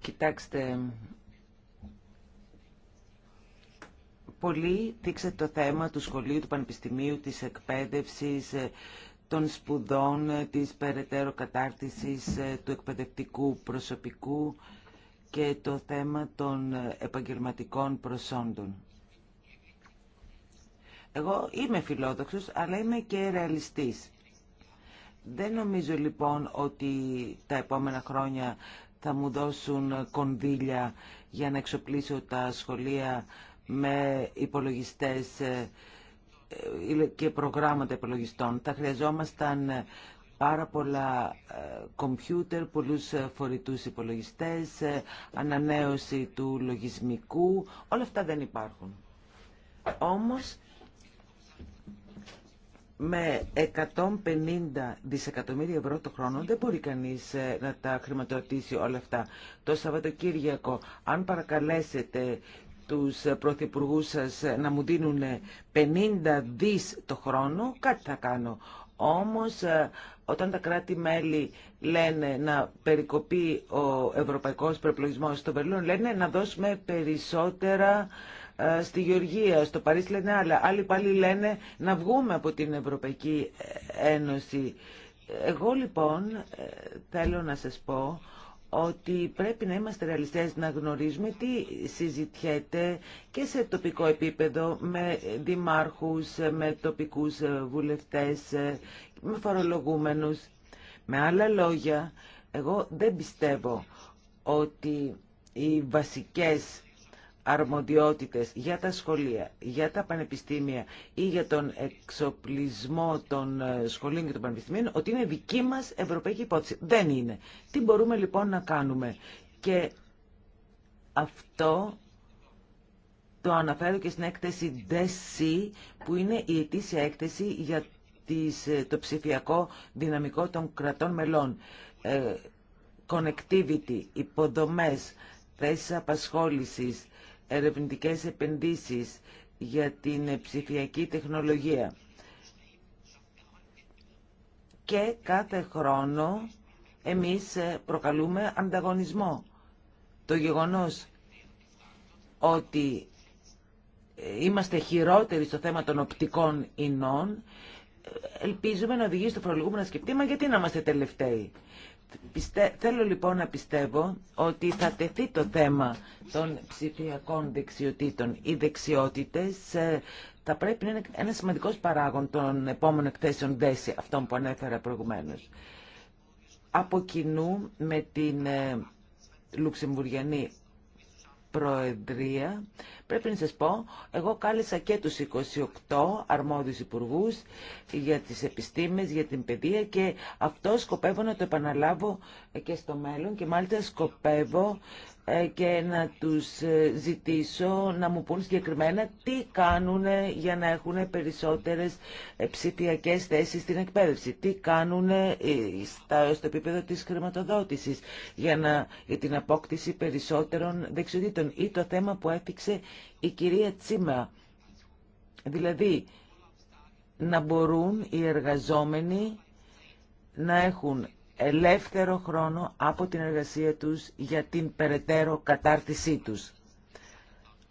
Κοιτάξτε, Πολύ δείξατε το θέμα του σχολείου, του πανεπιστημίου, της εκπαίδευσης, ε, των σπουδών, ε, της περαιτέρω κατάρτισης ε, του εκπαιδευτικού προσωπικού και το θέμα των επαγγελματικών προσόντων. Εγώ είμαι φιλόδοξος, αλλά είμαι και ρεαλιστής. Δεν νομίζω λοιπόν ότι τα επόμενα χρόνια θα μου δώσουν κονδύλια για να εξοπλίσω τα σχολεία με υπολογιστές ε, ε, και προγράμματα υπολογιστών. Θα χρειαζόμασταν ε, πάρα πολλά κομπιούτερ, πολλούς φορητούς υπολογιστές, ανανέωση του λογισμικού. Όλα αυτά δεν υπάρχουν. Όμως, με 150 δισεκατομμύρια ευρώ το χρόνο δεν μπορεί κανείς να τα χρηματοδοτήσει όλα αυτά. Το Σαββατοκύριακο, αν παρακαλέσετε τους πρωθυπουργούς σας να μου δίνουν 50 δις το χρόνο, κάτι θα κάνω. Όμως ε, όταν τα κράτη-μέλη λένε να περικοπεί ο ευρωπαϊκός προεπλογισμός στο Βερολίνο, λένε να δώσουμε περισσότερα ε, στη Γεωργία, στο Παρίσι λένε άλλα. Άλλοι πάλι λένε να βγούμε από την Ευρωπαϊκή Ένωση. Εγώ λοιπόν ε, θέλω να σας πω ότι πρέπει να είμαστε ρεαλιστές να γνωρίζουμε τι συζητιέται και σε τοπικό επίπεδο με δημάρχους, με τοπικούς βουλευτές, με φορολογούμενους. Με άλλα λόγια, εγώ δεν πιστεύω ότι οι βασικές αρμοδιότητες για τα σχολεία, για τα πανεπιστήμια ή για τον εξοπλισμό των ε, σχολείων και των πανεπιστήμιων ότι είναι δική μας ευρωπαϊκή υπόθεση. Δεν είναι. Τι μπορούμε λοιπόν να κάνουμε. Και αυτό το αναφέρω και στην έκθεση DC που είναι η ετήσια έκθεση για ε, το ψηφιακό δυναμικό των κρατών μελών. Ε, connectivity, υποδομές, θέσεις απασχόλησης, ερευνητικές επενδύσεις για την ψηφιακή τεχνολογία. Και κάθε χρόνο εμείς προκαλούμε ανταγωνισμό. Το γεγονός ότι είμαστε χειρότεροι στο θέμα των οπτικών ινών, ελπίζουμε να οδηγήσει το προλογούμενο σκεπτήμα γιατί να είμαστε τελευταίοι. Θέλω λοιπόν να πιστεύω ότι θα τεθεί το θέμα των ψηφιακών δεξιοτήτων. Οι δεξιότητες ε, θα πρέπει να είναι ένα σημαντικός παράγον των επόμενων εκθέσεων δέση, αυτών που ανέφερα προηγουμένως. Από κοινού με την ε, λουξεμβουργιανή. Προεδρία, πρέπει να σας πω, εγώ κάλεσα και τους 28 αρμόδιους υπουργούς για τις επιστήμες, για την παιδεία και αυτό σκοπεύω να το επαναλάβω και στο μέλλον και μάλιστα σκοπεύω ε, και να τους ε, ζητήσω να μου πούν συγκεκριμένα τι κάνουν ε, για να έχουν περισσότερες ψηφιακέ θέσεις στην εκπαίδευση, τι κάνουν στο επίπεδο της χρηματοδότησης για, να, για την απόκτηση περισσότερων δεξιοτήτων ή το θέμα που έφυξε η κυρία Τσίμα. Δηλαδή, να μπορούν οι εργαζόμενοι να έχουν ελεύθερο χρόνο από την εργασία τους για την περαιτέρω κατάρτισή τους.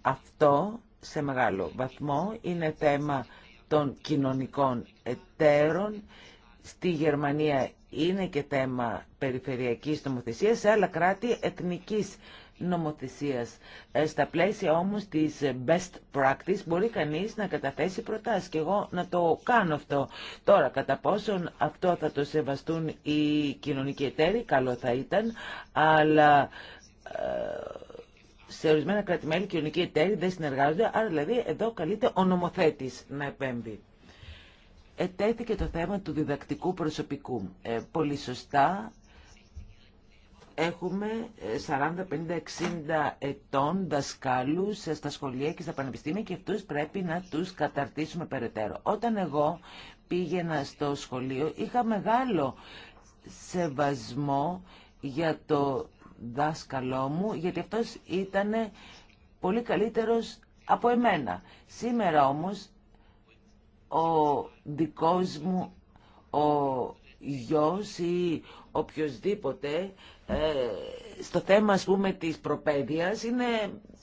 Αυτό σε μεγάλο βαθμό είναι θέμα των κοινωνικών εταίρων. Στη Γερμανία είναι και θέμα περιφερειακής νομοθεσίας, σε άλλα κράτη εθνικής νομοθεσίας. Ε, στα πλαίσια όμως της best practice μπορεί κανείς να καταθέσει προτάσεις και εγώ να το κάνω αυτό. Τώρα, κατά πόσον αυτό θα το σεβαστούν οι κοινωνικοί εταίροι, καλό θα ήταν, αλλά ε, σε ορισμένα κρατημέλη κοινωνικοί εταίροι δεν συνεργάζονται, άρα δηλαδή εδώ καλείται ο νομοθέτης να επέμβει. Ετέθηκε το θέμα του διδακτικού προσωπικού. Ε, πολύ σωστά έχουμε 40, 50, 60 ετών δασκάλους ε, στα σχολεία και στα πανεπιστήμια και αυτούς πρέπει να τους καταρτήσουμε περαιτέρω. Όταν εγώ πήγαινα στο σχολείο είχα μεγάλο σεβασμό για το δάσκαλό μου γιατί αυτός ήταν πολύ καλύτερος από εμένα. Σήμερα όμως ο δικός μου ο γιος ή οποιοδήποτε ε, στο θέμα ας πούμε της προπαίδειας είναι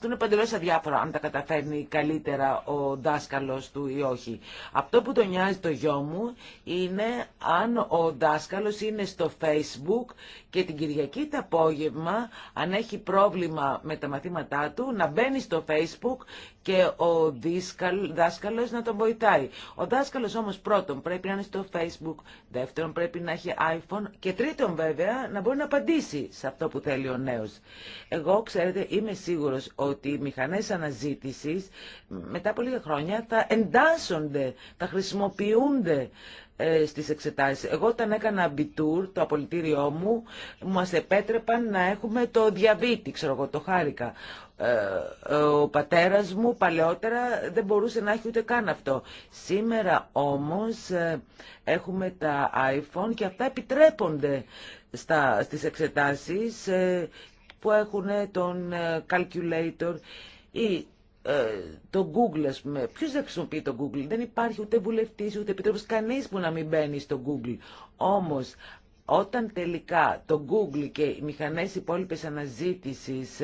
του είναι παντελώ αδιάφορο αν τα καταφέρνει καλύτερα ο δάσκαλο του ή όχι. Αυτό που τον νοιάζει το γιο μου είναι αν ο δάσκαλο είναι στο facebook και την Κυριακή το απόγευμα αν έχει πρόβλημα με τα μαθήματά του να μπαίνει στο facebook και ο δάσκαλο να τον βοηθάει. Ο δάσκαλο όμω πρώτον πρέπει να είναι στο facebook, δεύτερον πρέπει να έχει iphone και τρίτον βέβαια να μπορεί να απαντήσει σε αυτό που θέλει ο νέο. Εγώ ξέρετε είμαι ότι ότι οι μηχανές αναζήτησης μετά από λίγα χρόνια θα εντάσσονται, θα χρησιμοποιούνται ε, στις εξετάσεις. Εγώ όταν έκανα μπιτούρ, το απολυτήριό μου, μας επέτρεπαν να έχουμε το διαβήτη, ξέρω εγώ, το χάρηκα. Ε, ο πατέρας μου παλαιότερα δεν μπορούσε να έχει ούτε καν αυτό. Σήμερα όμως ε, έχουμε τα iPhone και αυτά επιτρέπονται στα, στις εξετάσεις που έχουν ε, τον ε, calculator ή ε, το Google, ας πούμε. Ποιος δεν χρησιμοποιεί το Google. Δεν υπάρχει ούτε βουλευτής, ούτε επιτρόπος, κανείς που να μην μπαίνει στο Google. Όμως, όταν τελικά το Google και οι μηχανές υπόλοιπες αναζήτησης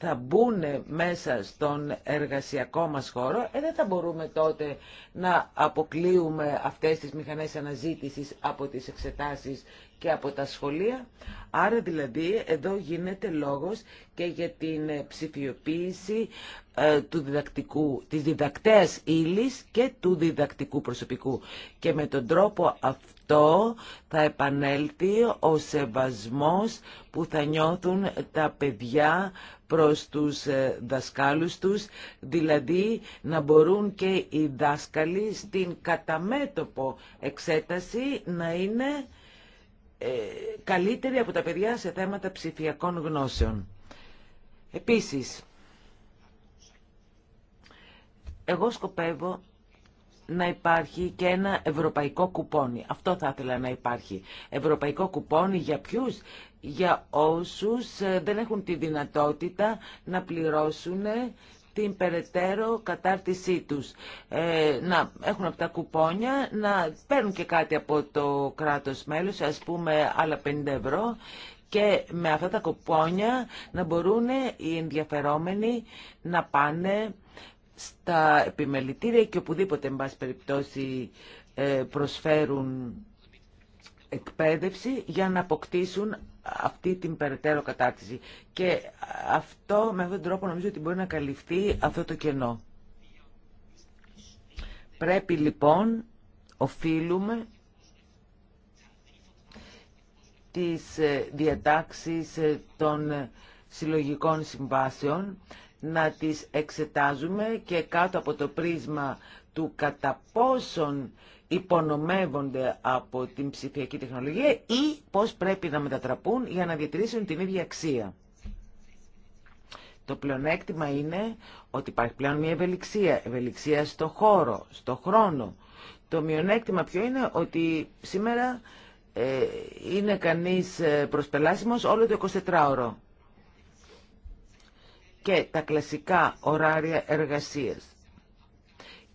θα μπουν μέσα στον εργασιακό μας χώρο, ε, δεν θα μπορούμε τότε να αποκλείουμε αυτές τις μηχανές αναζήτησης από τις εξετάσεις και από τα σχολεία. Άρα δηλαδή εδώ γίνεται λόγος και για την ε, ψηφιοποίηση ε, του διδακτικού, της διδακτέας ύλη και του διδακτικού προσωπικού. Και με τον τρόπο αυτό θα επανέλθει ο σεβασμός που θα νιώθουν τα παιδιά προς τους ε, δασκάλους τους, δηλαδή να μπορούν και οι δάσκαλοι στην καταμέτωπο εξέταση να είναι ε, καλύτερη από τα παιδιά σε θέματα ψηφιακών γνώσεων. Επίσης, εγώ σκοπεύω να υπάρχει και ένα ευρωπαϊκό κουπόνι. Αυτό θα ήθελα να υπάρχει. Ευρωπαϊκό κουπόνι για ποιους? Για όσους ε, δεν έχουν τη δυνατότητα να πληρώσουν την περαιτέρω κατάρτισή τους. Ε, να έχουν τα κουπόνια, να παίρνουν και κάτι από το κράτος μέλος, ας πούμε άλλα 50 ευρώ και με αυτά τα κουπόνια να μπορούν οι ενδιαφερόμενοι να πάνε στα επιμελητήρια και οπουδήποτε, εν πάση περιπτώσει, ε, προσφέρουν εκπαίδευση για να αποκτήσουν αυτή την περαιτέρω κατάρτιση. Και αυτό, με αυτόν τον τρόπο νομίζω ότι μπορεί να καλυφθεί αυτό το κενό. Πρέπει λοιπόν, οφείλουμε τις ε, διατάξεις ε, των ε, συλλογικών συμβάσεων να τις εξετάζουμε και κάτω από το πρίσμα του κατά πόσον υπονομεύονται από την ψηφιακή τεχνολογία ή πώς πρέπει να μετατραπούν για να διατηρήσουν την ίδια αξία. Το πλεονέκτημα είναι ότι υπάρχει πλέον μια ευελιξία, ευελιξία στο χώρο, στο χρόνο. Το μειονέκτημα ποιο είναι ότι σήμερα ε, είναι κανείς ε, προσπελάσιμος όλο το 24ωρο και τα κλασικά ωράρια εργασίας.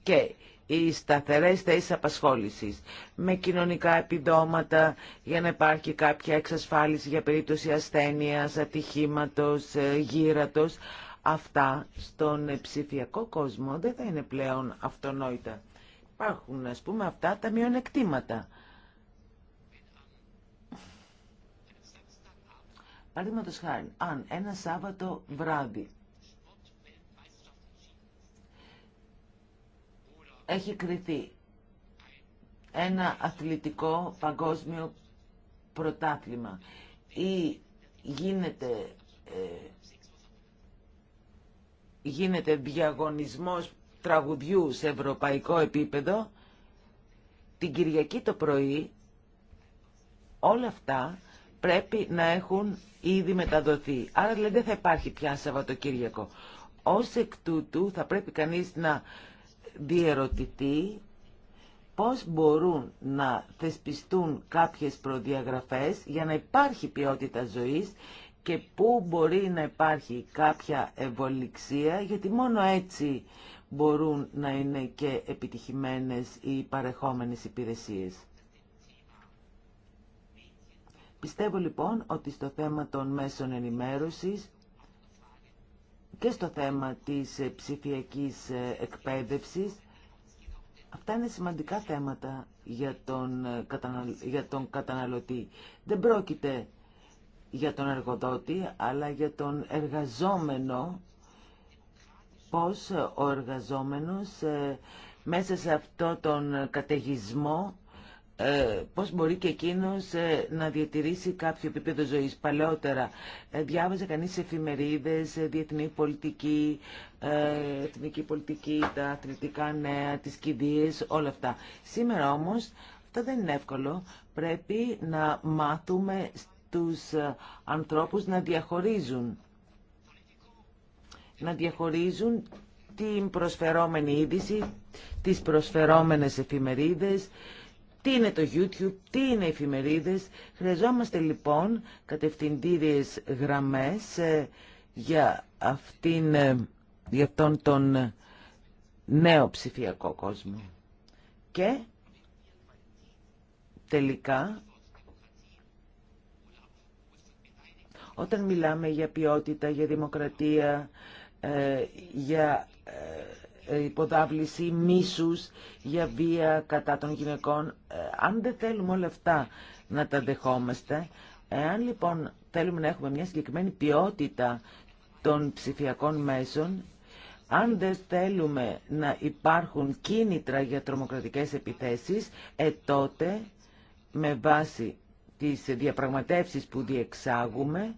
Και οι σταθερές θέσεις απασχόλησης με κοινωνικά επιδόματα για να υπάρχει κάποια εξασφάλιση για περίπτωση ασθένειας, ατυχήματος, ε, γύρατος. Αυτά στον ψηφιακό κόσμο δεν θα είναι πλέον αυτονόητα. Υπάρχουν, ας πούμε, αυτά τα μειονεκτήματα. Παραδείγματο χάρη, αν ένα Σάββατο βράδυ έχει κριθεί ένα αθλητικό παγκόσμιο πρωτάθλημα ή γίνεται, ε, γίνεται διαγωνισμός τραγουδιού σε ευρωπαϊκό επίπεδο, την Κυριακή το πρωί όλα αυτά πρέπει να έχουν ήδη μεταδοθεί. Άρα δηλαδή δεν θα υπάρχει πια Σαββατοκύριακο. Ως εκ τούτου θα πρέπει κανείς να διερωτητή πώς μπορούν να θεσπιστούν κάποιες προδιαγραφές για να υπάρχει ποιότητα ζωής και πού μπορεί να υπάρχει κάποια ευολιξία, γιατί μόνο έτσι μπορούν να είναι και επιτυχημένες οι παρεχόμενες υπηρεσίες. Πιστεύω λοιπόν ότι στο θέμα των μέσων ενημέρωσης και στο θέμα της ε, ψηφιακής ε, εκπαίδευσης. Αυτά είναι σημαντικά θέματα για τον, ε, για καταναλωτή. Δεν πρόκειται για τον εργοδότη, αλλά για τον εργαζόμενο, πώς ο εργαζόμενος μέσα σε αυτό τον καταιγισμό ε, πώς μπορεί και εκείνος ε, να διατηρήσει κάποιο επίπεδο ζωής. Παλαιότερα ε, διάβαζε κανείς εφημερίδες, διεθνή πολιτική, εθνική πολιτική, τα αθλητικά νέα, τις κηδείες, όλα αυτά. Σήμερα όμως αυτό δεν είναι εύκολο. Πρέπει να μάθουμε τους ανθρώπους να διαχωρίζουν να διαχωρίζουν την προσφερόμενη είδηση, τις προσφερόμενες εφημερίδες, τι είναι το YouTube, τι είναι οι εφημερίδες. Χρειαζόμαστε λοιπόν κατευθυντήριες γραμμές ε, για, αυτήν, ε, για αυτόν τον ε, νέο ψηφιακό κόσμο. Και τελικά όταν μιλάμε για ποιότητα, για δημοκρατία, για ε, υποδάβληση μίσους για βία κατά των γυναικών. Ε, αν δεν θέλουμε όλα αυτά να τα δεχόμαστε, εάν λοιπόν θέλουμε να έχουμε μια συγκεκριμένη ποιότητα των ψηφιακών μέσων, αν δεν θέλουμε να υπάρχουν κίνητρα για τρομοκρατικές επιθέσεις, ε, τότε με βάση τις διαπραγματεύσεις που διεξάγουμε,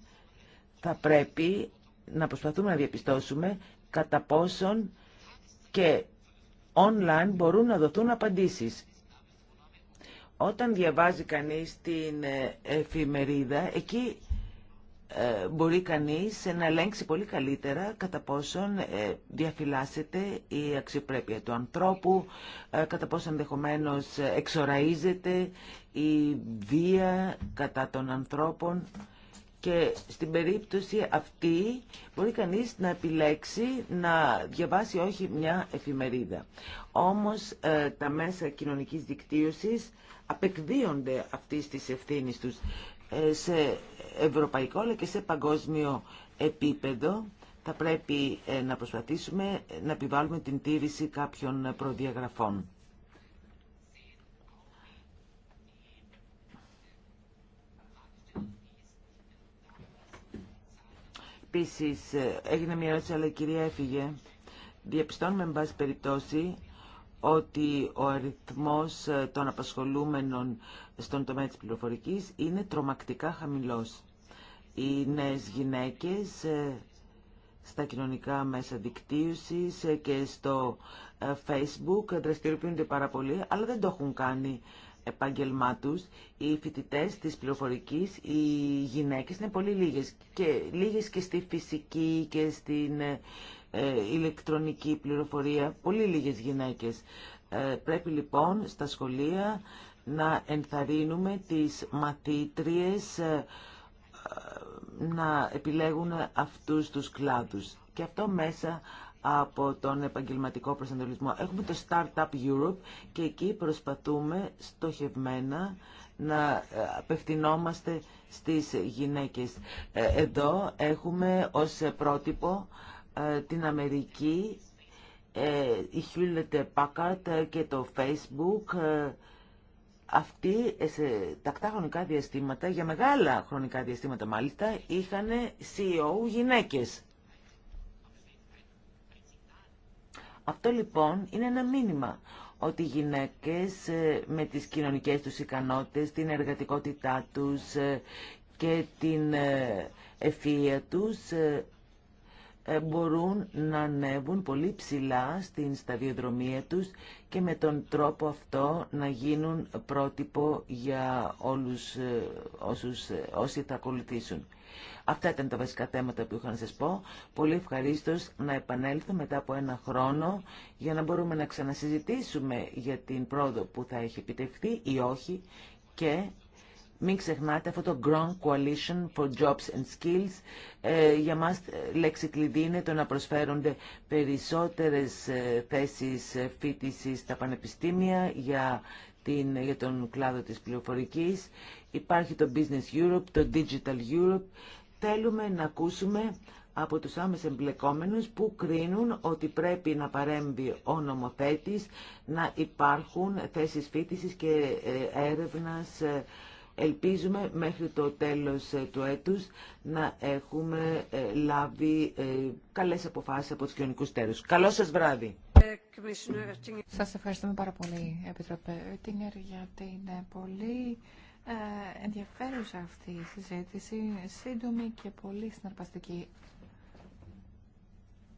θα πρέπει να προσπαθούμε να διαπιστώσουμε κατά πόσον και online μπορούν να δοθούν απαντήσεις. Όταν διαβάζει κανείς την ε, εφημερίδα, εκεί ε, μπορεί κανείς να ελέγξει πολύ καλύτερα κατά πόσον ε, διαφυλάσσεται η αξιοπρέπεια του ανθρώπου, κατά πόσον ενδεχομένω εξοραίζεται η βία κατά των ανθρώπων. Και στην περίπτωση αυτή μπορεί κανείς να επιλέξει να διαβάσει όχι μια εφημερίδα. Όμως ε, τα μέσα κοινωνικής δικτύωσης απεκδίονται αυτή της ευθύνη τους ε, σε ευρωπαϊκό αλλά και σε παγκόσμιο επίπεδο. Θα πρέπει ε, να προσπαθήσουμε να επιβάλλουμε την τήρηση κάποιων προδιαγραφών. επίση ε, έγινε μια ερώτηση, αλλά η κυρία έφυγε. Διαπιστώνουμε, με βάση περιπτώσει, ότι ο αριθμός ε, των απασχολούμενων στον τομέα της πληροφορικής είναι τρομακτικά χαμηλός. Οι νέες γυναίκες ε, στα κοινωνικά μέσα δικτύωσης και στο Facebook δραστηριοποιούνται πάρα πολύ, αλλά δεν το έχουν κάνει επάγγελμά τους, οι φοιτητές της πληροφορικής, οι γυναίκες είναι πολύ λίγες. Και λίγες και στη φυσική και στην ε, ηλεκτρονική πληροφορία, πολύ λίγες γυναίκες. Ε, πρέπει λοιπόν στα σχολεία να ενθαρρύνουμε τις μαθήτριες ε, να επιλέγουν αυτούς τους κλάδους. Και αυτό μέσα από τον επαγγελματικό προσανατολισμό. Έχουμε το Startup Europe και εκεί προσπαθούμε στοχευμένα να ε, απευθυνόμαστε στις γυναίκες. Ε, εδώ έχουμε ως πρότυπο ε, την Αμερική, η Hewlett Packard και το Facebook. Αυτοί σε τακτά χρονικά διαστήματα, για μεγάλα χρονικά διαστήματα μάλιστα, είχαν CEO γυναίκες. Αυτό λοιπόν είναι ένα μήνυμα ότι οι γυναίκες ε, με τις κοινωνικές τους ικανότητες, την εργατικότητά τους ε, και την ε, ευφυΐα τους μπορούν να ανέβουν πολύ ψηλά στην σταδιοδρομία τους και με τον τρόπο αυτό να γίνουν πρότυπο για όλους όσους, όσοι θα ακολουθήσουν. Αυτά ήταν τα βασικά θέματα που είχα να σας πω. Πολύ ευχαρίστω να επανέλθω μετά από ένα χρόνο για να μπορούμε να ξανασυζητήσουμε για την πρόοδο που θα έχει επιτευχθεί ή όχι και μην ξεχνάτε αυτό το Grand Coalition for Jobs and Skills. Ε, για μας λέξη ε, κλειδί είναι το να προσφέρονται περισσότερες ε, θέσεις ε, φίτησης στα πανεπιστήμια για, την, για τον κλάδο της πληροφορικής Υπάρχει το Business Europe, το Digital Europe. Θέλουμε να ακούσουμε από τους άμεσα εμπλεκόμενους που κρίνουν ότι πρέπει να παρέμβει ο νομοθέτης, να υπάρχουν θέσεις φίτησης και ε, έρευνας. Ε, ελπίζουμε μέχρι το τέλος ε, του έτους να έχουμε λάβει καλές αποφάσεις από τους κοινωνικούς τέρους. Καλό σας βράδυ. Σας ευχαριστούμε πάρα πολύ, Επιτροπέ για την πολύ ε, ενδιαφέρουσα αυτή η συζήτηση, σύντομη και πολύ συναρπαστική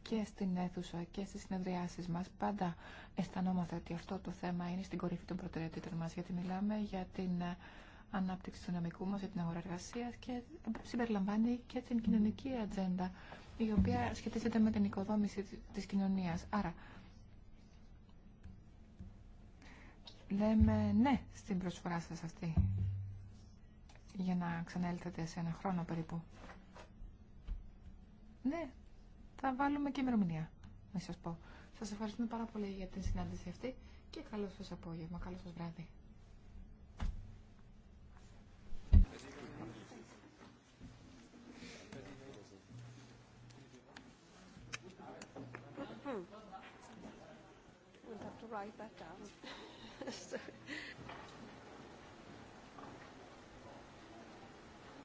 και στην αίθουσα και στις συνεδριάσεις μας. Πάντα αισθανόμαστε ότι αυτό το θέμα είναι στην κορυφή των προτεραιοτήτων μας, γιατί μιλάμε για την ε, ανάπτυξη του νομικού μας, για την αγορά εργασία και συμπεριλαμβάνει και την κοινωνική ατζέντα, η οποία σχετίζεται με την οικοδόμηση της κοινωνίας. Άρα, λέμε ναι στην προσφορά σας αυτή για να ξαναέλθετε σε ένα χρόνο περίπου. Ναι, θα βάλουμε και ημερομηνία, να σας πω. Σας ευχαριστούμε πάρα πολύ για την συνάντηση αυτή και καλό σας απόγευμα, καλό σας βράδυ. Hmm. down.